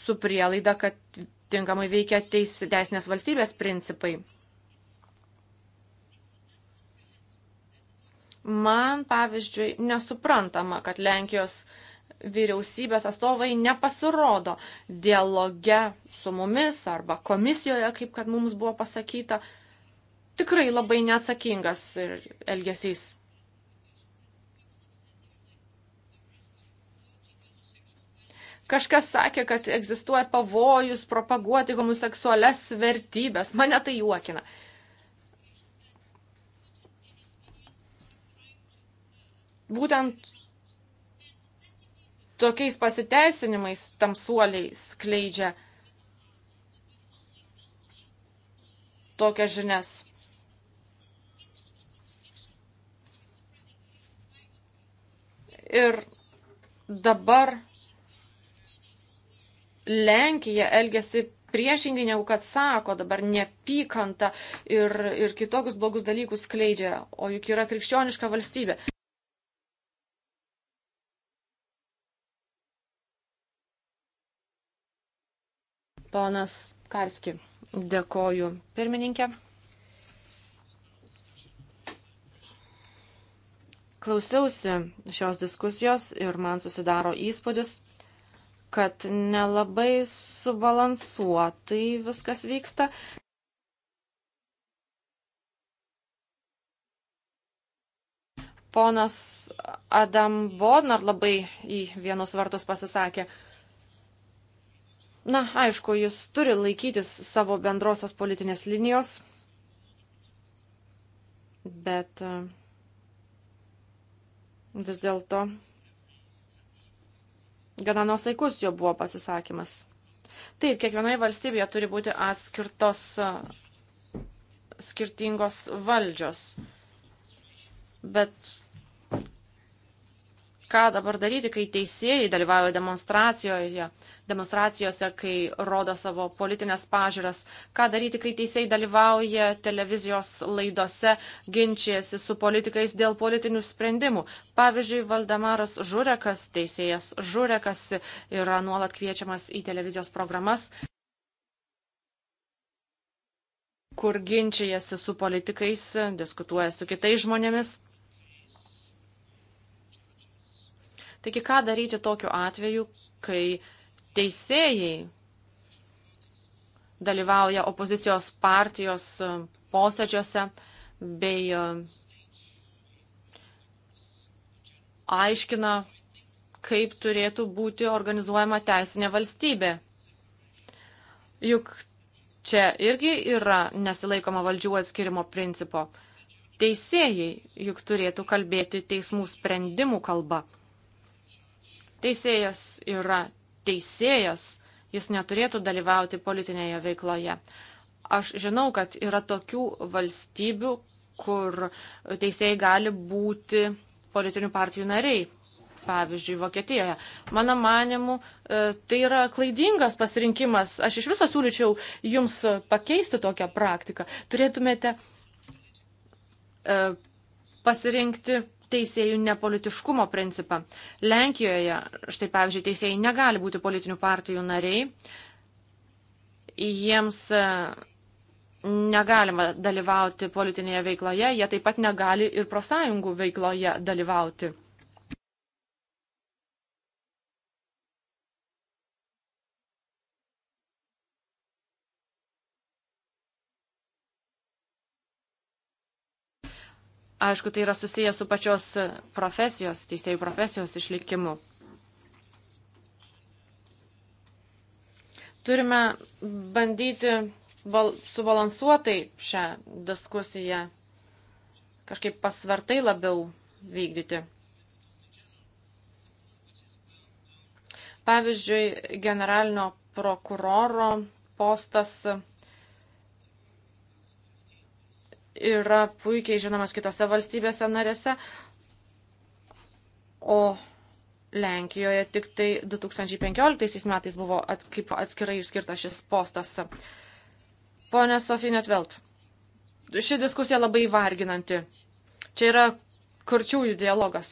su prielaida, kad tinkamai veikia teis, teisinės valstybės principai. Man, pavyzdžiui, nesuprantama, kad Lenkijos vyriausybės atstovai nepasirodo dialoge su mumis arba komisijoje, kaip kad mums buvo pasakyta. Uh, tikrai labai neatsakingas elgesys. Kažkas sakė, kad egzistuoja pavojus propaguoti homoseksualias vertybės. Mane tai juokina. Būtent tokiais pasiteisinimais tamsuoliai skleidžia tokias žinias. Ir dabar Lenkija elgesi priešingai negu kad sako, dabar nepykanta ir, ir kitokius blogus dalykus kleidžia, o juk yra krikščioniška valstybė. Ponas Karski, dėkoju pirmininkė. Klausiausi šios diskusijos ir man susidaro įspūdis, kad nelabai subalansuotai viskas vyksta. Ponas Adam Bodnar labai į vienus vartus pasisakė. Na, aišku, jis turi laikytis savo bendrosios politinės linijos, bet uh, vis dėlto gana nusaikus jo buvo pasisakymas. Taip, kiekvienoje valstybėje turi būti atskirtos skirtingos valdžios, bet ką dabar daryti, kai teisėjai dalyvauja demonstracijoje, demonstracijose, kai rodo savo politinės pažiūras, ką daryti, kai teisėjai dalyvauja televizijos laidose, ginčiasi su politikais dėl politinių sprendimų. Pavyzdžiui, Valdemaras Žurekas, teisėjas Žurekas yra nuolat kviečiamas į televizijos programas kur ginčijasi su politikais, diskutuoja su kitais žmonėmis. Taigi ką daryti tokiu atveju, kai teisėjai dalyvauja opozicijos partijos e, posėdžiuose bei e, aiškina, kaip turėtų būti organizuojama teisinė valstybė. Juk čia irgi yra nesilaikoma valdžių atskirimo principo. Teisėjai juk turėtų kalbėti teismų sprendimų kalba. Teisėjas yra teisėjas, jis neturėtų dalyvauti politinėje veikloje. Aš žinau, kad yra tokių valstybių, kur teisėjai gali būti politinių partijų nariai. Pavyzdžiui, Vokietijoje. Mano manimu, e, tai yra klaidingas pasirinkimas. Aš iš viso siūlyčiau jums pakeisti tokią praktiką. Turėtumėte e, pasirinkti teisėjų nepolitiškumo principą. Lenkijoje, štai pavyzdžiui, teisėjai negali būti politinių partijų nariai, jiems e, negalima dalyvauti politinėje veikloje, jie taip pat negali ir profsąjungų veikloje dalyvauti. Aišku, tai yra susiję su pačios profesijos, teisėjų profesijos išlikimu. Turime bandyti bal, subalansuotai šią diskusiją kažkaip pasvertai labiau vykdyti. Pavyzdžiui, generalinio prokuroro postas yra puikiai žinomas kitose valstybėse narėse, o Lenkijoje tik tai 2015 metais buvo at, kaip atskirai išskirtas šis postas. Pone Sofija Netvelt, ši diskusija labai varginanti. Čia yra kurčiųjų dialogas.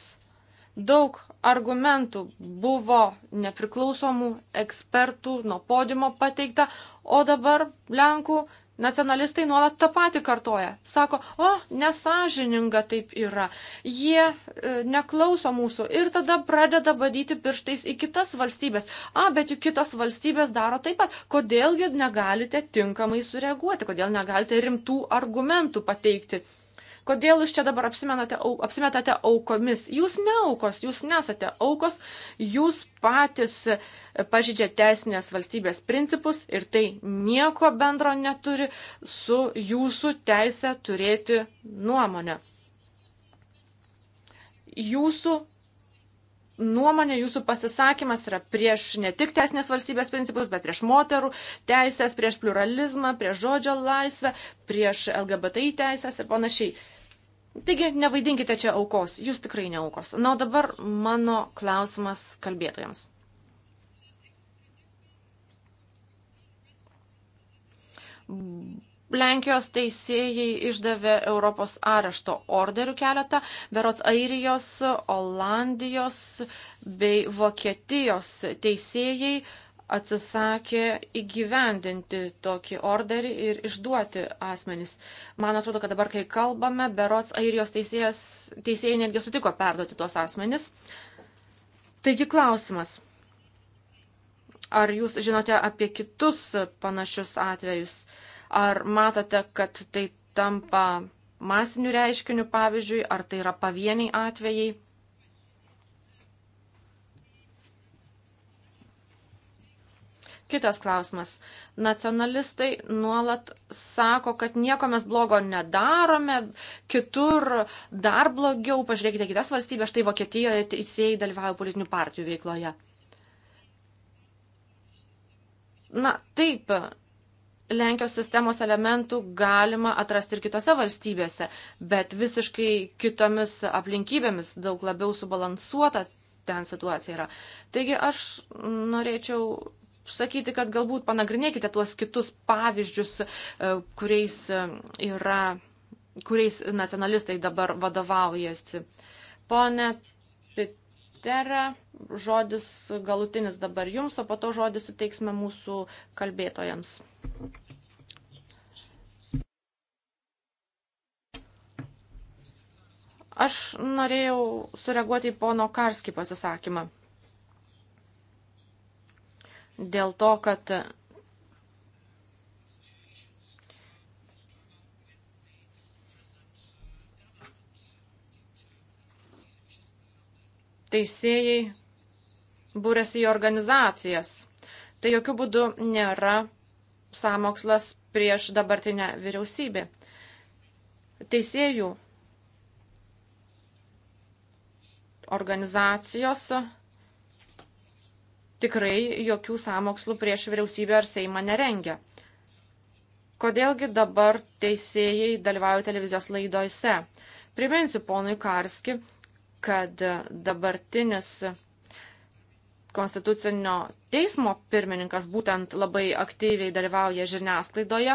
Daug argumentų buvo nepriklausomų ekspertų nuo podimo pateikta, o dabar Lenkų Nacionalistai nuolat tą patį kartoja. Sako, o, nesažininga taip yra. Jie e, neklauso mūsų ir tada pradeda badyti pirštais į kitas valstybės. A, bet juk kitos valstybės daro taip pat. Kodėlgi negalite tinkamai sureaguoti, kodėl negalite rimtų argumentų pateikti. Kodėl jūs čia dabar au, apsimetate aukomis? Jūs ne aukos, jūs nesate aukos, jūs patys e, pažydžia teisinės valstybės principus ir tai nieko bendro neturi su jūsų teisė turėti nuomonę. Jūsų nuomonė, jūsų pasisakymas yra prieš ne tik teisinės valstybės principus, bet prieš moterų teisės, prieš pluralizmą, prieš žodžio laisvę, prieš LGBTI teisės ir panašiai. Taigi, nevaidinkite čia aukos, jūs tikrai ne aukos. Na, o dabar mano klausimas kalbėtojams. Lenkijos teisėjai išdavė Europos arešto orderių keletą, berots Airijos, Olandijos bei Vokietijos teisėjai atsisakė įgyvendinti tokį orderį ir išduoti asmenys. Man atrodo, kad dabar, kai kalbame, berots airijos teisėjas, teisėjai netgi sutiko perduoti tos asmenys. Taigi klausimas. Ar jūs žinote apie kitus panašius atvejus? Ar matote, kad tai tampa masiniu reiškiniu, pavyzdžiui, ar tai yra pavieniai atvejai? Kitas klausimas. Nacionalistai nuolat sako, kad nieko mes blogo nedarome, kitur dar blogiau, pažiūrėkite kitas valstybės, štai Vokietijoje teisėjai dalyvauja politinių partijų veikloje. Na, taip, Lenkijos sistemos elementų galima atrasti ir kitose valstybėse, bet visiškai kitomis aplinkybėmis daug labiau subalansuota ten situacija yra. Taigi aš norėčiau sakyti, kad galbūt panagrinėkite tuos kitus pavyzdžius, e, kuriais, e, yra, kuriais nacionalistai dabar vadovaujasi. Pone Pitera, žodis galutinis dabar jums, o po to žodį suteiksime mūsų kalbėtojams. Aš norėjau sureaguoti į pono Karskį pasisakymą dėl to, kad teisėjai būrėsi į organizacijas. Tai jokių būdų nėra samokslas prieš dabartinę vyriausybę. Teisėjų organizacijos tikrai jokių sąmokslų prieš vyriausybę ar Seimą nerengia. Kodėlgi dabar teisėjai dalyvauja televizijos laidose? Priminsiu ponui Karski, kad dabartinis Konstitucinio teismo pirmininkas būtent labai aktyviai dalyvauja žiniasklaidoje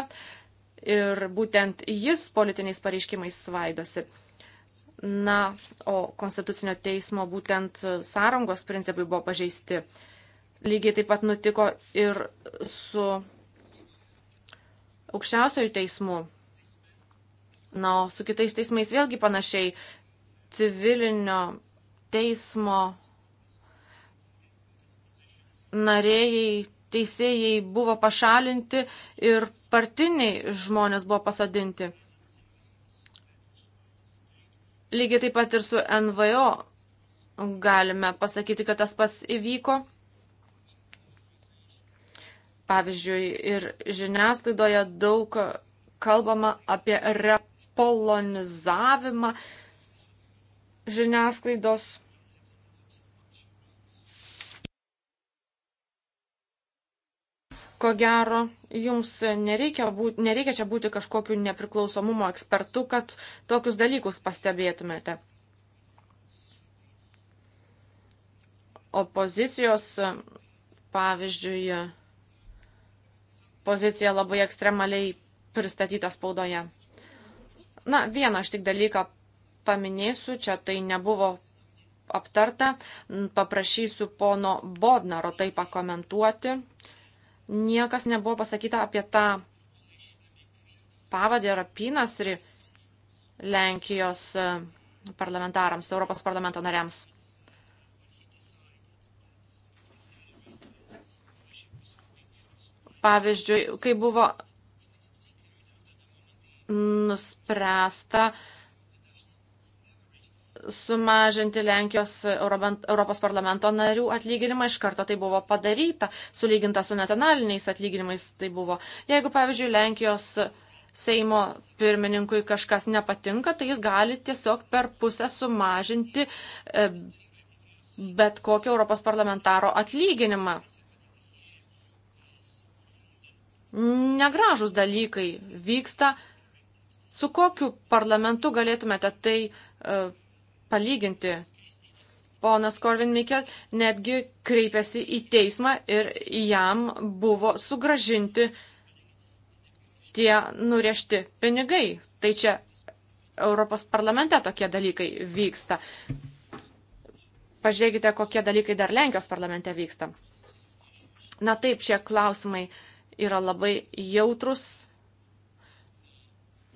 ir būtent jis politiniais pareiškimais svaidosi. Na, o Konstitucinio teismo būtent sąrangos principai buvo pažeisti. Lygiai taip pat nutiko ir su aukščiausiojų teismų. Na, o su kitais teismais vėlgi panašiai civilinio teismo narėjai, teisėjai buvo pašalinti ir partiniai žmonės buvo pasadinti. Lygiai taip pat ir su NVO galime pasakyti, kad tas pats įvyko. Pavyzdžiui, ir žiniasklaidoje daug kalbama apie repolonizavimą žiniasklaidos. Ko gero, jums nereikia, būti, nereikia čia būti kažkokiu nepriklausomumo ekspertu, kad tokius dalykus pastebėtumėte. Opozicijos, pavyzdžiui, pozicija labai ekstremaliai pristatyta spaudoje. Na, vieną aš tik dalyką paminėsiu, čia tai nebuvo aptarta, paprašysiu pono Bodnaro tai pakomentuoti. Niekas nebuvo pasakyta apie tą pavadį ir apynasri Lenkijos e, parlamentarams, Europos parlamento nariams. Pavyzdžiui, kai buvo nuspręsta sumažinti Lenkijos Europos parlamento narių atlyginimą, iš karto tai buvo padaryta, sulyginta su nacionaliniais atlyginimais tai buvo. Jeigu, pavyzdžiui, Lenkijos Seimo pirmininkui kažkas nepatinka, tai jis gali tiesiog per pusę sumažinti e, bet kokio Europos parlamentaro atlyginimą negražus dalykai vyksta. Su kokiu parlamentu galėtumėte tai uh, palyginti? Ponas Korvin Mikel netgi kreipėsi į teismą ir jam buvo sugražinti tie nurešti pinigai. Tai čia Europos parlamente tokie dalykai vyksta. Pažiūrėkite, kokie dalykai dar Lenkijos parlamente vyksta. Na taip, šie klausimai uh, yra labai jautrus.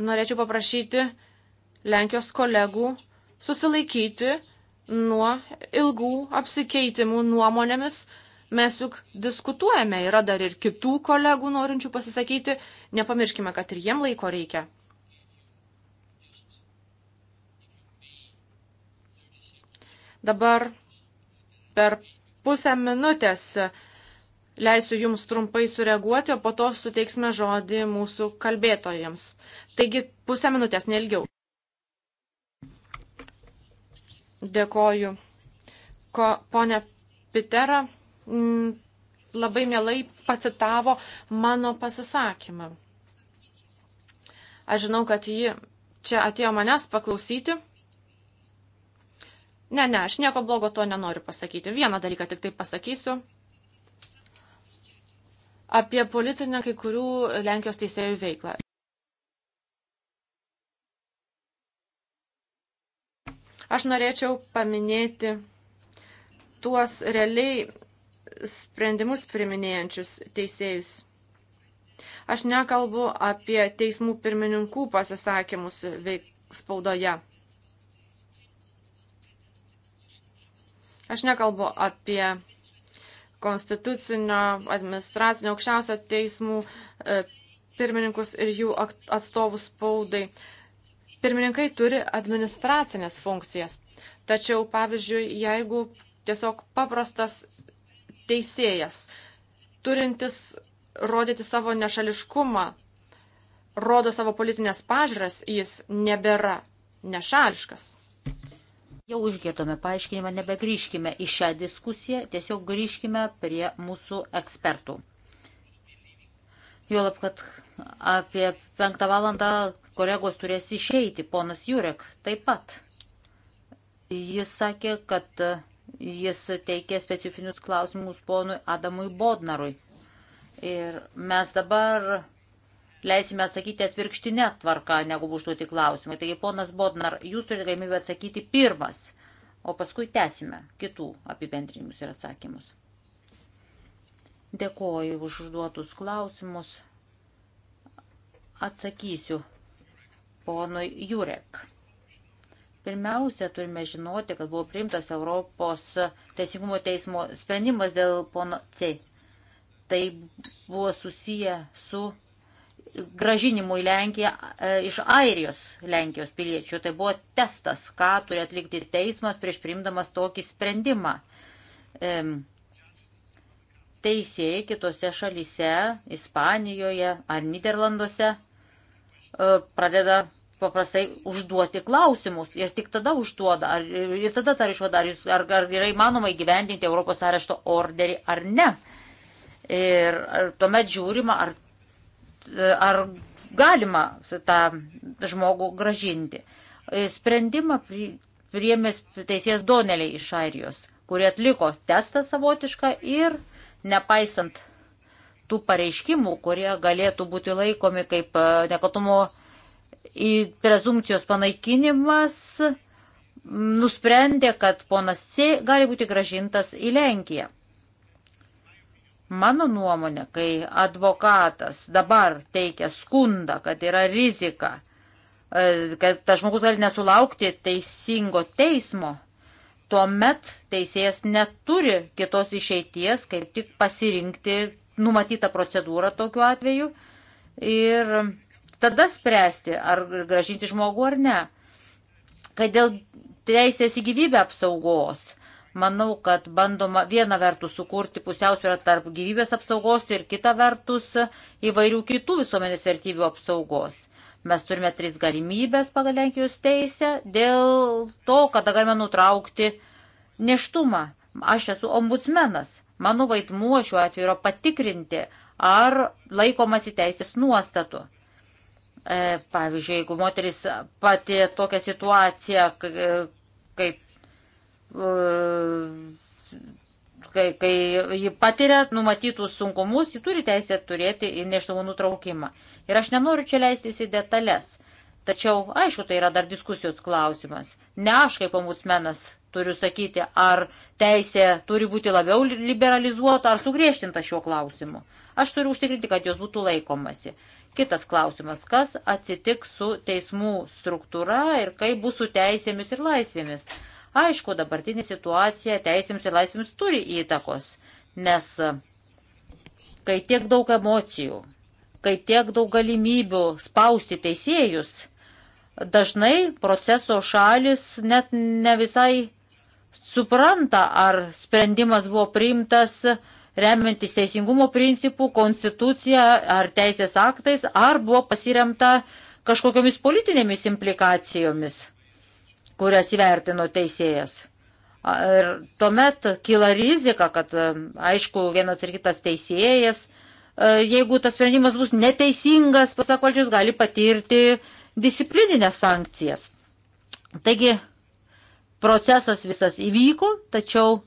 Norėčiau paprašyti Lenkijos kolegų susilaikyti nuo ilgų apsikeitimų nuomonėmis. Mes juk diskutuojame, yra dar ir kitų kolegų norinčių pasisakyti, nepamirškime, kad ir jiem laiko reikia. Dabar per pusę minutės leisiu Jums trumpai sureaguoti, o po to suteiksime žodį mūsų kalbėtojams. Taigi pusę minutės, neilgiau. Dėkoju. Ko, ponė Pitera m, mm, labai mielai pacitavo mano pasisakymą. Aš žinau, kad ji čia atėjo manęs paklausyti. Ne, ne, aš nieko blogo to nenoriu pasakyti. Vieną dalyką tik tai pasakysiu apie politinę kai kurių Lenkijos teisėjų veiklą. Aš norėčiau paminėti tuos realiai sprendimus priminėjančius teisėjus. Aš nekalbu apie teismų pirmininkų pasisakymus veik spaudoje. Aš nekalbu apie konstitucinio, administracinio, aukščiausio teismų e, pirmininkus ir jų atstovus spaudai. Pirmininkai turi administracinės funkcijas. Tačiau, pavyzdžiui, jeigu tiesiog paprastas teisėjas, turintis rodyti savo nešališkumą, rodo savo politinės pažiūras, jis nebėra nešališkas. Jau užgirdome paaiškinimą, nebegrįžkime į šią diskusiją, tiesiog grįžkime prie mūsų ekspertų. Juolab, kad apie penktą valandą kolegos turės išeiti, ponas Jurek taip pat. Jis sakė, kad jis teikė specifinius klausimus ponui Adamui Bodnarui. Ir mes dabar leisime atsakyti atvirkštinę tvarką, negu užduoti klausimai. Taigi, ponas Bodnar, jūs turite galimybę atsakyti pirmas, o paskui tęsime kitų apibendrinimus ir atsakymus. Dėkoju už užduotus klausimus. Atsakysiu ponui Jurek. Pirmiausia, turime žinoti, kad buvo priimtas Europos Teisingumo teismo sprendimas dėl pono C. Tai buvo susiję su gražinimų į Lenkiją e, iš Airijos Lenkijos piliečių. Tai buvo testas, ką turi atlikti teismas prieš priimdamas tokį sprendimą. Teisėjai kitose šalyse, Ispanijoje ar Niderlanduose e, pradeda paprastai užduoti klausimus ir tik tada užduoda, ar, ir tada tar išvada, ar, jūs, ar, ar yra įmanoma įgyvendinti Europos arešto orderį ar ne. Ir ar tuomet žiūrima, ar ar galima tą žmogų gražinti. E, sprendimą priėmė teisėjas Doneliai iš Airijos, kurie atliko testą savotišką ir nepaisant tų pareiškimų, kurie galėtų būti laikomi kaip e, nekaltumo į prezumcijos panaikinimas, nusprendė, kad ponas C gali būti gražintas į Lenkiją. Mano nuomonė, kai advokatas dabar teikia skundą, kad yra rizika, e, kad tas žmogus gali nesulaukti teisingo teismo, tuomet teisėjas neturi kitos išeities, kaip tik pasirinkti numatytą procedūrą tokiu atveju ir tada spręsti, ar gražinti žmogų ar ne. Kad dėl teisės į gyvybę apsaugos Manau, kad bandoma viena vertus sukurti pusiausvyrą tarp gyvybės apsaugos ir kita vertus įvairių kitų visuomenės vertybių apsaugos. Mes turime tris galimybės pagal Lenkijos teisę dėl to, kada galime nutraukti neštumą. Aš esu ombudsmenas. Mano vaidmuo šiuo atveju yra patikrinti, ar laikomasi teisės nuostatų. E, pavyzdžiui, jeigu moteris patė tokią situaciją, e, kaip E, kai, kai ji patiria numatytus sunkumus, ji turi teisę turėti neštumo nutraukimą. Ir aš nenoriu čia leistis į detalės. Tačiau, aišku, tai yra dar diskusijos klausimas. Ne aš kaip ombudsmenas turiu sakyti, ar teisė turi būti labiau liberalizuota ar sugriežtinta šiuo klausimu. Aš turiu užtikrinti, kad jos būtų laikomasi. Kitas klausimas, kas atsitiks su teismų struktūra ir kaip bus su teisėmis ir laisvėmis. Aišku, dabartinė situacija teisėms ir laisvėms turi įtakos, nes kai tiek daug emocijų, kai tiek daug galimybių spausti teisėjus, dažnai proceso šalis net ne visai supranta, ar sprendimas buvo priimtas remiantis teisingumo principų, konstitucija ar teisės aktais, ar buvo pasiremta kažkokiamis politinėmis implikacijomis kurias įvertino teisėjas. Ir tuomet kyla rizika, kad, e, aišku, vienas ir kitas teisėjas, e, jeigu tas sprendimas bus neteisingas, pasak valdžios, gali patirti disciplininės sankcijas. Taigi, procesas visas įvyko, tačiau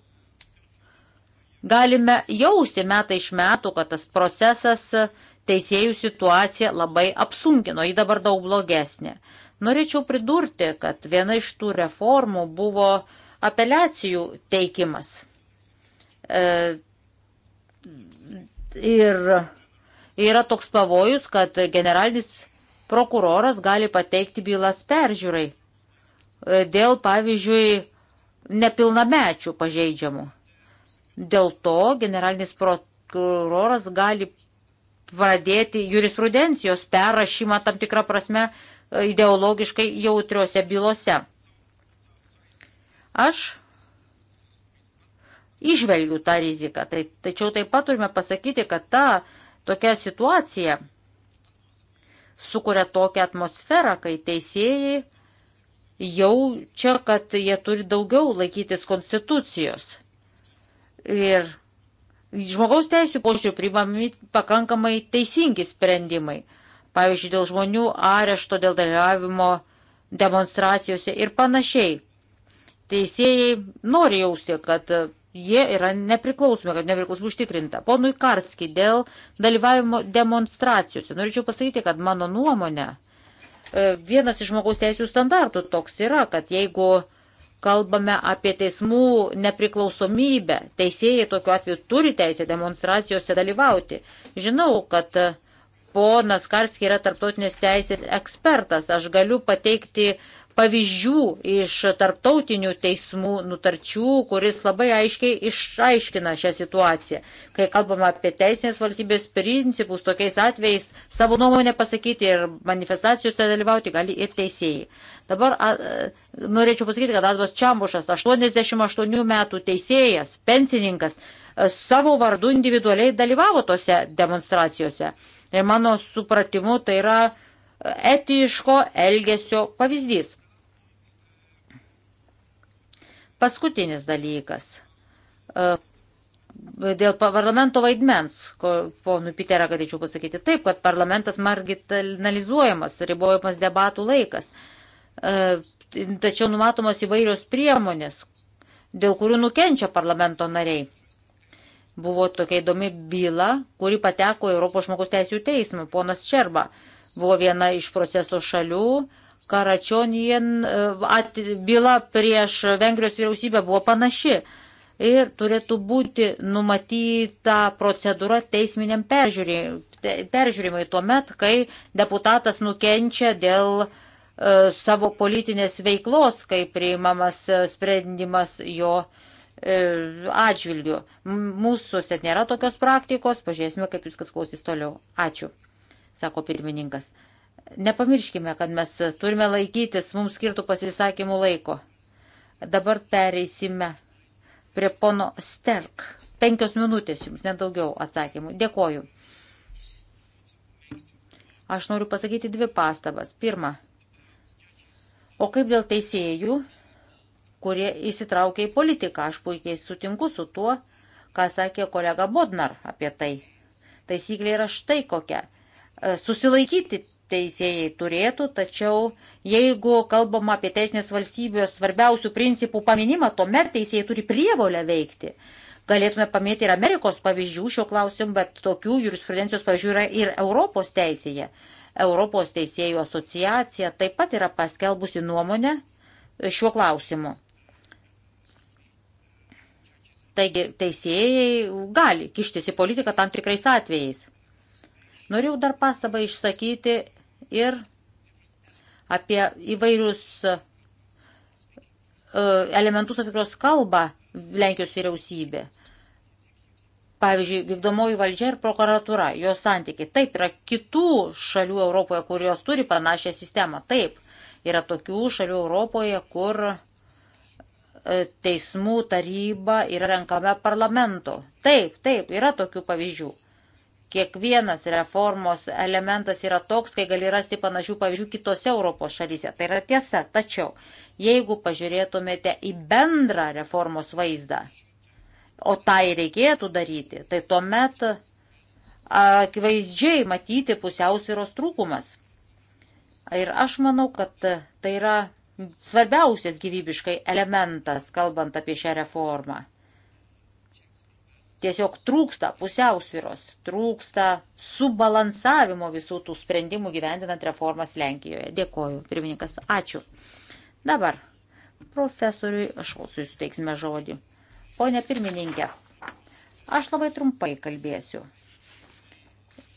galime jausti metai iš metų, kad tas procesas teisėjų situaciją labai apsunkino, ji dabar daug blogesnė. Norėčiau pridurti, kad viena iš tų reformų buvo apeliacijų teikimas. E, ir yra toks pavojus, kad generalinis prokuroras gali pateikti bylas peržiūrai e, dėl, pavyzdžiui, nepilnamečių pažeidžiamų. Dėl to generalinis prokuroras gali pradėti jurisprudencijos perrašymą tam tikrą prasme ideologiškai jautriuose bylose. Aš išvelgiu tą riziką, tai, tačiau taip pat turime pasakyti, kad ta tokia situacija sukuria tokią atmosferą, kai teisėjai jaučia, kad jie turi daugiau laikytis konstitucijos. Ir žmogaus teisų požiūrį priimami pakankamai teisingi sprendimai pavyzdžiui, dėl žmonių arešto, dėl dalyvavimo demonstracijose ir panašiai. Teisėjai nori jausti, kad jie yra nepriklausomi, kad nepriklausomi užtikrinta. Ponui Karski, dėl dalyvavimo demonstracijose, norėčiau pasakyti, kad mano nuomonė, e, vienas iš žmogaus teisų standartų toks yra, kad jeigu kalbame apie teismų nepriklausomybę, teisėjai tokiu atveju turi teisę demonstracijose dalyvauti. Žinau, kad ponas Karski yra tarptautinės teisės ekspertas. Aš galiu pateikti pavyzdžių iš tarptautinių teismų nutarčių, kuris labai aiškiai išaiškina šią situaciją. Kai kalbama apie teisinės valstybės principus, tokiais atvejais savo nuomonę pasakyti ir manifestacijose dalyvauti gali ir teisėjai. Dabar a, e, norėčiau pasakyti, kad Advas Čiambušas, 88 metų teisėjas, pensininkas, e, savo vardu individualiai dalyvavo tose demonstracijose. Ir mano supratimu tai yra etiško elgesio pavyzdys. Paskutinis dalykas. E, dėl parlamento vaidmens, ponui Piterą galėčiau pasakyti taip, kad parlamentas marginalizuojamas, ribojamas debatų laikas. E, tačiau numatomas įvairios priemonės, dėl kurių nukenčia parlamento nariai. Buvo tokia įdomi byla, kuri pateko Europos žmogus teisų teismą. Ponas Čerba buvo viena iš proceso šalių. Karačionijan e, byla prieš Vengrijos vyriausybę buvo panaši ir turėtų būti numatyta procedūra teisminiam peržiūrimui tuo met, kai deputatas nukenčia dėl e, savo politinės veiklos, kai priimamas e, sprendimas jo E, atžvilgių. Mūsųse nėra tokios praktikos, pažiūrėsime, kaip viskas klausys toliau. Ačiū, sako pirmininkas. Nepamirškime, kad mes turime laikytis mums skirtų pasisakymų laiko. Dabar pereisime prie pono Sterk. Penkios minutės jums, nedaugiau atsakymų. Dėkoju. Aš noriu pasakyti dvi pastabas. Pirma, o kaip dėl teisėjų kurie įsitraukia į politiką. Aš puikiai sutinku su tuo, ką sakė kolega Bodnar apie tai. Taisyklė yra štai kokia. E, susilaikyti teisėjai turėtų, tačiau jeigu kalbama apie teisinės valstybės svarbiausių principų paminimą, tuomet teisėjai turi prievolę veikti. Galėtume paminėti ir Amerikos pavyzdžių šio klausimu, bet tokių jurisprudencijos pavyzdžių yra ir Europos teisėje. Europos teisėjų asociacija taip pat yra paskelbusi nuomonę šiuo klausimu. Taigi teisėjai gali kištis į politiką tam tikrais atvejais. Norėjau dar pastabą išsakyti ir apie įvairius e, elementus, apie kuriuos kalba Lenkijos vyriausybė. Pavyzdžiui, vykdomoji valdžia ir prokuratura, jos santykiai. Taip, yra kitų šalių Europoje, kurios turi panašią sistemą. Taip, yra tokių šalių Europoje, kur E, teismų taryba yra renkama parlamento. Taip, taip, yra tokių pavyzdžių. Kiekvienas reformos elementas yra toks, kai gali rasti panašių pavyzdžių kitose Europos šalyse. Tai yra tiesa. Tačiau, jeigu pažiūrėtumėte į bendrą reformos vaizdą, o tai reikėtų daryti, tai tuomet akivaizdžiai matyti pusiausvyros trūkumas. Ir aš manau, kad tai yra svarbiausias gyvybiškai elementas, kalbant apie šią reformą. Tiesiog trūksta pusiausviros, trūksta subalansavimo visų tų sprendimų gyvendinant reformas Lenkijoje. Dėkoju, pirmininkas, ačiū. Dabar profesoriui Šolsui suteiksime žodį. Pone pirmininkė, aš labai trumpai kalbėsiu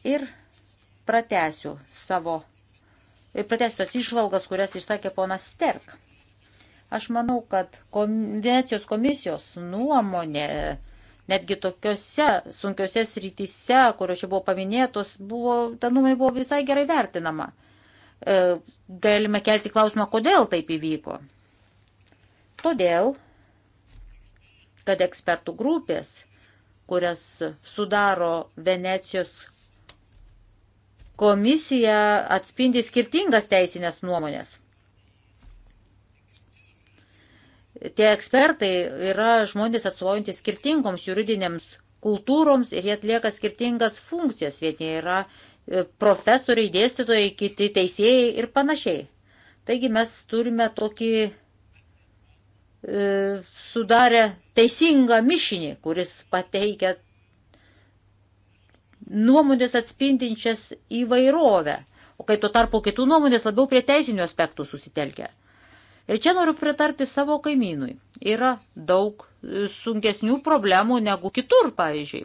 ir pratesiu savo pratęsiu tas išvalgas, kurias išsakė ponas Sterk. Aš manau, kad Venecijos komisijos nuomonė netgi tokiuose sunkiuose srityse, kurios čia buvo paminėtos, buvo, ta nuomonė buvo visai gerai vertinama. E, galime kelti klausimą, kodėl taip įvyko. Todėl, kad ekspertų grupės, kurias sudaro Venecijos komisija atspindi skirtingas teisinės nuomonės. Tie ekspertai yra žmonės atstovaujantys skirtingoms juridinėms kultūroms ir jie atlieka skirtingas funkcijas. Vieni yra e, profesoriai, dėstytojai, kiti teisėjai ir panašiai. Taigi mes turime tokį e, sudarę teisingą mišinį, kuris pateikia nuomonės atspindinčias įvairovę, o kai tuo tarpu kitų nuomonės labiau prie teisinių aspektų susitelkia. Ir čia noriu pritarti savo kaimynui. Yra daug e, sunkesnių problemų negu kitur, pavyzdžiui.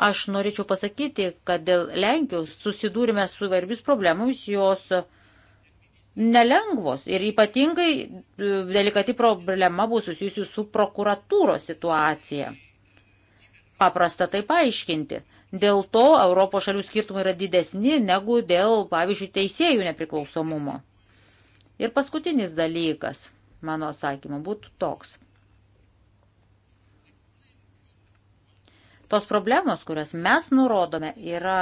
Aš norėčiau pasakyti, kad dėl Lenkijos susidūrime su įvairiomis problemomis, jos nelengvos ir ypatingai e, delikati problema buvo susijusi su prokuratūros situacija. Paprasta tai paaiškinti. Dėl to Europos šalių skirtumai yra didesni negu dėl, pavyzdžiui, teisėjų nepriklausomumo. Ir paskutinis dalykas mano atsakymo būtų toks. Tos problemos, kurias mes nurodome, yra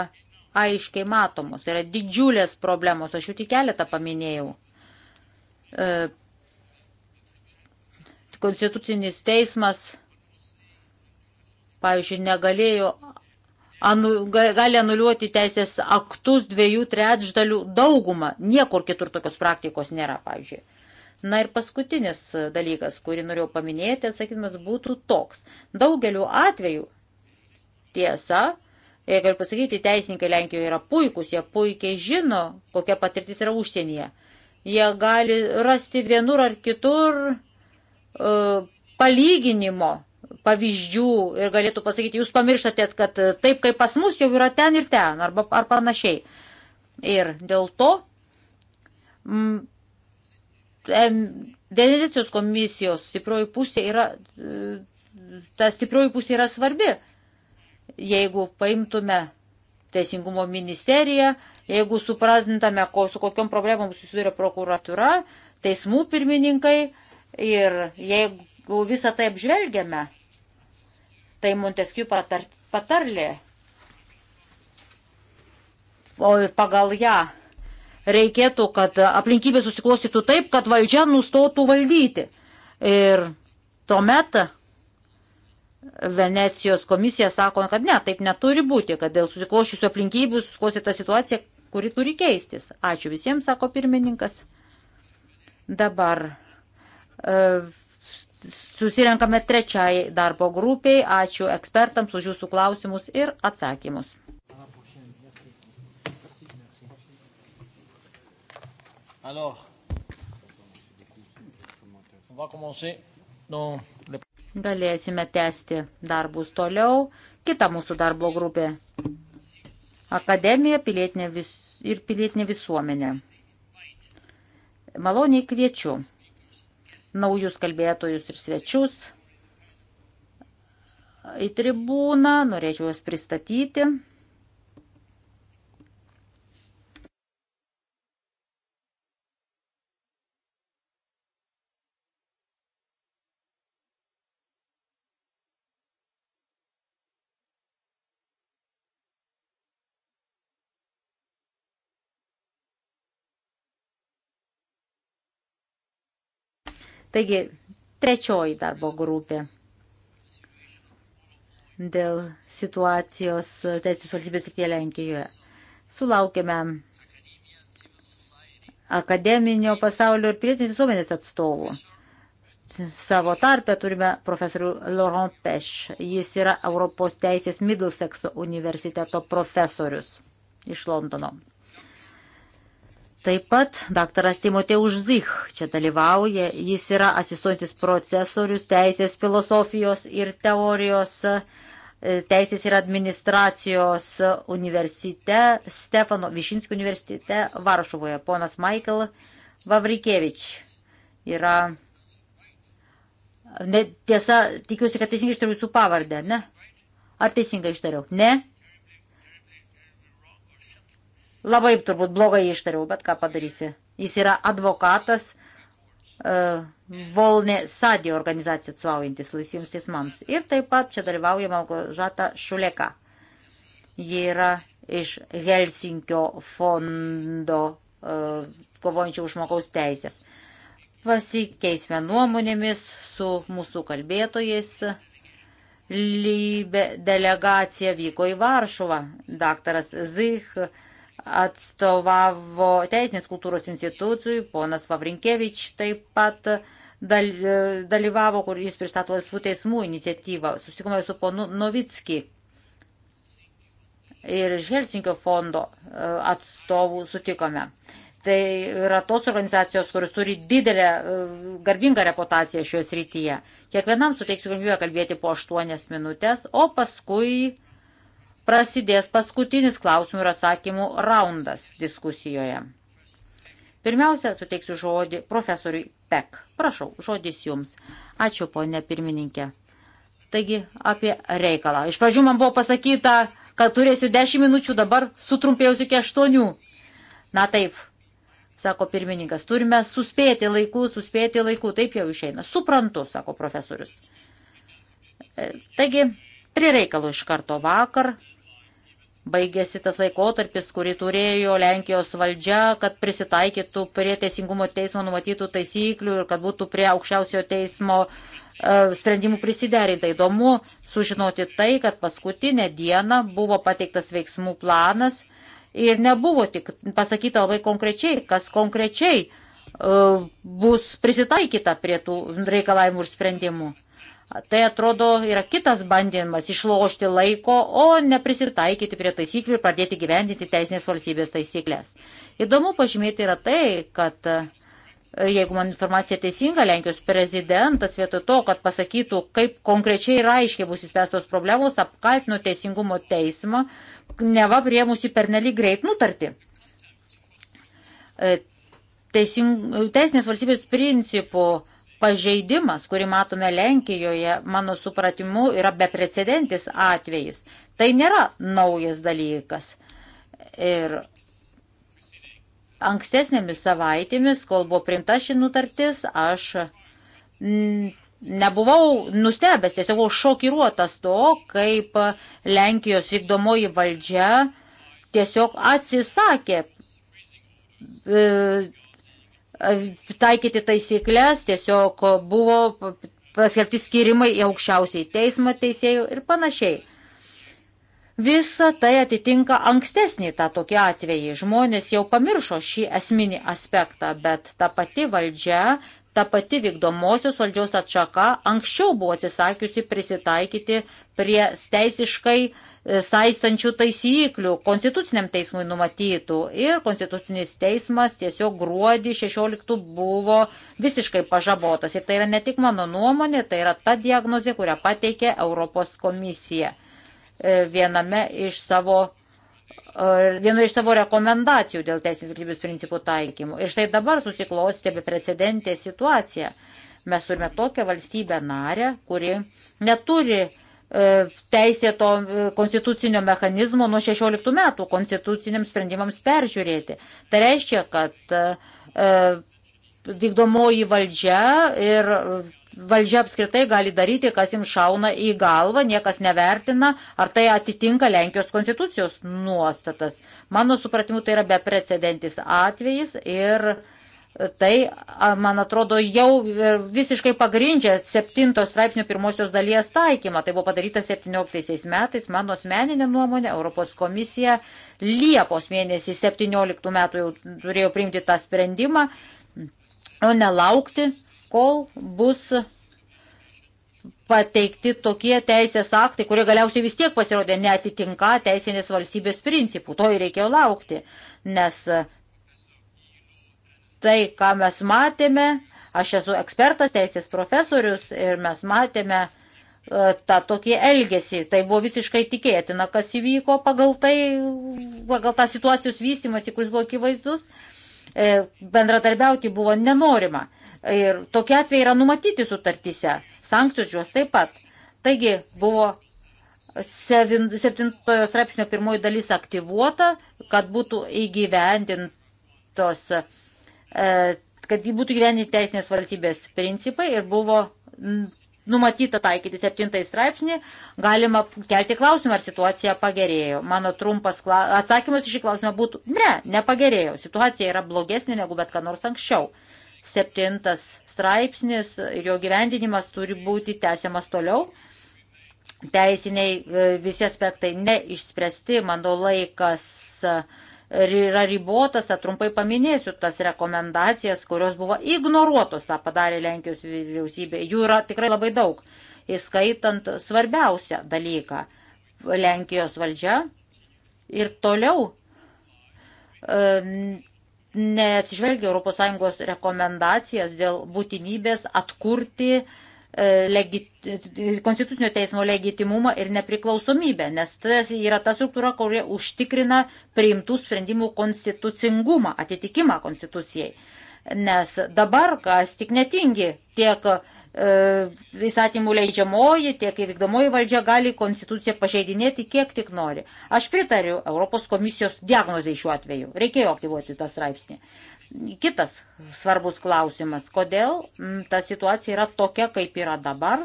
aiškiai matomos, yra didžiulės problemos, aš jų tik keletą paminėjau. E, konstitucinis teismas, pavyzdžiui, negalėjo anu, gali anuliuoti teisės aktus dviejų trečdalių daugumą. Niekur kitur tokios praktikos nėra, pavyzdžiui. Na ir paskutinis dalykas, kurį norėjau paminėti, atsakymas būtų toks. Daugeliu atveju tiesa, jei galiu pasakyti, teisininkai Lenkijoje yra puikūs, jie puikiai žino, kokia patirtis yra užsienyje. Jie gali rasti vienur ar kitur uh, palyginimo pavyzdžių ir galėtų pasakyti, jūs pamirštate, kad taip kaip pas mus jau yra ten ir ten, arba ar panašiai. Ir dėl to m, mm, Venecijos komisijos stiprioji pusė yra, ta stiprioji pusė yra svarbi. Jeigu paimtume Teisingumo ministeriją, jeigu suprantame, ko, su kokiam problemam susiduria prokuratūra, teismų pirmininkai ir jeigu visą tai apžvelgiame, Tai Monteskiu patar, patarlė. O pagal ją reikėtų, kad aplinkybė susiklostytų taip, kad valdžia nustotų valdyti. Ir tuomet Venecijos komisija sako, kad ne, taip neturi būti, kad dėl susikloščiusių aplinkybių susiklosi ta situacija, kuri turi keistis. Ačiū visiems, sako pirmininkas. Dabar e, susirenkame trečiai darbo grupiai. Ačiū ekspertams už jūsų klausimus ir atsakymus. Alors, Galėsime tęsti darbus toliau. Kita mūsų darbo grupė - akademija pilietinė vis, ir pilietinė visuomenė. Maloniai kviečiu naujus kalbėtojus ir svečius į tribūną. Norėčiau juos pristatyti. Taigi, trečioji darbo grupė dėl situacijos teisės valstybės rytyje Lenkijoje. Sulaukėme akademinio pasaulio ir pilietinės visuomenės atstovų. Savo tarpę turime profesorių Laurent Peš. Jis yra Europos teisės Middlesexo universiteto profesorius iš Londono. Taip pat daktaras Timotė Užzich čia dalyvauja, jis yra asistuojantis procesorius teisės filosofijos ir teorijos, e, teisės ir administracijos universitete, Stefano Višinskio universitete Varšuvoje. Ponas Michael Vavrikevič yra. Ne, tiesa, tikiuosi, kad teisingai ištariu jūsų pavardę, ne? Ar teisingai ištariau? Ne? Labai turbūt blogai ištariau, bet ką padarysi. Jis yra advokatas uh, Volne Sadė organizacija atsvaujantis laisviems teismams. Ir taip pat čia dalyvauja Malgožata Šuleka. Ji yra iš Helsinkio fondo uh, kovojančio už žmogaus teisės. Pasikeisime nuomonėmis su mūsų kalbėtojais. Lybė delegacija vyko į Varšuvą. Daktaras Zich atstovavo Teisinės kultūros institucijų, ponas Vavrinkievič taip pat dal, dalyvavo, kur jis pristato laisvų teismų iniciatyvą. Susitikome su ponu Novicki ir iš Helsinkio fondo e, atstovų sutikome. Tai yra tos organizacijos, kuris turi didelę, e, garbingą reputaciją šioje srityje. Kiekvienam suteiksiu galimybę kalbėti po 8 minutės, o paskui prasidės paskutinis klausimų ir atsakymų raundas diskusijoje. Pirmiausia, suteiksiu žodį profesoriui Pek. Prašau, žodis jums. Ačiū, ponė pirmininkė. Taigi, apie reikalą. Iš pradžių man buvo pasakyta, kad turėsiu 10 minučių, dabar sutrumpėjusiu iki 8. Na taip, sako pirmininkas, turime suspėti laiku, suspėti laiku, taip jau išeina. Suprantu, sako profesorius. E, taigi, prie reikalų iš karto vakar baigėsi tas laikotarpis, kurį turėjo Lenkijos valdžia, kad prisitaikytų prie Teisingumo teismo numatytų taisyklių ir kad būtų prie aukščiausiojo teismo e, sprendimų prisiderinta. Įdomu sužinoti tai, kad paskutinę dieną buvo pateiktas veiksmų planas ir nebuvo tik pasakyta labai konkrečiai, kas konkrečiai e, bus prisitaikyta prie tų reikalavimų ir sprendimų. Tai atrodo yra kitas bandymas išlošti laiko, o neprisitaikyti prie taisyklių ir pradėti gyvendinti teisinės valstybės taisyklės. Įdomu pažymėti yra tai, kad e, jeigu man informacija teisinga, Lenkijos prezidentas vietoj to, kad pasakytų, kaip konkrečiai ir aiškiai bus įspręstos problemos, apkaltino teisingumo teismą, neva priemusi pernelyg greit nutarti. E, Teising, teisinės valstybės principų pažeidimas, kurį matome Lenkijoje, mano supratimu, yra beprecedentis atvejis. Tai nėra naujas dalykas. Ir ankstesnėmis savaitėmis, kol buvo primta ši nutartis, aš nebuvau nustebęs, tiesiog buvau šokiruotas to, kaip Lenkijos vykdomoji valdžia tiesiog atsisakė e, taikyti taisyklės, tiesiog buvo paskelbti skirimai į aukščiausiai teismą teisėjų ir panašiai. Visa tai atitinka ankstesnį tą tokį atvejį. Žmonės jau pamiršo šį esminį aspektą, bet ta pati valdžia, ta pati vykdomosios valdžios atšaka anksčiau buvo atsisakiusi prisitaikyti prie teisiškai uh, saistančių taisyklių konstituciniam teismui numatytų. Ir konstitucinis teismas tiesiog gruodį 16 buvo visiškai pažabotas. Ir tai yra ne tik mano nuomonė, tai yra ta diagnozė, kurią pateikė Europos komisija e, viename iš savo. E, Vienu iš savo rekomendacijų dėl teisinės valstybės principų taikymų. Ir štai dabar susiklosti apie precedentę situaciją. Mes turime tokią valstybę narę, kuri neturi uh, E, teisė to e, konstitucinio mechanizmo nuo 16 metų konstituciniams sprendimams peržiūrėti. Tai reiškia, kad e, vykdomoji valdžia ir valdžia apskritai gali daryti, kas jums šauna į galvą, niekas nevertina, ar tai atitinka Lenkijos konstitucijos nuostatas. Mano supratimu, tai yra beprecedentis atvejis ir uh, Tai, man atrodo, jau e, visiškai pagrindžia 7 straipsnio pirmosios dalies taikymą. Tai buvo padaryta 17 metais. Mano asmeninė nuomonė, Europos komisija Liepos mėnesį 17 metų jau turėjo priimti tą sprendimą, o nelaukti, kol bus pateikti tokie teisės aktai, kurie galiausiai vis tiek pasirodė neatitinka teisinės valstybės principų. To ir reikėjo laukti, nes tai, ką mes matėme, aš esu ekspertas, teisės profesorius ir mes matėme e, tą tokį elgesį. Tai buvo visiškai tikėtina, kas įvyko pagal tai, pagal tą situacijos vystimąsi, kuris buvo akivaizdus. E, bendradarbiauti buvo nenorima. Ir tokie atvejai yra numatyti sutartyse. Sankcijos juos taip pat. Taigi buvo 7 straipsnio pirmoji dalis aktyvuota, kad būtų įgyvendintos E, kad jį būtų gyveni teisinės valstybės principai ir buvo numatyta taikyti septintąjį straipsnį, galima kelti klausimą, ar situacija pagerėjo. Mano trumpas kla... atsakymas į šį klausimą būtų, ne, nepagerėjo. Situacija yra blogesnė negu bet ką nors anksčiau. Septintas straipsnis ir jo gyvendinimas turi būti tęsiamas toliau. Teisiniai e, visi aspektai neišspręsti, mano laikas uh, yra ribotas, trumpai paminėsiu tas rekomendacijas, kurios buvo ignoruotos, tą padarė Lenkijos vyriausybė. Jų yra tikrai labai daug, įskaitant svarbiausią dalyką. Lenkijos valdžia ir toliau e, neatsižvelgia ES rekomendacijas dėl būtinybės atkurti uh, E, legit, konstitucinio teismo legitimumą ir nepriklausomybę, nes tai yra ta struktūra, kurie užtikrina priimtų sprendimų konstitucingumą, atitikimą konstitucijai. Nes dabar, kas tik netingi, tiek e, įstatymų leidžiamoji, tiek įvykdomoji valdžia gali konstituciją pažeidinėti kiek tik nori. Aš pritariu Europos komisijos diagnozai šiuo atveju. Reikėjo aktyvuoti tą straipsnį. Kitas svarbus klausimas, kodėl ta situacija yra tokia, kaip yra dabar,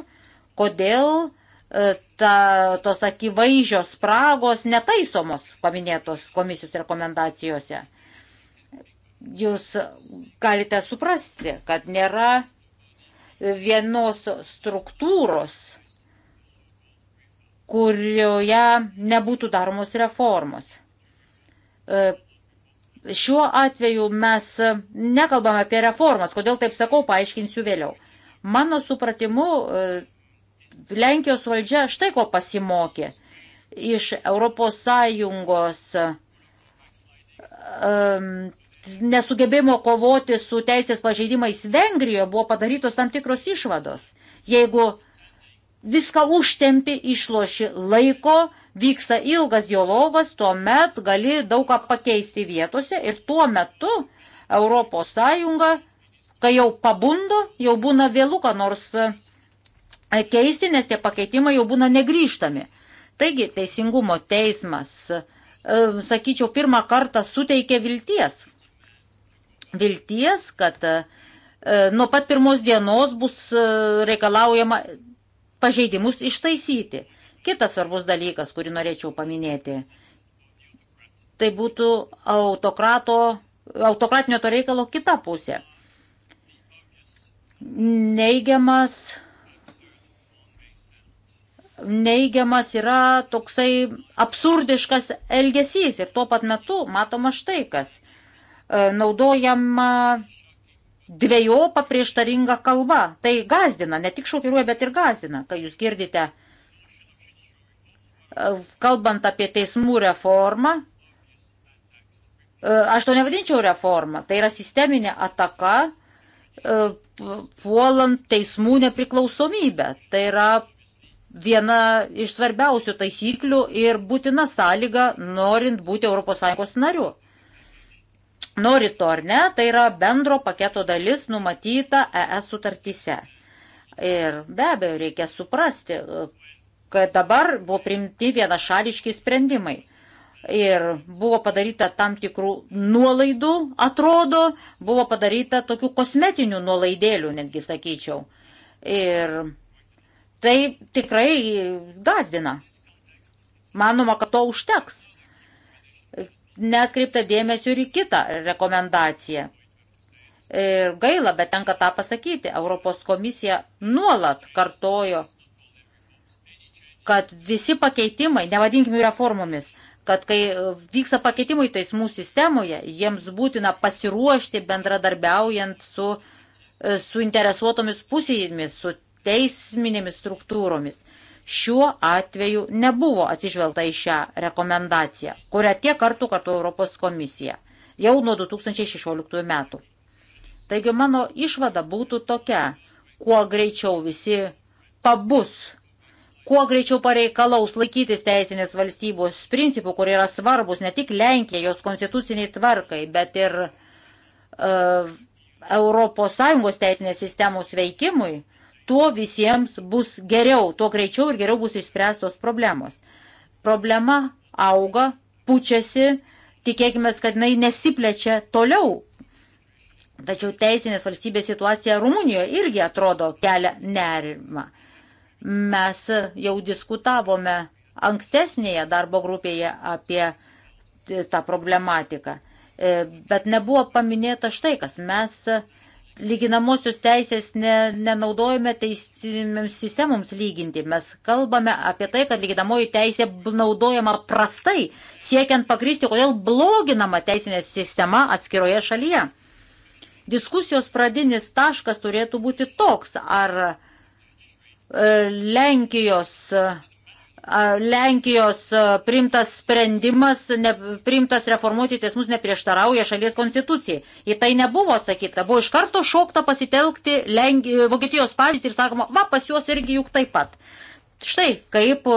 kodėl e, ta, tos akivaizdžios spragos netaisomos paminėtos komisijos rekomendacijose. Jūs galite suprasti, kad nėra vienos struktūros, kurioje nebūtų daromos reformos e, šiuo atveju mes nekalbam apie reformas. Kodėl taip sakau, paaiškinsiu vėliau. Mano supratimu, e, Lenkijos valdžia štai ko pasimokė iš ES um, e, nesugebėjimo kovoti su teisės pažeidimais Vengrijoje buvo padarytos tam tikros išvados. Jeigu viską užtempi, išloši laiko, vyksta ilgas dialogas, tuo met gali daug ką pakeisti vietose ir tuo metu Europos Sąjunga, kai jau pabundo, jau būna vėlų, ką nors e, keisti, nes tie pakeitimai jau būna negryžtami. Taigi teisingumo teismas, e, sakyčiau, pirmą kartą suteikė vilties. Vilties, kad e, nuo pat pirmos dienos bus reikalaujama pažeidimus ištaisyti. Kitas svarbus dalykas, kurį norėčiau paminėti, tai būtų autokrato, autokratinio to reikalo kita pusė. Neigiamas, neigiamas yra toksai absurdiškas elgesys ir tuo pat metu matoma štai kas. E, naudojama dviejopą prieštaringą kalbą. Tai gazdina, ne tik šokiruoja, bet ir gazdina, kai jūs girdite, e, kalbant apie teismų reformą. E, aš to nevadinčiau reformą, tai yra sisteminė ataka e, puolant teismų nepriklausomybę. Tai yra viena iš svarbiausių taisyklių ir būtina sąlyga norint būti ES nariu nori to ar ne, tai yra bendro paketo dalis numatyta ES sutartyse. Ir be abejo, reikia suprasti, kad dabar buvo primti vienašališki sprendimai. Ir buvo padaryta tam tikrų nuolaidų, atrodo, buvo padaryta tokių kosmetinių nuolaidėlių, netgi sakyčiau. Ir tai tikrai gazdina. Manoma, kad to užteks nekreipta dėmesio ir į kitą rekomendaciją. Ir gaila, bet tenka tą pasakyti. Europos komisija nuolat kartojo, kad visi pakeitimai, nevadinkime reformomis, kad kai vyksta pakeitimai teismų sistemoje, jiems būtina pasiruošti bendradarbiaujant su e, suinteresuotomis pusėmis, su teisminėmis struktūromis. Šiuo atveju nebuvo atsižvelgta į šią rekomendaciją, kurią tiek kartų kartu Europos komisija jau nuo 2016 metų. Taigi mano išvada būtų tokia, kuo greičiau visi pabus, kuo greičiau pareikalaus laikytis teisinės valstybos principų, kurie yra svarbus ne tik Lenkijai, jos konstituciniai tvarkai, bet ir uh, e, ES teisinės sistemos veikimui, tuo visiems bus geriau, tuo greičiau ir geriau bus išspręstos problemos. Problema auga, pučiasi, tikėkime, kad jinai nesiplečia toliau. Tačiau teisinės valstybės situacija Rumunijoje irgi atrodo kelia nerimą. Mes jau diskutavome ankstesnėje darbo grupėje apie tą problematiką, e, bet nebuvo paminėta štai kas. Mes lyginamosios teisės ne, nenaudojame teisinėms sistemoms lyginti. Mes kalbame apie tai, kad lyginamoji teisė naudojama prastai, siekiant pagristi, kodėl bloginama teisinė sistema atskiroje šalyje. Diskusijos pradinis taškas turėtų būti toks, ar e, Lenkijos Lenkijos primtas sprendimas, ne, primtas reformuoti teismus neprieštarauja šalies konstitucijai. Į tai nebuvo atsakyta. Buvo iš karto šokta pasitelkti Lenki, Vokietijos pavyzdį ir sakoma, va, pas juos irgi juk taip pat. Štai kaip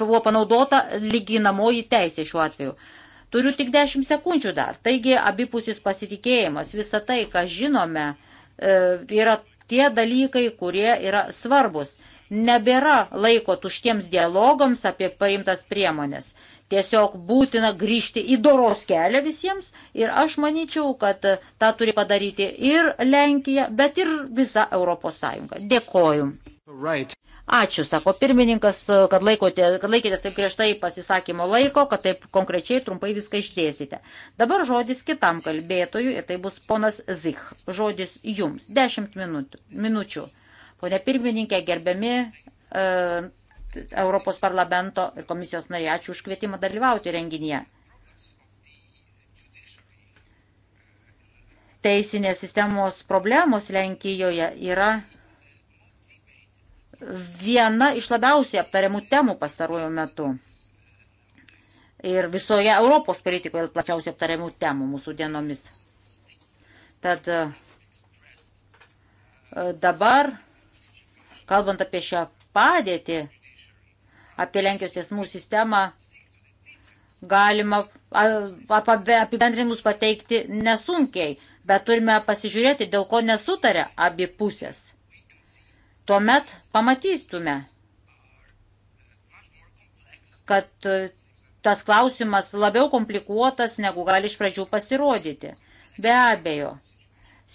buvo panaudota lyginamoji teisė šiuo atveju. Turiu tik 10 sekundžių dar. Taigi abipusis pasitikėjimas, visa tai, ką žinome, e, yra tie dalykai, kurie yra svarbus nebėra laiko tuštiems dialogams apie paimtas priemonės. Tiesiog būtina grįžti į doros kelią visiems ir aš manyčiau, kad tą turi padaryti ir Lenkija, bet ir visa Europos Sąjunga. Dėkoju. Right. Ačiū, sako pirmininkas, kad, laikote, kad laikėtės taip griežtai pasisakymo laiko, kad taip konkrečiai trumpai viską išdėstėte. Dabar žodis kitam kalbėtojui ir tai bus ponas Zich. Žodis jums. Dešimt minut, minučių. Pone pirmininkė, gerbiami e, Europos parlamento ir komisijos nariai, ačiū už kvietimą dalyvauti renginyje. Teisinės sistemos problemos Lenkijoje yra viena iš labiausiai aptariamų temų pastaruoju metu. Ir visoje Europos politikoje plačiausiai aptariamų temų mūsų dienomis. Tad e, dabar Kalbant apie šią padėtį, apie Lenkijos teismų sistemą, galima apibendrinimus pateikti nesunkiai, bet turime pasižiūrėti, dėl ko nesutarė abi pusės. Tuomet pamatystume, kad e, tas klausimas labiau komplikuotas, negu gali iš pradžių pasirodyti. Be abejo,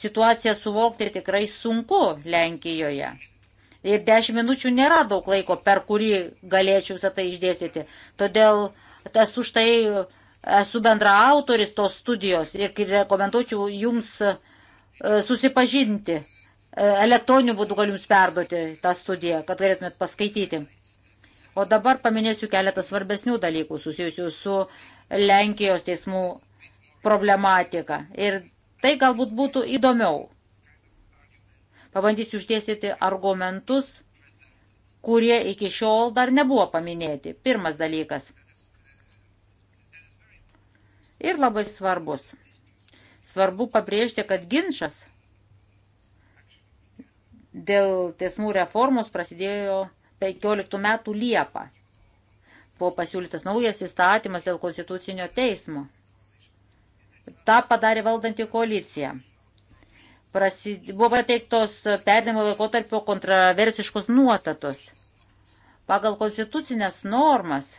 situaciją suvokti tikrai sunku Lenkijoje ir 10 minučių nėra daug laiko, per kurį galėčiau visą tai išdėstyti. Todėl esu štai, esu bendra autoris tos studijos ir rekomenduočiau jums e, susipažinti. E, elektroniniu būdu galiu jums perduoti tą studiją, kad galėtumėt paskaityti. O dabar paminėsiu keletą svarbesnių dalykų susijusių su Lenkijos teismų problematika. Ir tai galbūt būtų įdomiau Pabandysiu išdėstyti argumentus, kurie iki šiol dar nebuvo paminėti. Pirmas dalykas. Ir labai svarbus. Svarbu pabrėžti, kad ginčas dėl tiesmų reformos prasidėjo 15 metų Liepą. Buvo pasiūlytas naujas įstatymas dėl konstitucinio teismo. Ta padarė valdanti koalicija prasid... buvo pateiktos perdėmo laikotarpio kontraversiškos nuostatos. Pagal konstitucinės normas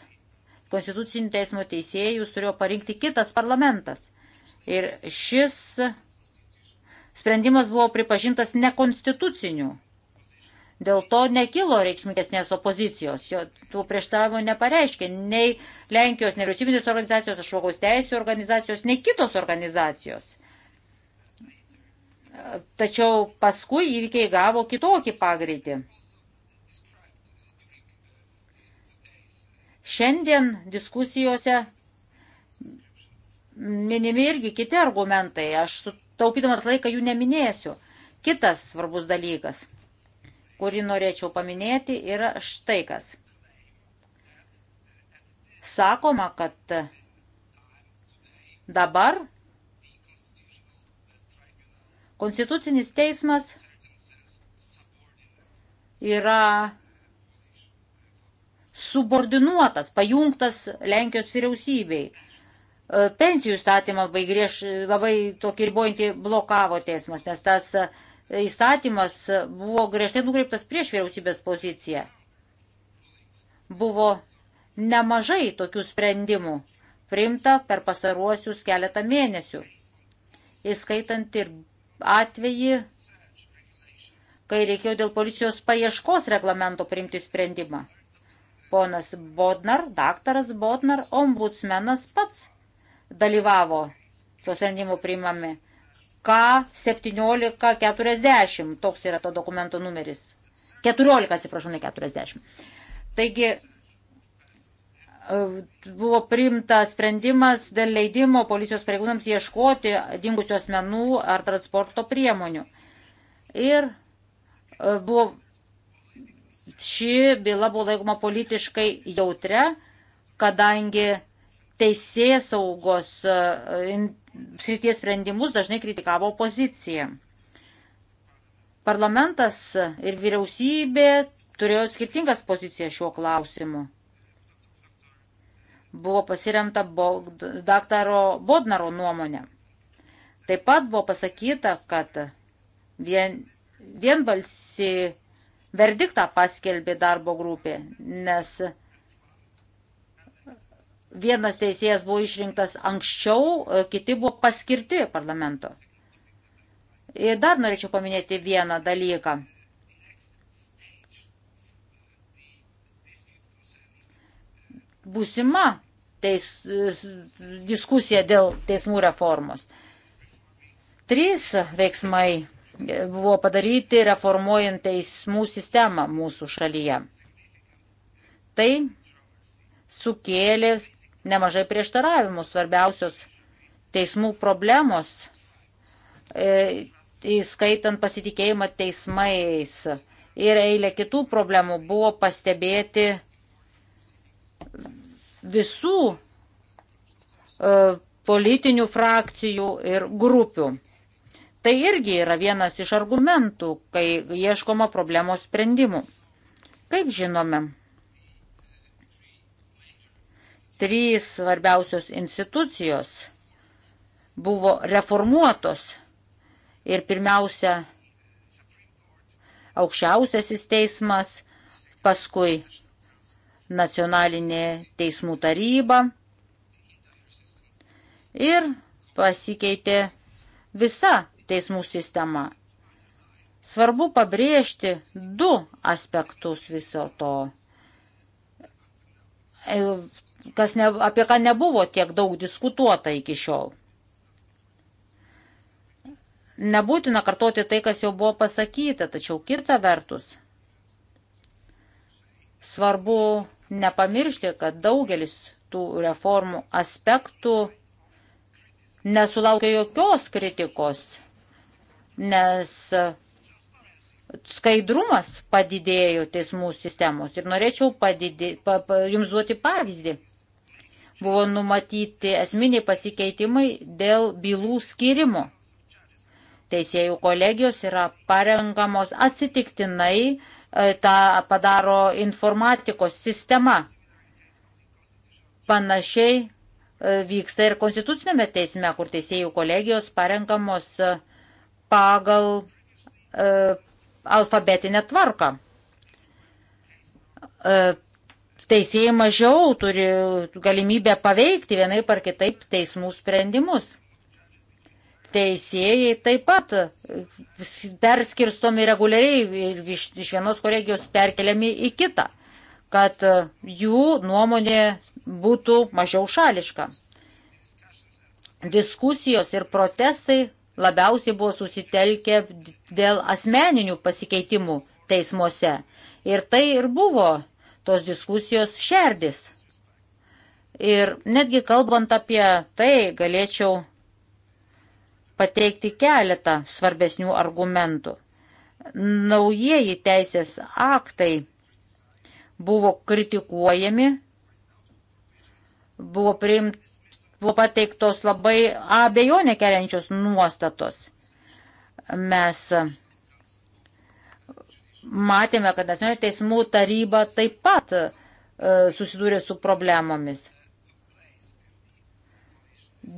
konstitucinio teismo teisėjus turėjo parinkti kitas parlamentas. Ir šis sprendimas buvo pripažintas nekonstituciniu. Dėl to nekilo reikšmingesnės opozicijos, jo tų prieštaravimų nepareiškė nei Lenkijos nevyriausybinės organizacijos, žmogaus teisų organizacijos, nei kitos organizacijos. Tačiau paskui įvykiai gavo kitokį pagreitį. Šiandien diskusijose minimi irgi kiti argumentai. Aš taupydamas laiką jų neminėsiu. Kitas svarbus dalykas, kurį norėčiau paminėti, yra štai kas. Sakoma, kad dabar Konstitucinis teismas yra subordinuotas, pajungtas Lenkijos vyriausybei. E, pensijų įstatymą labai griež, labai tokį ribojantį blokavo teismas, nes tas e, įstatymas buvo griežtai nukreiptas prieš vyriausybės poziciją. Buvo nemažai tokių sprendimų priimta per pasaruosius keletą mėnesių, įskaitant ir atvejį, kai reikėjo dėl policijos paieškos reglamento priimti sprendimą. Ponas Bodnar, daktaras Bodnar, ombudsmenas pats dalyvavo to sprendimo priimami. K1740, toks yra to dokumento numeris. 14, atsiprašau, ne 40. Taigi, buvo priimta sprendimas dėl leidimo policijos pareigūnams ieškoti dingusių asmenų ar transporto priemonių. Ir e, buvo, ši byla buvo laikoma politiškai jautre, kadangi teisės saugos e, srities sprendimus dažnai kritikavo opozicija. Parlamentas ir vyriausybė turėjo skirtingas pozicijas šiuo klausimu buvo pasiremta daktaro Bodnaro nuomonė. Taip pat buvo pasakyta, kad vien, vienbalsi verdiktą paskelbė darbo grupė, nes vienas teisėjas buvo išrinktas anksčiau, kiti buvo paskirti parlamento. Ir dar norėčiau paminėti vieną dalyką. Būsima teis, diskusija dėl teismų reformos. Trys veiksmai e, buvo padaryti reformuojant teismų sistemą mūsų šalyje. Tai sukėlė nemažai prieštaravimų svarbiausios teismų problemos, e, įskaitant pasitikėjimą teismais ir eilė kitų problemų buvo pastebėti visų e, politinių frakcijų ir grupių. Tai irgi yra vienas iš argumentų, kai ieškoma problemos sprendimų. Kaip žinome, trys svarbiausios institucijos buvo reformuotos ir pirmiausia aukščiausiasis teismas, paskui nacionalinė teismų taryba ir pasikeitė visa teismų sistema. Svarbu pabrėžti du aspektus viso to, e, kas ne, apie ką nebuvo tiek daug diskutuota iki šiol. Nebūtina kartoti tai, kas jau buvo pasakyta, tačiau kita vertus, svarbu nepamiršti, kad daugelis tų reformų aspektų nesulaukia jokios kritikos, nes skaidrumas padidėjo teismų sistemos. Ir norėčiau padidė, pa, pa, jums duoti pavyzdį. Buvo numatyti esminiai pasikeitimai dėl bylų skirimo. Teisėjų kolegijos yra parengamos atsitiktinai E, tą padaro informatikos sistema. Panašiai e, vyksta ir konstitucinėme teisme, kur teisėjų kolegijos parenkamos e, pagal alfabetinę tvarką. Teisėjai mažiau turi galimybę paveikti vienai par kitaip teismų sprendimus teisėjai taip pat e, perskirstomi reguliariai e, iš, iš vienos kolegijos perkeliami į kitą, kad e, jų nuomonė būtų mažiau šališka. Diskusijos ir protestai labiausiai buvo susitelkę dėl asmeninių pasikeitimų teismuose. Ir tai ir buvo tos diskusijos šerdis. Ir netgi kalbant apie tai, galėčiau pateikti keletą svarbesnių argumentų. Naujieji teisės aktai buvo kritikuojami, buvo, priimt, buvo pateiktos labai abejonę keliančios nuostatos. Mes matėme, kad nacionalinė teismų taryba taip pat e, susidūrė su problemomis.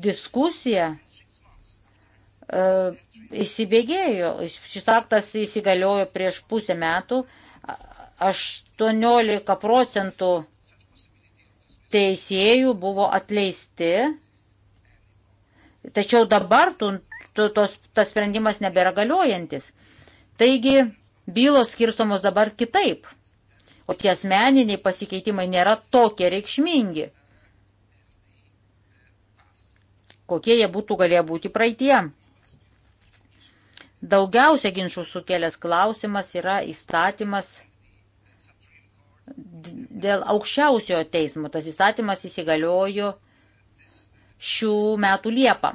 Diskusija E, įsibėgėjo. Šis aktas įsigaliojo prieš pusę metų. 18 procentų teisėjų buvo atleisti. Tačiau dabar tu, tu, tos, tas sprendimas nebėra galiojantis. Taigi bylos skirstomos dabar kitaip. O tie asmeniniai pasikeitimai nėra tokie reikšmingi kokie jie būtų galėję būti praeitie. Daugiausia ginčių sukėlęs klausimas yra įstatymas dėl aukščiausiojo teismo. Tas įstatymas įsigaliojo šių metų Liepą.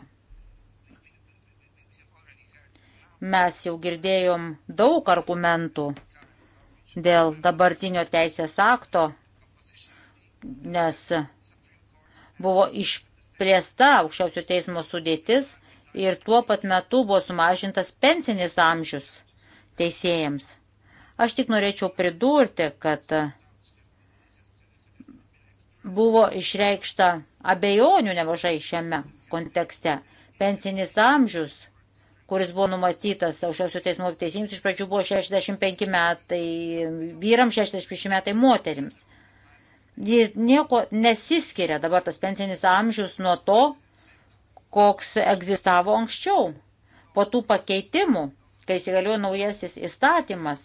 Mes jau girdėjom daug argumentų dėl dabartinio teisės akto, nes buvo išplėsta aukščiausio teismo sudėtis ir tuo pat metu buvo sumažintas pensinis amžius teisėjams. Aš tik norėčiau pridurti, kad buvo išreikšta abejonių nemažai šiame kontekste. Pensinis amžius, kuris buvo numatytas aukščiausio teismo teisėjams, iš pradžių buvo 65 metai vyrams, 65 metai moterims. Jis nieko nesiskiria dabar tas pensinis amžius nuo to, koks egzistavo anksčiau. Po tų pakeitimų, kai įsigaliojo naujasis įstatymas,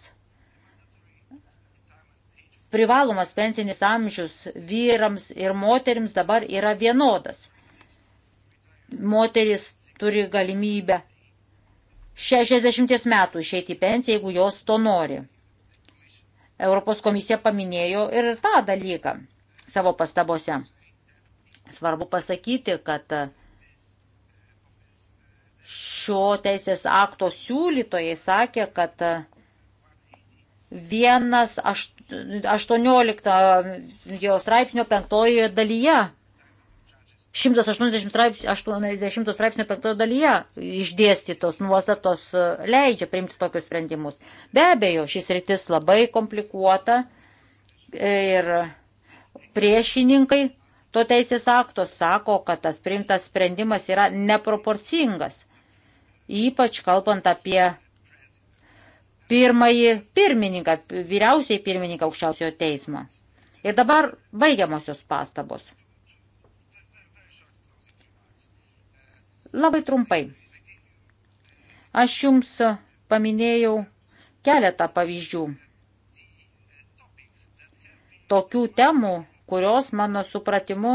privalomas pensinis amžius vyrams ir moterims dabar yra vienodas. Moteris turi galimybę 60 metų išeiti į pensiją, jeigu jos to nori. Europos komisija paminėjo ir tą dalyką savo pastabose. Svarbu pasakyti, kad šio teisės akto siūlytojai sakė, kad 1.18 jo straipsnio penktojoje dalyje 180 straipsnio 5 dalyje išdėstytos nuostatos leidžia priimti tokius sprendimus. Be abejo, šis rytis labai komplikuota ir priešininkai to teisės akto sako, kad tas priimtas sprendimas yra neproporcingas ypač kalbant apie pirmąjį pirmininką, vyriausiai pirmininką aukščiausiojo teismo. Ir dabar baigiamosios pastabos. Labai trumpai. Aš jums paminėjau keletą pavyzdžių. Tokių temų, kurios mano supratimu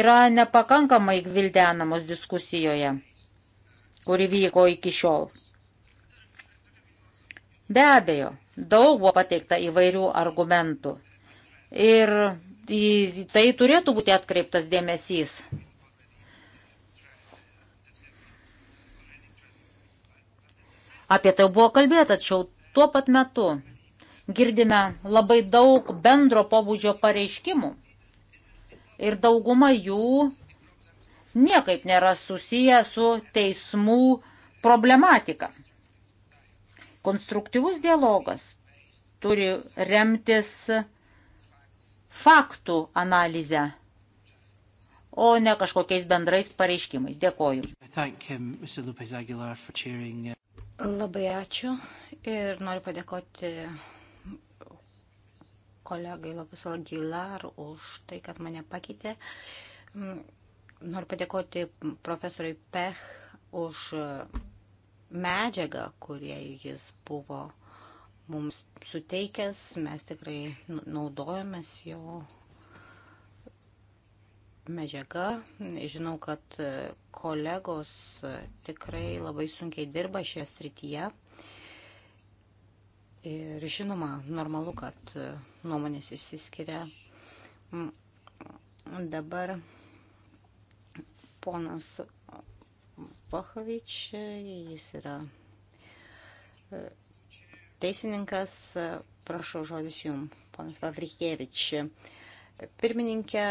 yra nepakankamai gvildenamos diskusijoje kuri vyko iki šiol. Be abejo, daug buvo pateikta įvairių argumentų. Ir į tai turėtų būti atkreiptas dėmesys. Apie tai buvo kalbėta, tačiau tuo pat metu girdime labai daug bendro pobūdžio pareiškimų. Ir dauguma jų niekaip nėra susiję su teismų problematika. Konstruktyvus dialogas turi remtis faktų analizę, o ne kažkokiais bendrais pareiškimais. Dėkoju. Uh, Labai ačiū ir noriu padėkoti kolegai Lopes Aguilar už tai, kad mane pakeitė. Mm, Noriu padėkoti profesoriui Pech už medžiagą, kurie jis buvo mums suteikęs. Mes tikrai naudojomės jo medžiaga. Žinau, kad kolegos tikrai labai sunkiai dirba šioje srityje. Ir žinoma, normalu, kad nuomonės išsiskiria. Dabar ponas Pachovič, jis yra e, teisininkas, prašau žodis jum, ponas Vavrikievič. Pirmininkė,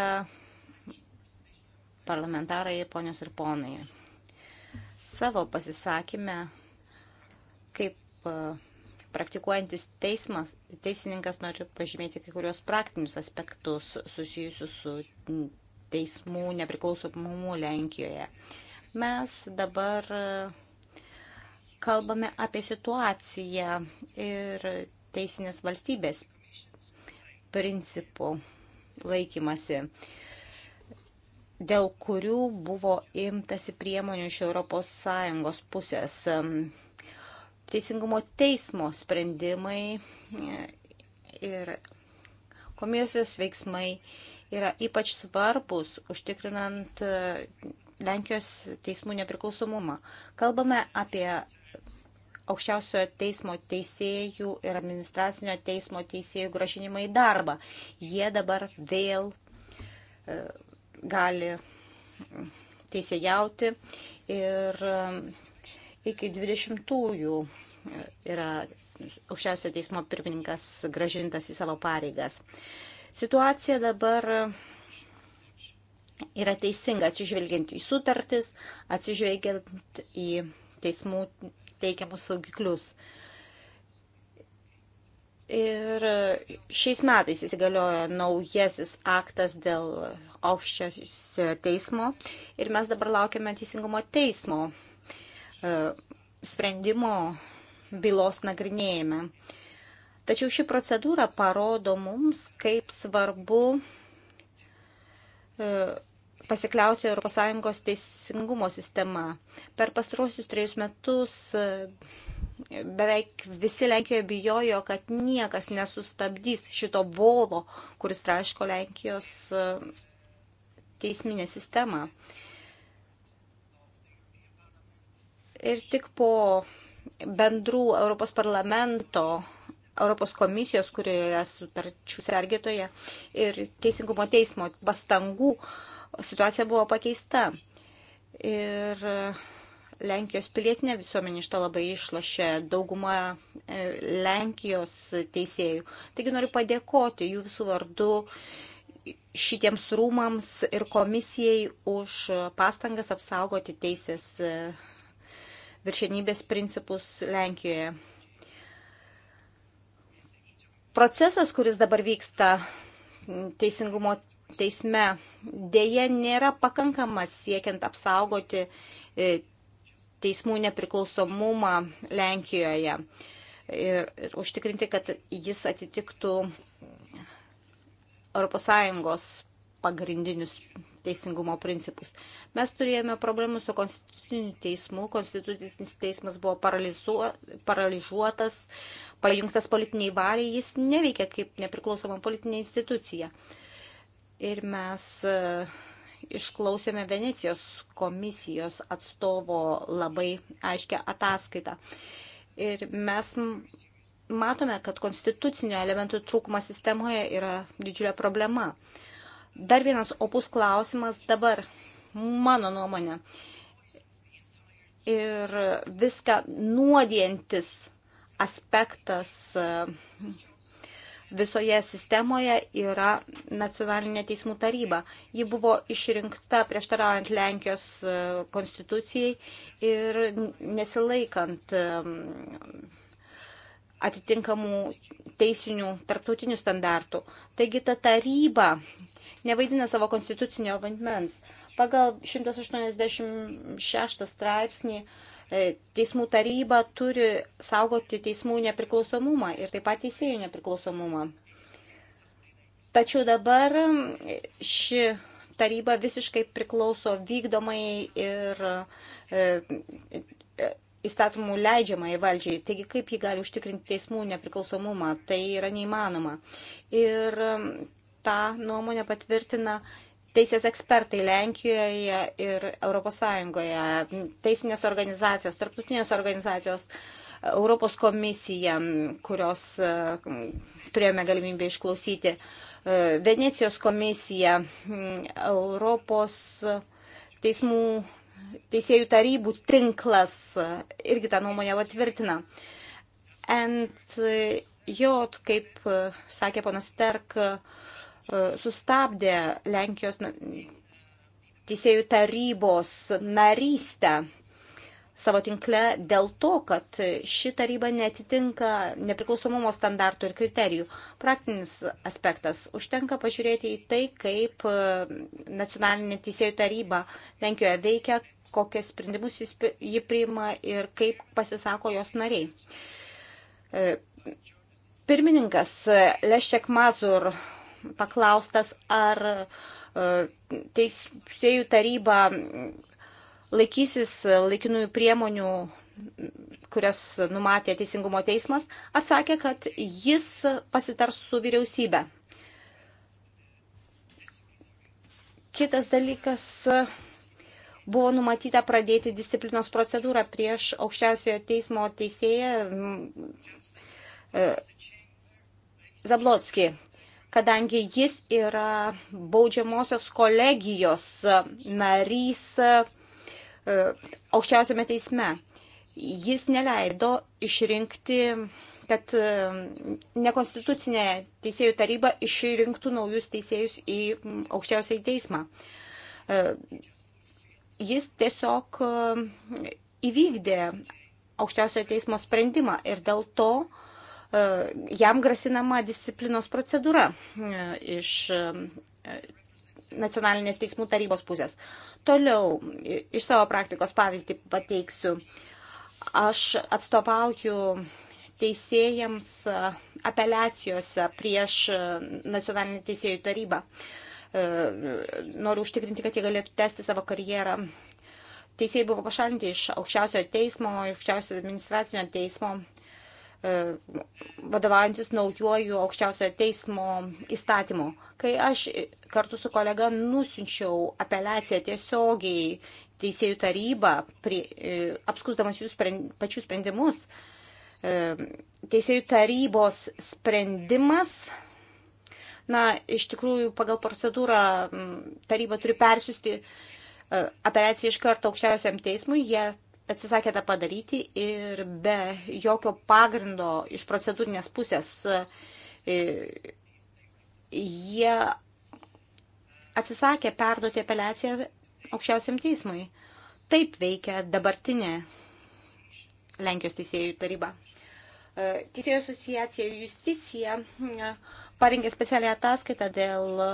parlamentarai, ponios ir ponai. Savo pasisakymę, kaip e, praktikuojantis teismas, teisininkas nori pažymėti kai kurios praktinius aspektus susijusius su teismų nepriklausomumų Lenkijoje. Mes dabar kalbame apie situaciją ir teisinės valstybės principų laikymasi, dėl kurių buvo imtasi priemonių iš ES pusės. Teisingumo teismo sprendimai ir komisijos veiksmai yra ypač svarbus užtikrinant e, Lenkijos teismų nepriklausomumą. Kalbame apie aukščiausiojo teismo teisėjų ir administracinio teismo teisėjų gražinimą į darbą. Jie dabar vėl e, gali teisėjauti ir e, iki 20-ųjų yra aukščiausio teismo pirmininkas gražintas į savo pareigas. Situacija dabar yra teisinga atsižvelgiant į sutartis, atsižvelgiant į teismų teikiamus saugiklius. Ir šiais metais įsigaliojo naujasis aktas dėl aukščiausio teismo ir mes dabar laukiame teisingumo teismo e, sprendimo bylos nagrinėjime. Tačiau ši procedūra parodo mums, kaip svarbu e, pasikliauti ES teisingumo sistema. Per pastarosius trejus metus e, beveik visi Lenkijoje bijojo, kad niekas nesustabdys šito volo, kuris traiško Lenkijos e, teisminę sistemą. Ir tik po bendrų Europos parlamento Europos komisijos, kurioje yra sutarčių sergėtoje ir Teisingumo teismo pastangų situacija buvo pakeista. Ir Lenkijos pilietinė visuomenė iš to labai išlošė daugumą e, Lenkijos teisėjų. Taigi noriu padėkoti jų visų vardu šitiems rūmams ir komisijai už pastangas apsaugoti teisės e, viršenybės principus Lenkijoje. Procesas, kuris dabar vyksta teisingumo teisme, dėje nėra pakankamas siekiant apsaugoti e, teismų nepriklausomumą Lenkijoje ir, ir užtikrinti, kad jis atitiktų ES pagrindinius teisingumo principus. Mes turėjome problemų su konstituciniu teismu, konstitucinis teismas buvo paralizuotas, pajungtas politiniai valiai, jis neveikia kaip nepriklausoma politinė institucija. Ir mes e, išklausėme Venecijos komisijos atstovo labai aiškę ataskaitą. Ir mes matome, kad konstitucinio elementų trūkumas sistemoje yra didžiulė problema. Dar vienas opus klausimas dabar, mano nuomonė. Ir viską nuodientis aspektas e, visoje sistemoje yra nacionalinė teismų taryba. Ji buvo išrinkta prieštaraujant Lenkijos e, konstitucijai ir nesilaikant e, atitinkamų teisinių tarptautinių standartų. Taigi ta taryba nevaidina savo konstitucinio vandmens. Pagal 186 straipsnį uh, E, teismų taryba turi saugoti teismų nepriklausomumą ir taip pat teisėjų nepriklausomumą. Tačiau dabar ši taryba visiškai priklauso vykdomai ir e, e, įstatymų leidžiamai valdžiai. Taigi, kaip ji gali užtikrinti teismų nepriklausomumą, tai yra neįmanoma. Ir tą nuomonę patvirtina teisės ekspertai Lenkijoje ir ES, teisinės organizacijos, tarptautinės organizacijos, Europos komisija, kurios e, turėjome galimybę išklausyti, e, Venecijos komisija, Europos teismų, teisėjų tarybų tinklas e, irgi tą nuomonę patvirtina. NCJ, kaip sakė ponas Terk, uh, E, sustabdė Lenkijos teisėjų tarybos narystę savo tinkle dėl to, kad ši taryba netitinka nepriklausomumo standartų ir kriterijų. Praktinis aspektas. Užtenka pažiūrėti į tai, kaip e, nacionalinė teisėjų taryba Lenkijoje veikia, kokias sprendimus ji priima ir kaip pasisako jos nariai. E, pirmininkas Lešek Mazur paklaustas, ar e, teisėjų taryba laikysis laikinųjų priemonių, kurias numatė Teisingumo teismas, atsakė, kad jis pasitars su vyriausybė. Kitas dalykas buvo numatyta pradėti disciplinos procedūrą prieš aukščiausiojo teismo teisėją e, Zablotskį kadangi jis yra baudžiamosios kolegijos narys e, aukščiausiame teisme. Jis neleido išrinkti, kad e, nekonstitucinė teisėjų taryba išrinktų naujus teisėjus į aukščiausiai teismą. E, jis tiesiog įvykdė aukščiausiojo teismo sprendimą ir dėl to uh, E, jam grasinama disciplinos procedūra e, iš e, nacionalinės teismų tarybos pusės. Toliau, iš savo praktikos pavyzdį pateiksiu. Aš atstovauju teisėjams apeliacijose prieš nacionalinę teisėjų tarybą. Noriu užtikrinti, kad jie galėtų tęsti savo karjerą. Teisėjai buvo pašalinti iš aukščiausiojo teismo, aukščiausiojo administracinio teismo E, vadovaujantis naujuoju aukščiausiojo teismo įstatymu. Kai aš kartu su kolega nusinčiau apeliaciją tiesiogiai teisėjų tarybą, prie, e, apskusdamas jų sprend, pačių sprendimus, e, teisėjų tarybos sprendimas, na, iš tikrųjų pagal procedūrą taryba turi persiusti apeliaciją iš karto aukščiausiam teismui, jie atsisakėte padaryti ir be jokio pagrindo iš procedūrinės pusės e, jie atsisakė perduoti apeliaciją aukščiausiam teismui. Taip veikia dabartinė Lenkijos teisėjų taryba. E, teisėjų asociacija Justicija parengė specialią ataskaitą dėl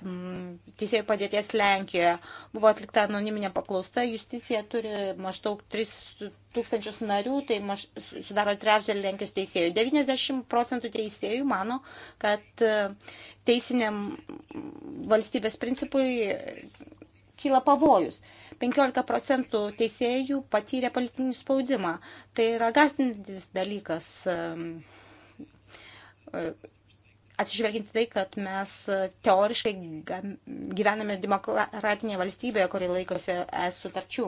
Mm, teisėjų padėties Lenkijoje. Buvo atlikta anoniminė paklausta, justicija turi maždaug 3 tūkstančius narių, tai maž, sudaro trečdalį Lenkijos teisėjų. 90 procentų teisėjų mano, kad e, teisiniam valstybės principui kyla pavojus. 15 procentų teisėjų patyrė politinį spaudimą. Tai yra gazdintis dalykas e, e, atsižvelginti tai, kad mes e, teoriškai gyvename demokratinėje valstybėje, kuri laikosi es sutarčių.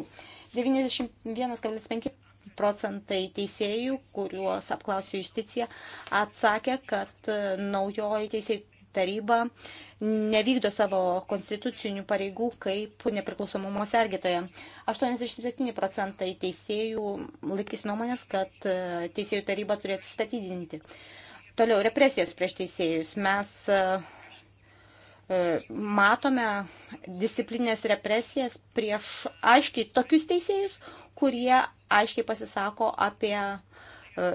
91,5 procentai teisėjų, kuriuos apklausė justicija, atsakė, kad e, naujoji teisėjų taryba nevykdo savo konstitucinių pareigų kaip nepriklausomumo sergėtoje. 87 procentai teisėjų laikys nuomonės, kad e, teisėjų taryba turi atsistatydinti. Toliau represijos prieš teisėjus. Mes e, e, matome disciplinės represijas prieš aiškiai tokius teisėjus, kurie aiškiai pasisako apie e,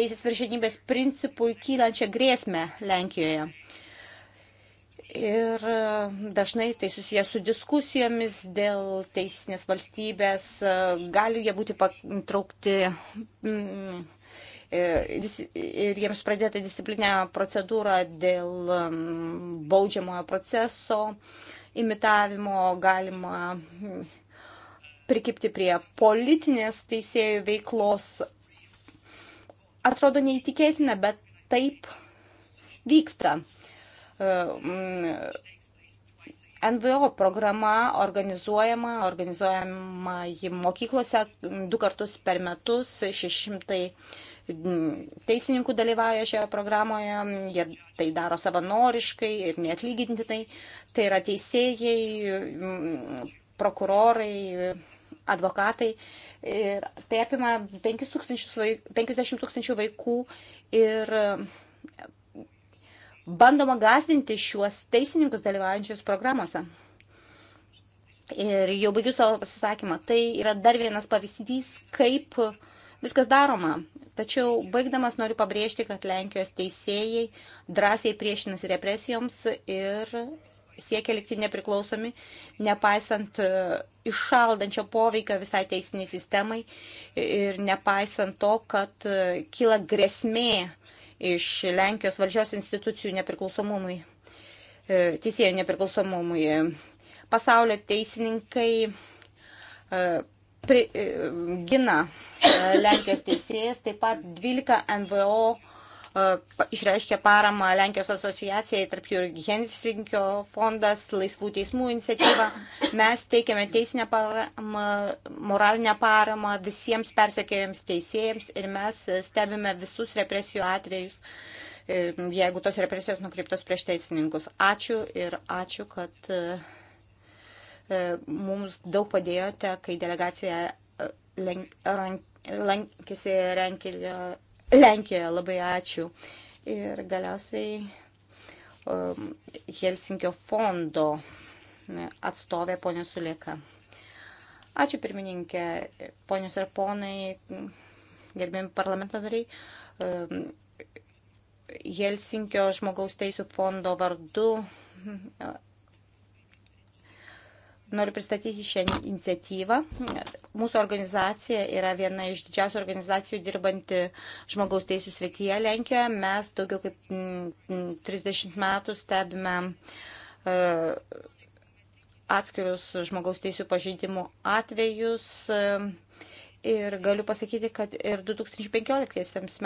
teisės viršenybės principui kylančią grėsmę Lenkijoje. Ir dažnai tai susijęs su diskusijomis dėl teisinės valstybės, gali jie būti patraukti E, ir jiems pradėta disciplinė procedūra dėl um, baudžiamojo proceso imitavimo, galima prikipti prie politinės teisėjų veiklos. Atrodo neįtikėtina, bet taip vyksta. E, NVO programa organizuojama, organizuojama mokyklose du kartus per metus, 600 teisininkų dalyvauja šioje programoje, jie tai daro savanoriškai ir neatlygintinai. Tai yra teisėjai, prokurorai, advokatai. Ir tai apima 5 tūkstančius vaikų, 50 tūkstančių vaikų ir bandoma gazdinti šiuos teisininkus dalyvaujančius programuose. Ir jau baigiu savo pasisakymą. Tai yra dar vienas pavyzdys, kaip viskas daroma. Tačiau baigdamas noriu pabrėžti, kad Lenkijos teisėjai drąsiai priešinasi represijoms ir siekia likti nepriklausomi, nepaisant e, iššaldančio poveikio visai teisiniai sistemai ir nepaisant to, kad e, kyla grėsmė iš Lenkijos valdžios institucijų nepriklausomumui, e, teisėjų nepriklausomumui. Pasaulio teisininkai pri, e, gina e, Lenkijos teisėjas, taip pat 12 NVO e, išreiškė paramą Lenkijos asociacijai, tarp jų ir Helsinkio fondas, Laisvų teismų iniciatyva. Mes teikiame teisinę paramą, moralinę paramą visiems persekėjams teisėjams ir mes stebime visus represijų atvejus, jeigu tos represijos nukreiptos prieš teisininkus. Ačiū ir ačiū, kad E, mums daug padėjote, kai delegacija e, lankėsi Lenkijoje. Labai ačiū. Ir galiausiai um, Helsinkio fondo e, atstovė ponė Sulėka. Ačiū pirmininkė, ponios ir ponai, gerbėmi parlamento nariai. Um, Helsinkio žmogaus teisų fondo vardu Noriu pristatyti šią iniciatyvą. Mūsų organizacija yra viena iš didžiausių organizacijų dirbanti žmogaus teisų srityje Lenkijoje. Mes daugiau kaip 30 mm, mm, metų stebime e, atskirius žmogaus teisų pažeidimų atvejus. E, ir galiu pasakyti, kad ir 2015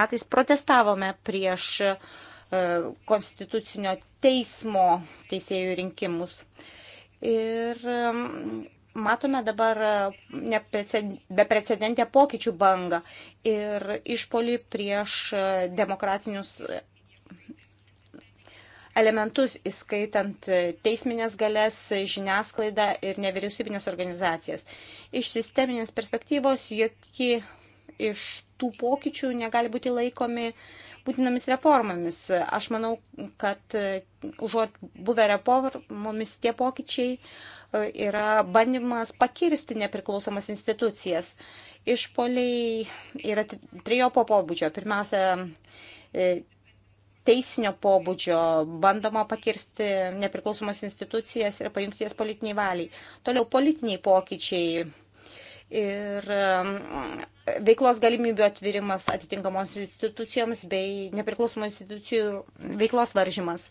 metais protestavome prieš uh, E, konstitucinio teismo teisėjų rinkimus. Ir e, matome dabar e, beprecedentę pokyčių bangą ir išpolį prieš demokratinius elementus, įskaitant teisminės galės, žiniasklaidą ir nevyriausybinės organizacijas. Iš sisteminės perspektyvos jokie iš tų pokyčių negali būti laikomi uh, būtinomis reformomis. Aš manau, kad e, užuot buvę reformomis tie pokyčiai e, yra bandymas pakirsti nepriklausomas institucijas. Išpoliai yra trijopo pobūdžio. Pirmiausia, e, teisinio pobūdžio bandoma pakirsti nepriklausomas institucijas ir pajungti jas politiniai valiai. Toliau politiniai pokyčiai ir veiklos galimybių atvirimas atitinkamoms institucijoms bei nepriklausomų institucijų veiklos varžymas.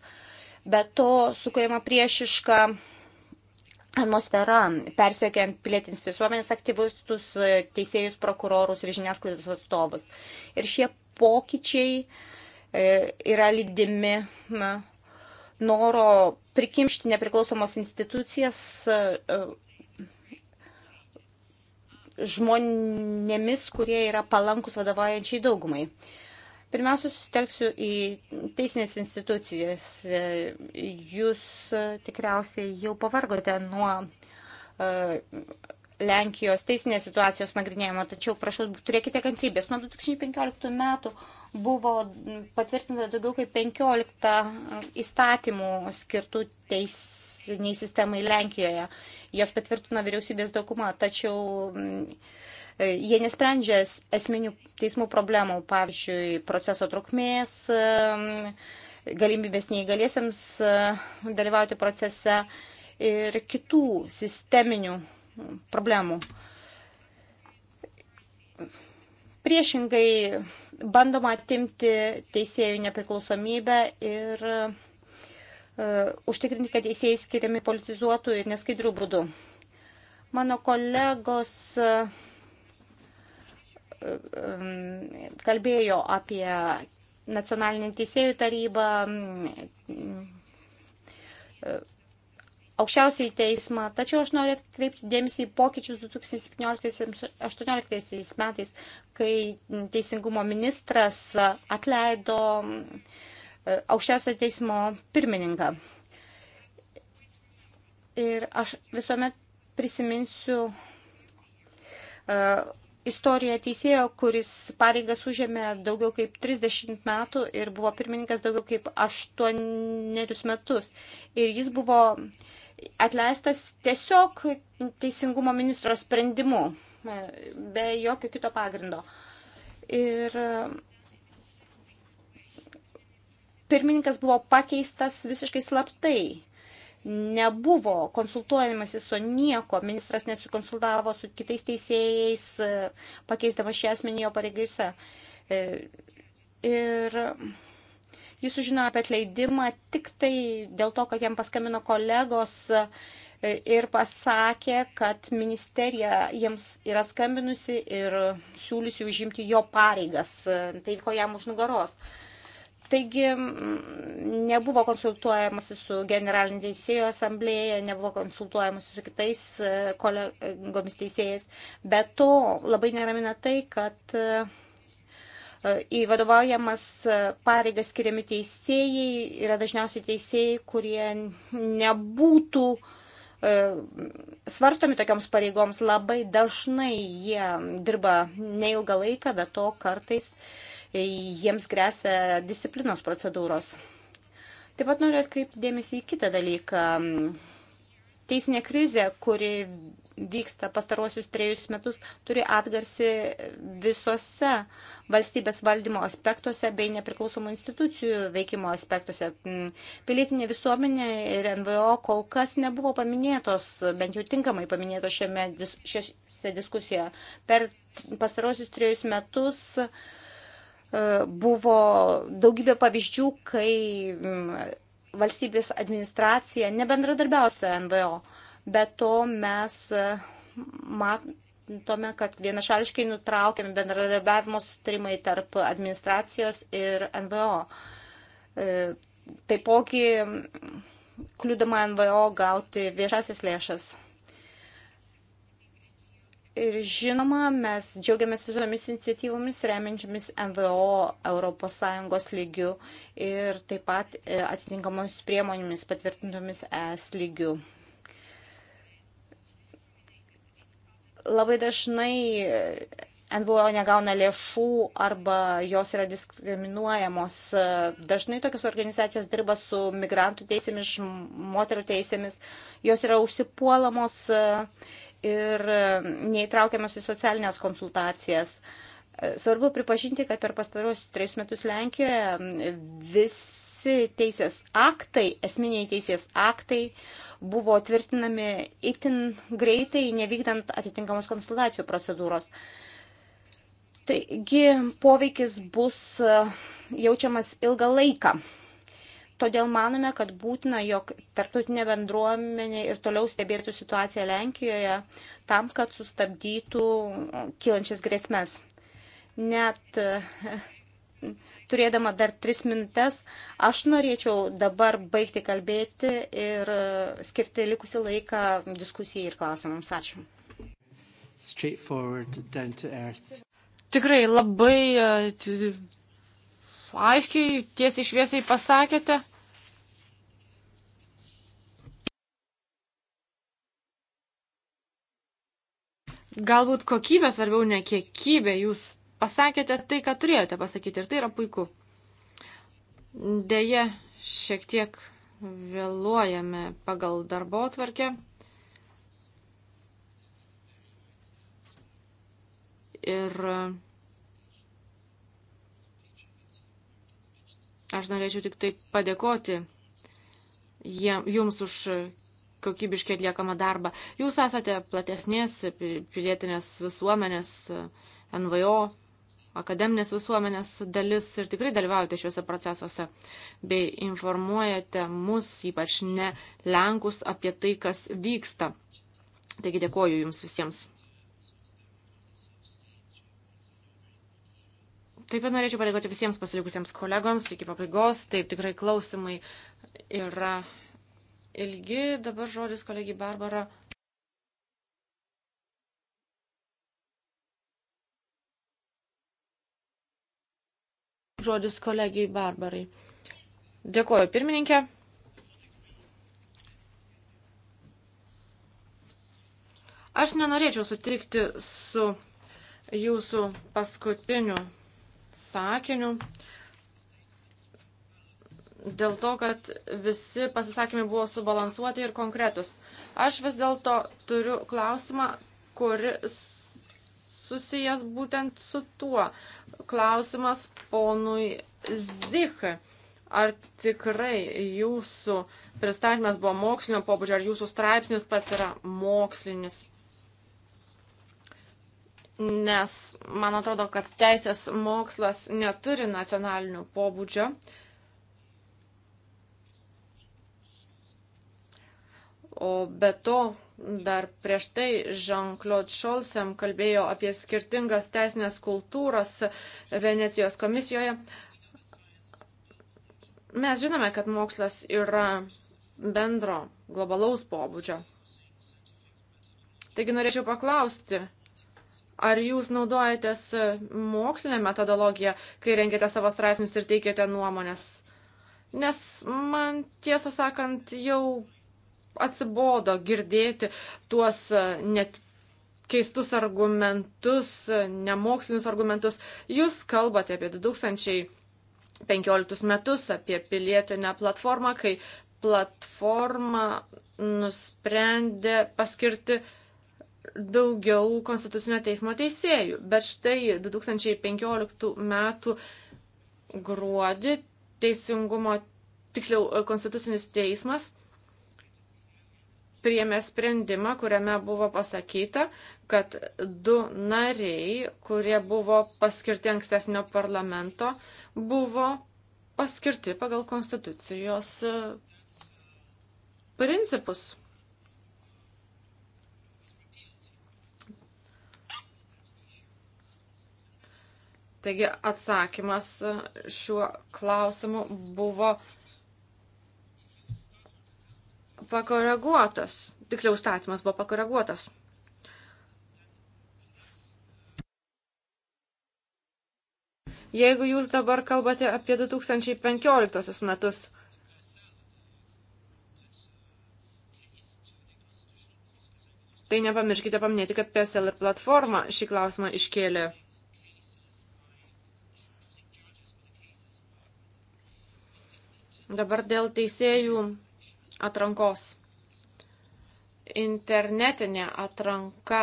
Be to sukuriama priešiška atmosfera, persiekiant pilietinis visuomenės aktyvistus, teisėjus, prokurorus ir žiniasklaidos atstovus. Ir šie pokyčiai e, yra lydimi noro prikimšti nepriklausomos institucijas e, žmonėmis, kurie yra palankus vadovaujančiai daugumai. Pirmiausia, susitelksiu į teisinės institucijas. Jūs tikriausiai jau pavargote nuo e, Lenkijos teisinės situacijos nagrinėjimo, tačiau prašau, turėkite kantrybės. Nuo 2015 metų buvo patvirtinta daugiau kaip 15 įstatymų skirtų teisiniai sistemai Lenkijoje. Jos patvirtino vyriausybės dokumą, tačiau mm, jie nesprendžia esminių teismų problemų, pavyzdžiui, proceso trukmės, mm, galimybės neįgaliesiams mm, dalyvauti procese ir kitų sisteminių problemų. Priešingai bandoma atimti teisėjų nepriklausomybę ir E, užtikrinti, kad teisėjai skiriami politizuotų ir neskaidrių būdų. Mano kolegos e, e, kalbėjo apie nacionalinį teisėjų tarybą, aukščiausiai teismą, tačiau aš noriu atkreipti dėmesį į pokyčius 2017-2018 metais, kai teisingumo ministras atleido uh, E, aukščiausio teismo pirmininką. Ir aš visuomet prisiminsiu uh, istoriją teisėjo, kuris pareigas užėmė daugiau kaip 30 metų ir buvo pirmininkas daugiau kaip 8 metus. Ir jis buvo atleistas tiesiog teisingumo ministro sprendimu, e, be jokio kito pagrindo. Ir uh, pirmininkas buvo pakeistas visiškai slaptai. Nebuvo konsultuojamasi su nieko, ministras nesikonsultavo su kitais teisėjais, e, pakeisdamas šį asmenį jo pareigose. E, ir jis sužinojo apie atleidimą tik tai dėl to, kad jam paskambino kolegos e, ir pasakė, kad ministerija jiems yra skambinusi ir siūlysi užimti jo pareigas, tai ko jam už nugaros. Uh, Taigi nebuvo konsultuojamasi su generalinė teisėjo asamblėje, nebuvo konsultuojamasi su kitais e, kolegomis teisėjais. Bet to labai neramina tai, kad e, į vadovaujamas e, pareigas skiriami teisėjai yra dažniausiai teisėjai, kurie nebūtų svarstomi tokioms pareigoms labai dažnai jie dirba neilgą laiką, bet to kartais uh, jiems grėsia disciplinos procedūros. Taip pat noriu atkreipti dėmesį į kitą dalyką. Teisinė krizė, kuri vyksta pastaruosius trejus metus, turi atgarsi visose valstybės valdymo aspektuose bei nepriklausomų institucijų veikimo aspektuose. Mm, pilietinė visuomenė ir NVO kol kas nebuvo paminėtos, bent jau tinkamai paminėtos šiame, šiose diskusijoje. Per pastaruosius trejus metus uh, buvo daugybė pavyzdžių, kai mm, valstybės administracija nebendradarbiavo su NVO. Be to mes mm, matome, kad vienašališkai nutraukiami bendradarbiavimo sutarimai tarp administracijos ir NVO. E, taipogi mm, kliūdama NVO gauti viešasis lėšas. Ir žinoma, mes džiaugiamės visomis iniciatyvomis, remiančiamis MVO ES lygių ir taip pat e, atitinkamomis priemonėmis patvirtintomis ES lygių. Labai dažnai e, NVO negauna lėšų arba jos yra diskriminuojamos. E, dažnai tokios organizacijos dirba su migrantų teisėmis, moterų teisėmis, jos yra užsipuolamos ir e, neįtraukiamas į socialinės konsultacijas. E, svarbu pripažinti, kad per pastarosius trejus metus Lenkijoje visi teisės aktai, esminiai teisės aktai buvo tvirtinami itin greitai, nevykdant atitinkamos konsultacijų procedūros. Taigi poveikis bus e, jaučiamas ilgą laiką. Todėl manome, kad būtina, jog tarptautinė bendruomenė ir toliau stebėtų situaciją Lenkijoje tam, kad sustabdytų kylančias grėsmės. Net turėdama dar tris minutės, aš norėčiau dabar baigti kalbėti ir skirti likusį laiką diskusijai ir klausimams. Ačiū. Tikrai labai e, aiškiai, tiesiai šviesiai pasakėte. Galbūt kokybė svarbiau ne kiekybė. Jūs pasakėte tai, ką turėjote pasakyti ir tai yra puiku. Deja, šiek tiek vėluojame pagal darbo atvarkę. Ir aš norėčiau tik tai padėkoti jiems, jums už kokybiškai atliekamą darbą. Jūs esate platesnės pilietinės visuomenės, NVO, akademinės visuomenės dalis ir tikrai dalyvaujate šiuose procesuose bei informuojate mus, ypač ne Lenkus, apie tai, kas vyksta. Taigi dėkoju Jums visiems. Taip pat norėčiau padėkoti visiems pasilikusiems kolegoms iki pabaigos. Taip, tikrai klausimai yra ilgi. Dabar žodis kolegijai Barbara. Žodis kolegijai Barbarai. Dėkuoju pirmininkė. Aš nenorėčiau sutikti su jūsų paskutiniu sakiniu. Uh, dėl to, kad visi pasisakymai buvo subalansuoti ir konkretus. Aš vis dėlto turiu klausimą, kuris susijęs būtent su tuo. Klausimas ponui Zich. Ar tikrai jūsų pristatymas buvo mokslinio pobūdžio, ar jūsų straipsnis pats yra mokslinis? Nes man atrodo, kad teisės mokslas neturi nacionalinių pobūdžio. Uh, O be to, dar prieš tai Jean-Claude Scholzem kalbėjo apie skirtingas teisinės kultūras Venecijos komisijoje. Mes žinome, kad mokslas yra bendro, globalaus pobūdžio. Taigi norėčiau paklausti, ar jūs naudojatės mokslinę metodologiją, kai rengiate savo straipsnius ir teikiate nuomonės? Nes man tiesą sakant jau atsibodo girdėti tuos e, net keistus argumentus, e, nemokslinius argumentus. Jūs kalbate apie 2015 metus, apie pilietinę platformą, kai platforma nusprendė paskirti daugiau Konstitucinio teismo teisėjų. Bet štai 2015 metų gruodį teisingumo, tiksliau, Konstitucinis teismas priėmė sprendimą, kuriame buvo pasakyta, kad du nariai, kurie buvo paskirti ankstesnio parlamento, buvo paskirti pagal konstitucijos e, principus. Taigi atsakymas e, šiuo klausimu buvo pakoreguotas, tiksliau statymas buvo pakoreguotas. Jeigu jūs dabar kalbate apie 2015 metus, tai nepamirškite paminėti, kad PSL ir platforma šį klausimą iškėlė. Dabar dėl teisėjų atrankos. Internetinė atranka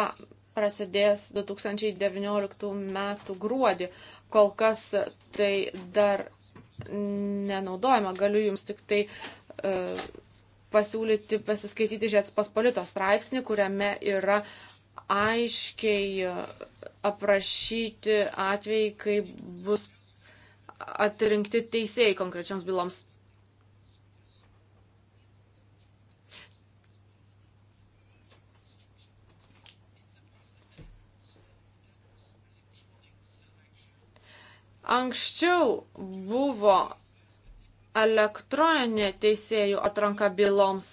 prasidės 2019 m. gruodį. Kol kas tai dar nenaudojama. Galiu jums tik tai uh, pasiūlyti pasiskaityti Žets Paspolito straipsnį, kuriame yra aiškiai e, aprašyti atvejai, kai bus atrinkti teisėjai konkrečiams byloms Anksčiau buvo elektroninė teisėjų atranka byloms.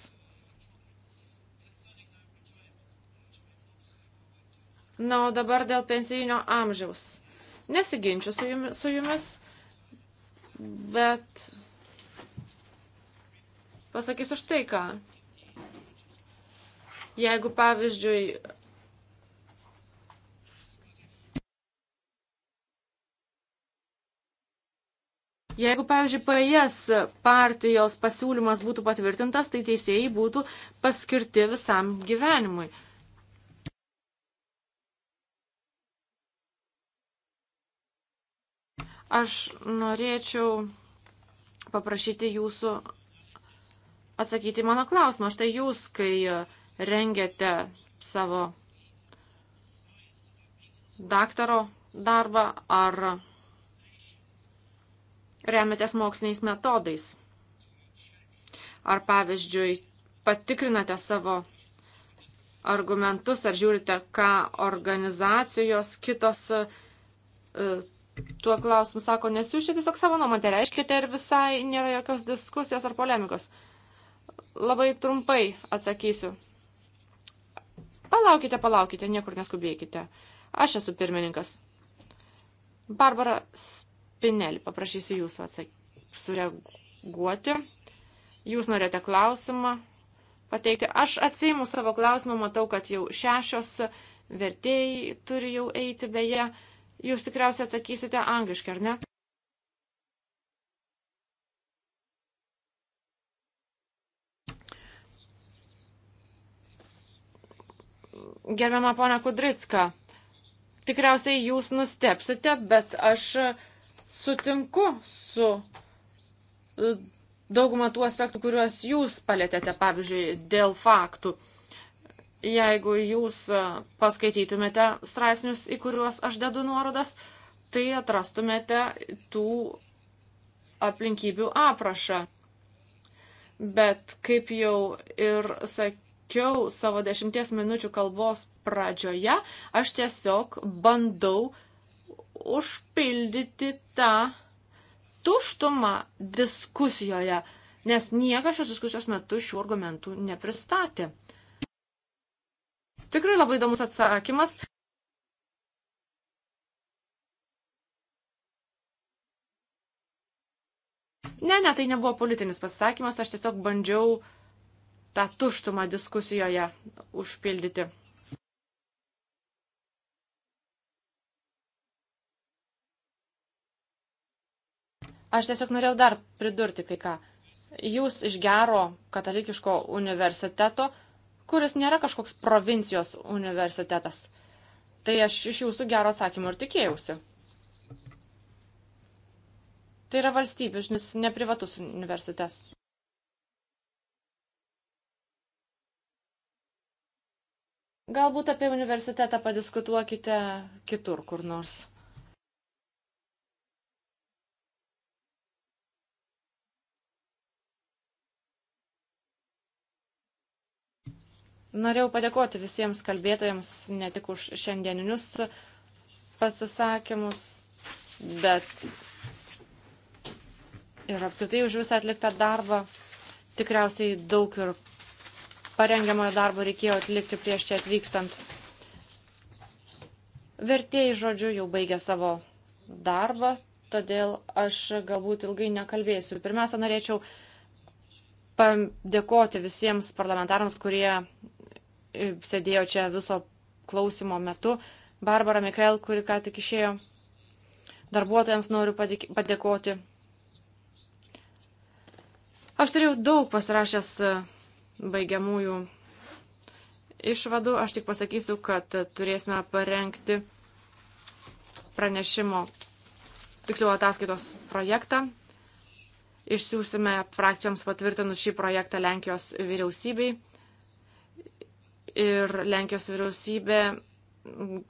Na, o dabar dėl pensijinio amžiaus. Nesiginčiu su jumis, su jumis bet pasakysiu štai ką. Jeigu, pavyzdžiui, Jeigu, pavyzdžiui, PAES partijos pasiūlymas būtų patvirtintas, tai teisėjai būtų paskirti visam gyvenimui. Aš norėčiau paprašyti jūsų atsakyti mano klausimą. Štai jūs, kai rengėte savo daktaro darbą ar remiatės moksliniais metodais? Ar pavyzdžiui, patikrinate savo argumentus, ar žiūrite, ką organizacijos kitos e, tuo klausimu sako, nes jūs čia tiesiog savo nuomonę reiškite ir visai nėra jokios diskusijos ar polemikos. Labai trumpai atsakysiu. Palaukite, palaukite, niekur neskubėkite. Aš esu pirmininkas. Barbara Pinelį, paprašysiu jūsų atsak... sureaguoti. Jūs norėjote klausimą pateikti. Aš atseimu savo klausimą, matau, kad jau šešios vertėjai turi jau eiti, beje, jūs tikriausiai atsakysite angliškai, ar ne? Gerbiama ponia Kudricka, tikriausiai jūs nustepsite, bet aš sutinku su e, daugumą tų aspektų, kuriuos jūs palėtėte, pavyzdžiui, dėl faktų. Jeigu jūs e, paskaitytumėte straipsnius, į kuriuos aš dedu nuorodas, tai atrastumėte tų aplinkybių aprašą. Bet kaip jau ir sakiau savo dešimties minučių kalbos pradžioje, aš tiesiog bandau užpildyti tą tuštumą diskusijoje, nes niekas šios diskusijos metu šių argumentų nepristatė. Tikrai labai įdomus atsakymas. Ne, ne, tai nebuvo politinis pasakymas, aš tiesiog bandžiau tą tuštumą diskusijoje užpildyti. Aš tiesiog norėjau dar pridurti kai ką. Jūs iš gero katalikiško universiteto, kuris nėra kažkoks provincijos universitetas. Tai aš iš jūsų gero atsakymų ir tikėjausi. Tai yra valstybinis, ne privatus universitetas. Galbūt apie universitetą padiskutuokite kitur kur nors. Norėjau padėkoti visiems kalbėtojams ne tik už šiandieninius pasisakymus, bet ir apskritai už visą atliktą darbą. Tikriausiai daug ir parengiamojo darbo reikėjo atlikti prieš čia atvykstant. Vertėjai, žodžiu, jau baigė savo darbą, todėl aš galbūt ilgai nekalbėsiu. Pirmiausia, norėčiau padėkoti visiems parlamentarams, kurie sėdėjo čia viso klausimo metu. Barbara Mikael, kuri ką tik išėjo. Darbuotojams noriu padėkoti. Aš turėjau daug pasirašęs e, baigiamųjų išvadų. Aš tik pasakysiu, kad turėsime parengti pranešimo, tiksliau ataskaitos projektą. Išsiųsime frakcijoms patvirtinus šį projektą Lenkijos vyriausybei ir Lenkijos vyriausybė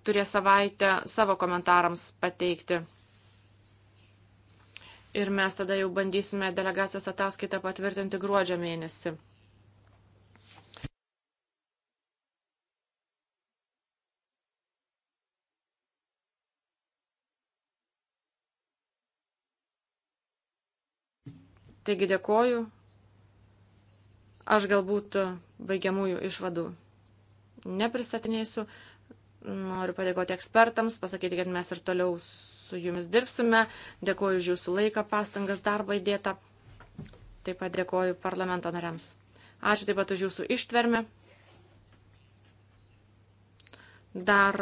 turės savaitę savo komentarams pateikti. Ir mes tada jau bandysime delegacijos ataskaitą patvirtinti gruodžio mėnesį. Taigi dėkoju. Aš galbūt baigiamųjų išvadų nepristatinėsiu. Noriu padėkoti ekspertams, pasakyti, kad mes ir toliau su jumis dirbsime. Dėkuoju už jūsų laiką, pastangas, darbą įdėtą. Taip pat dėkuoju parlamento nariams. Ačiū taip pat už jūsų ištvermę. Dar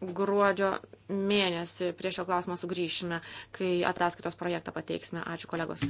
gruodžio mėnesį prie šio klausimo sugrįšime, kai ataskaitos projektą pateiksime. Ačiū kolegos.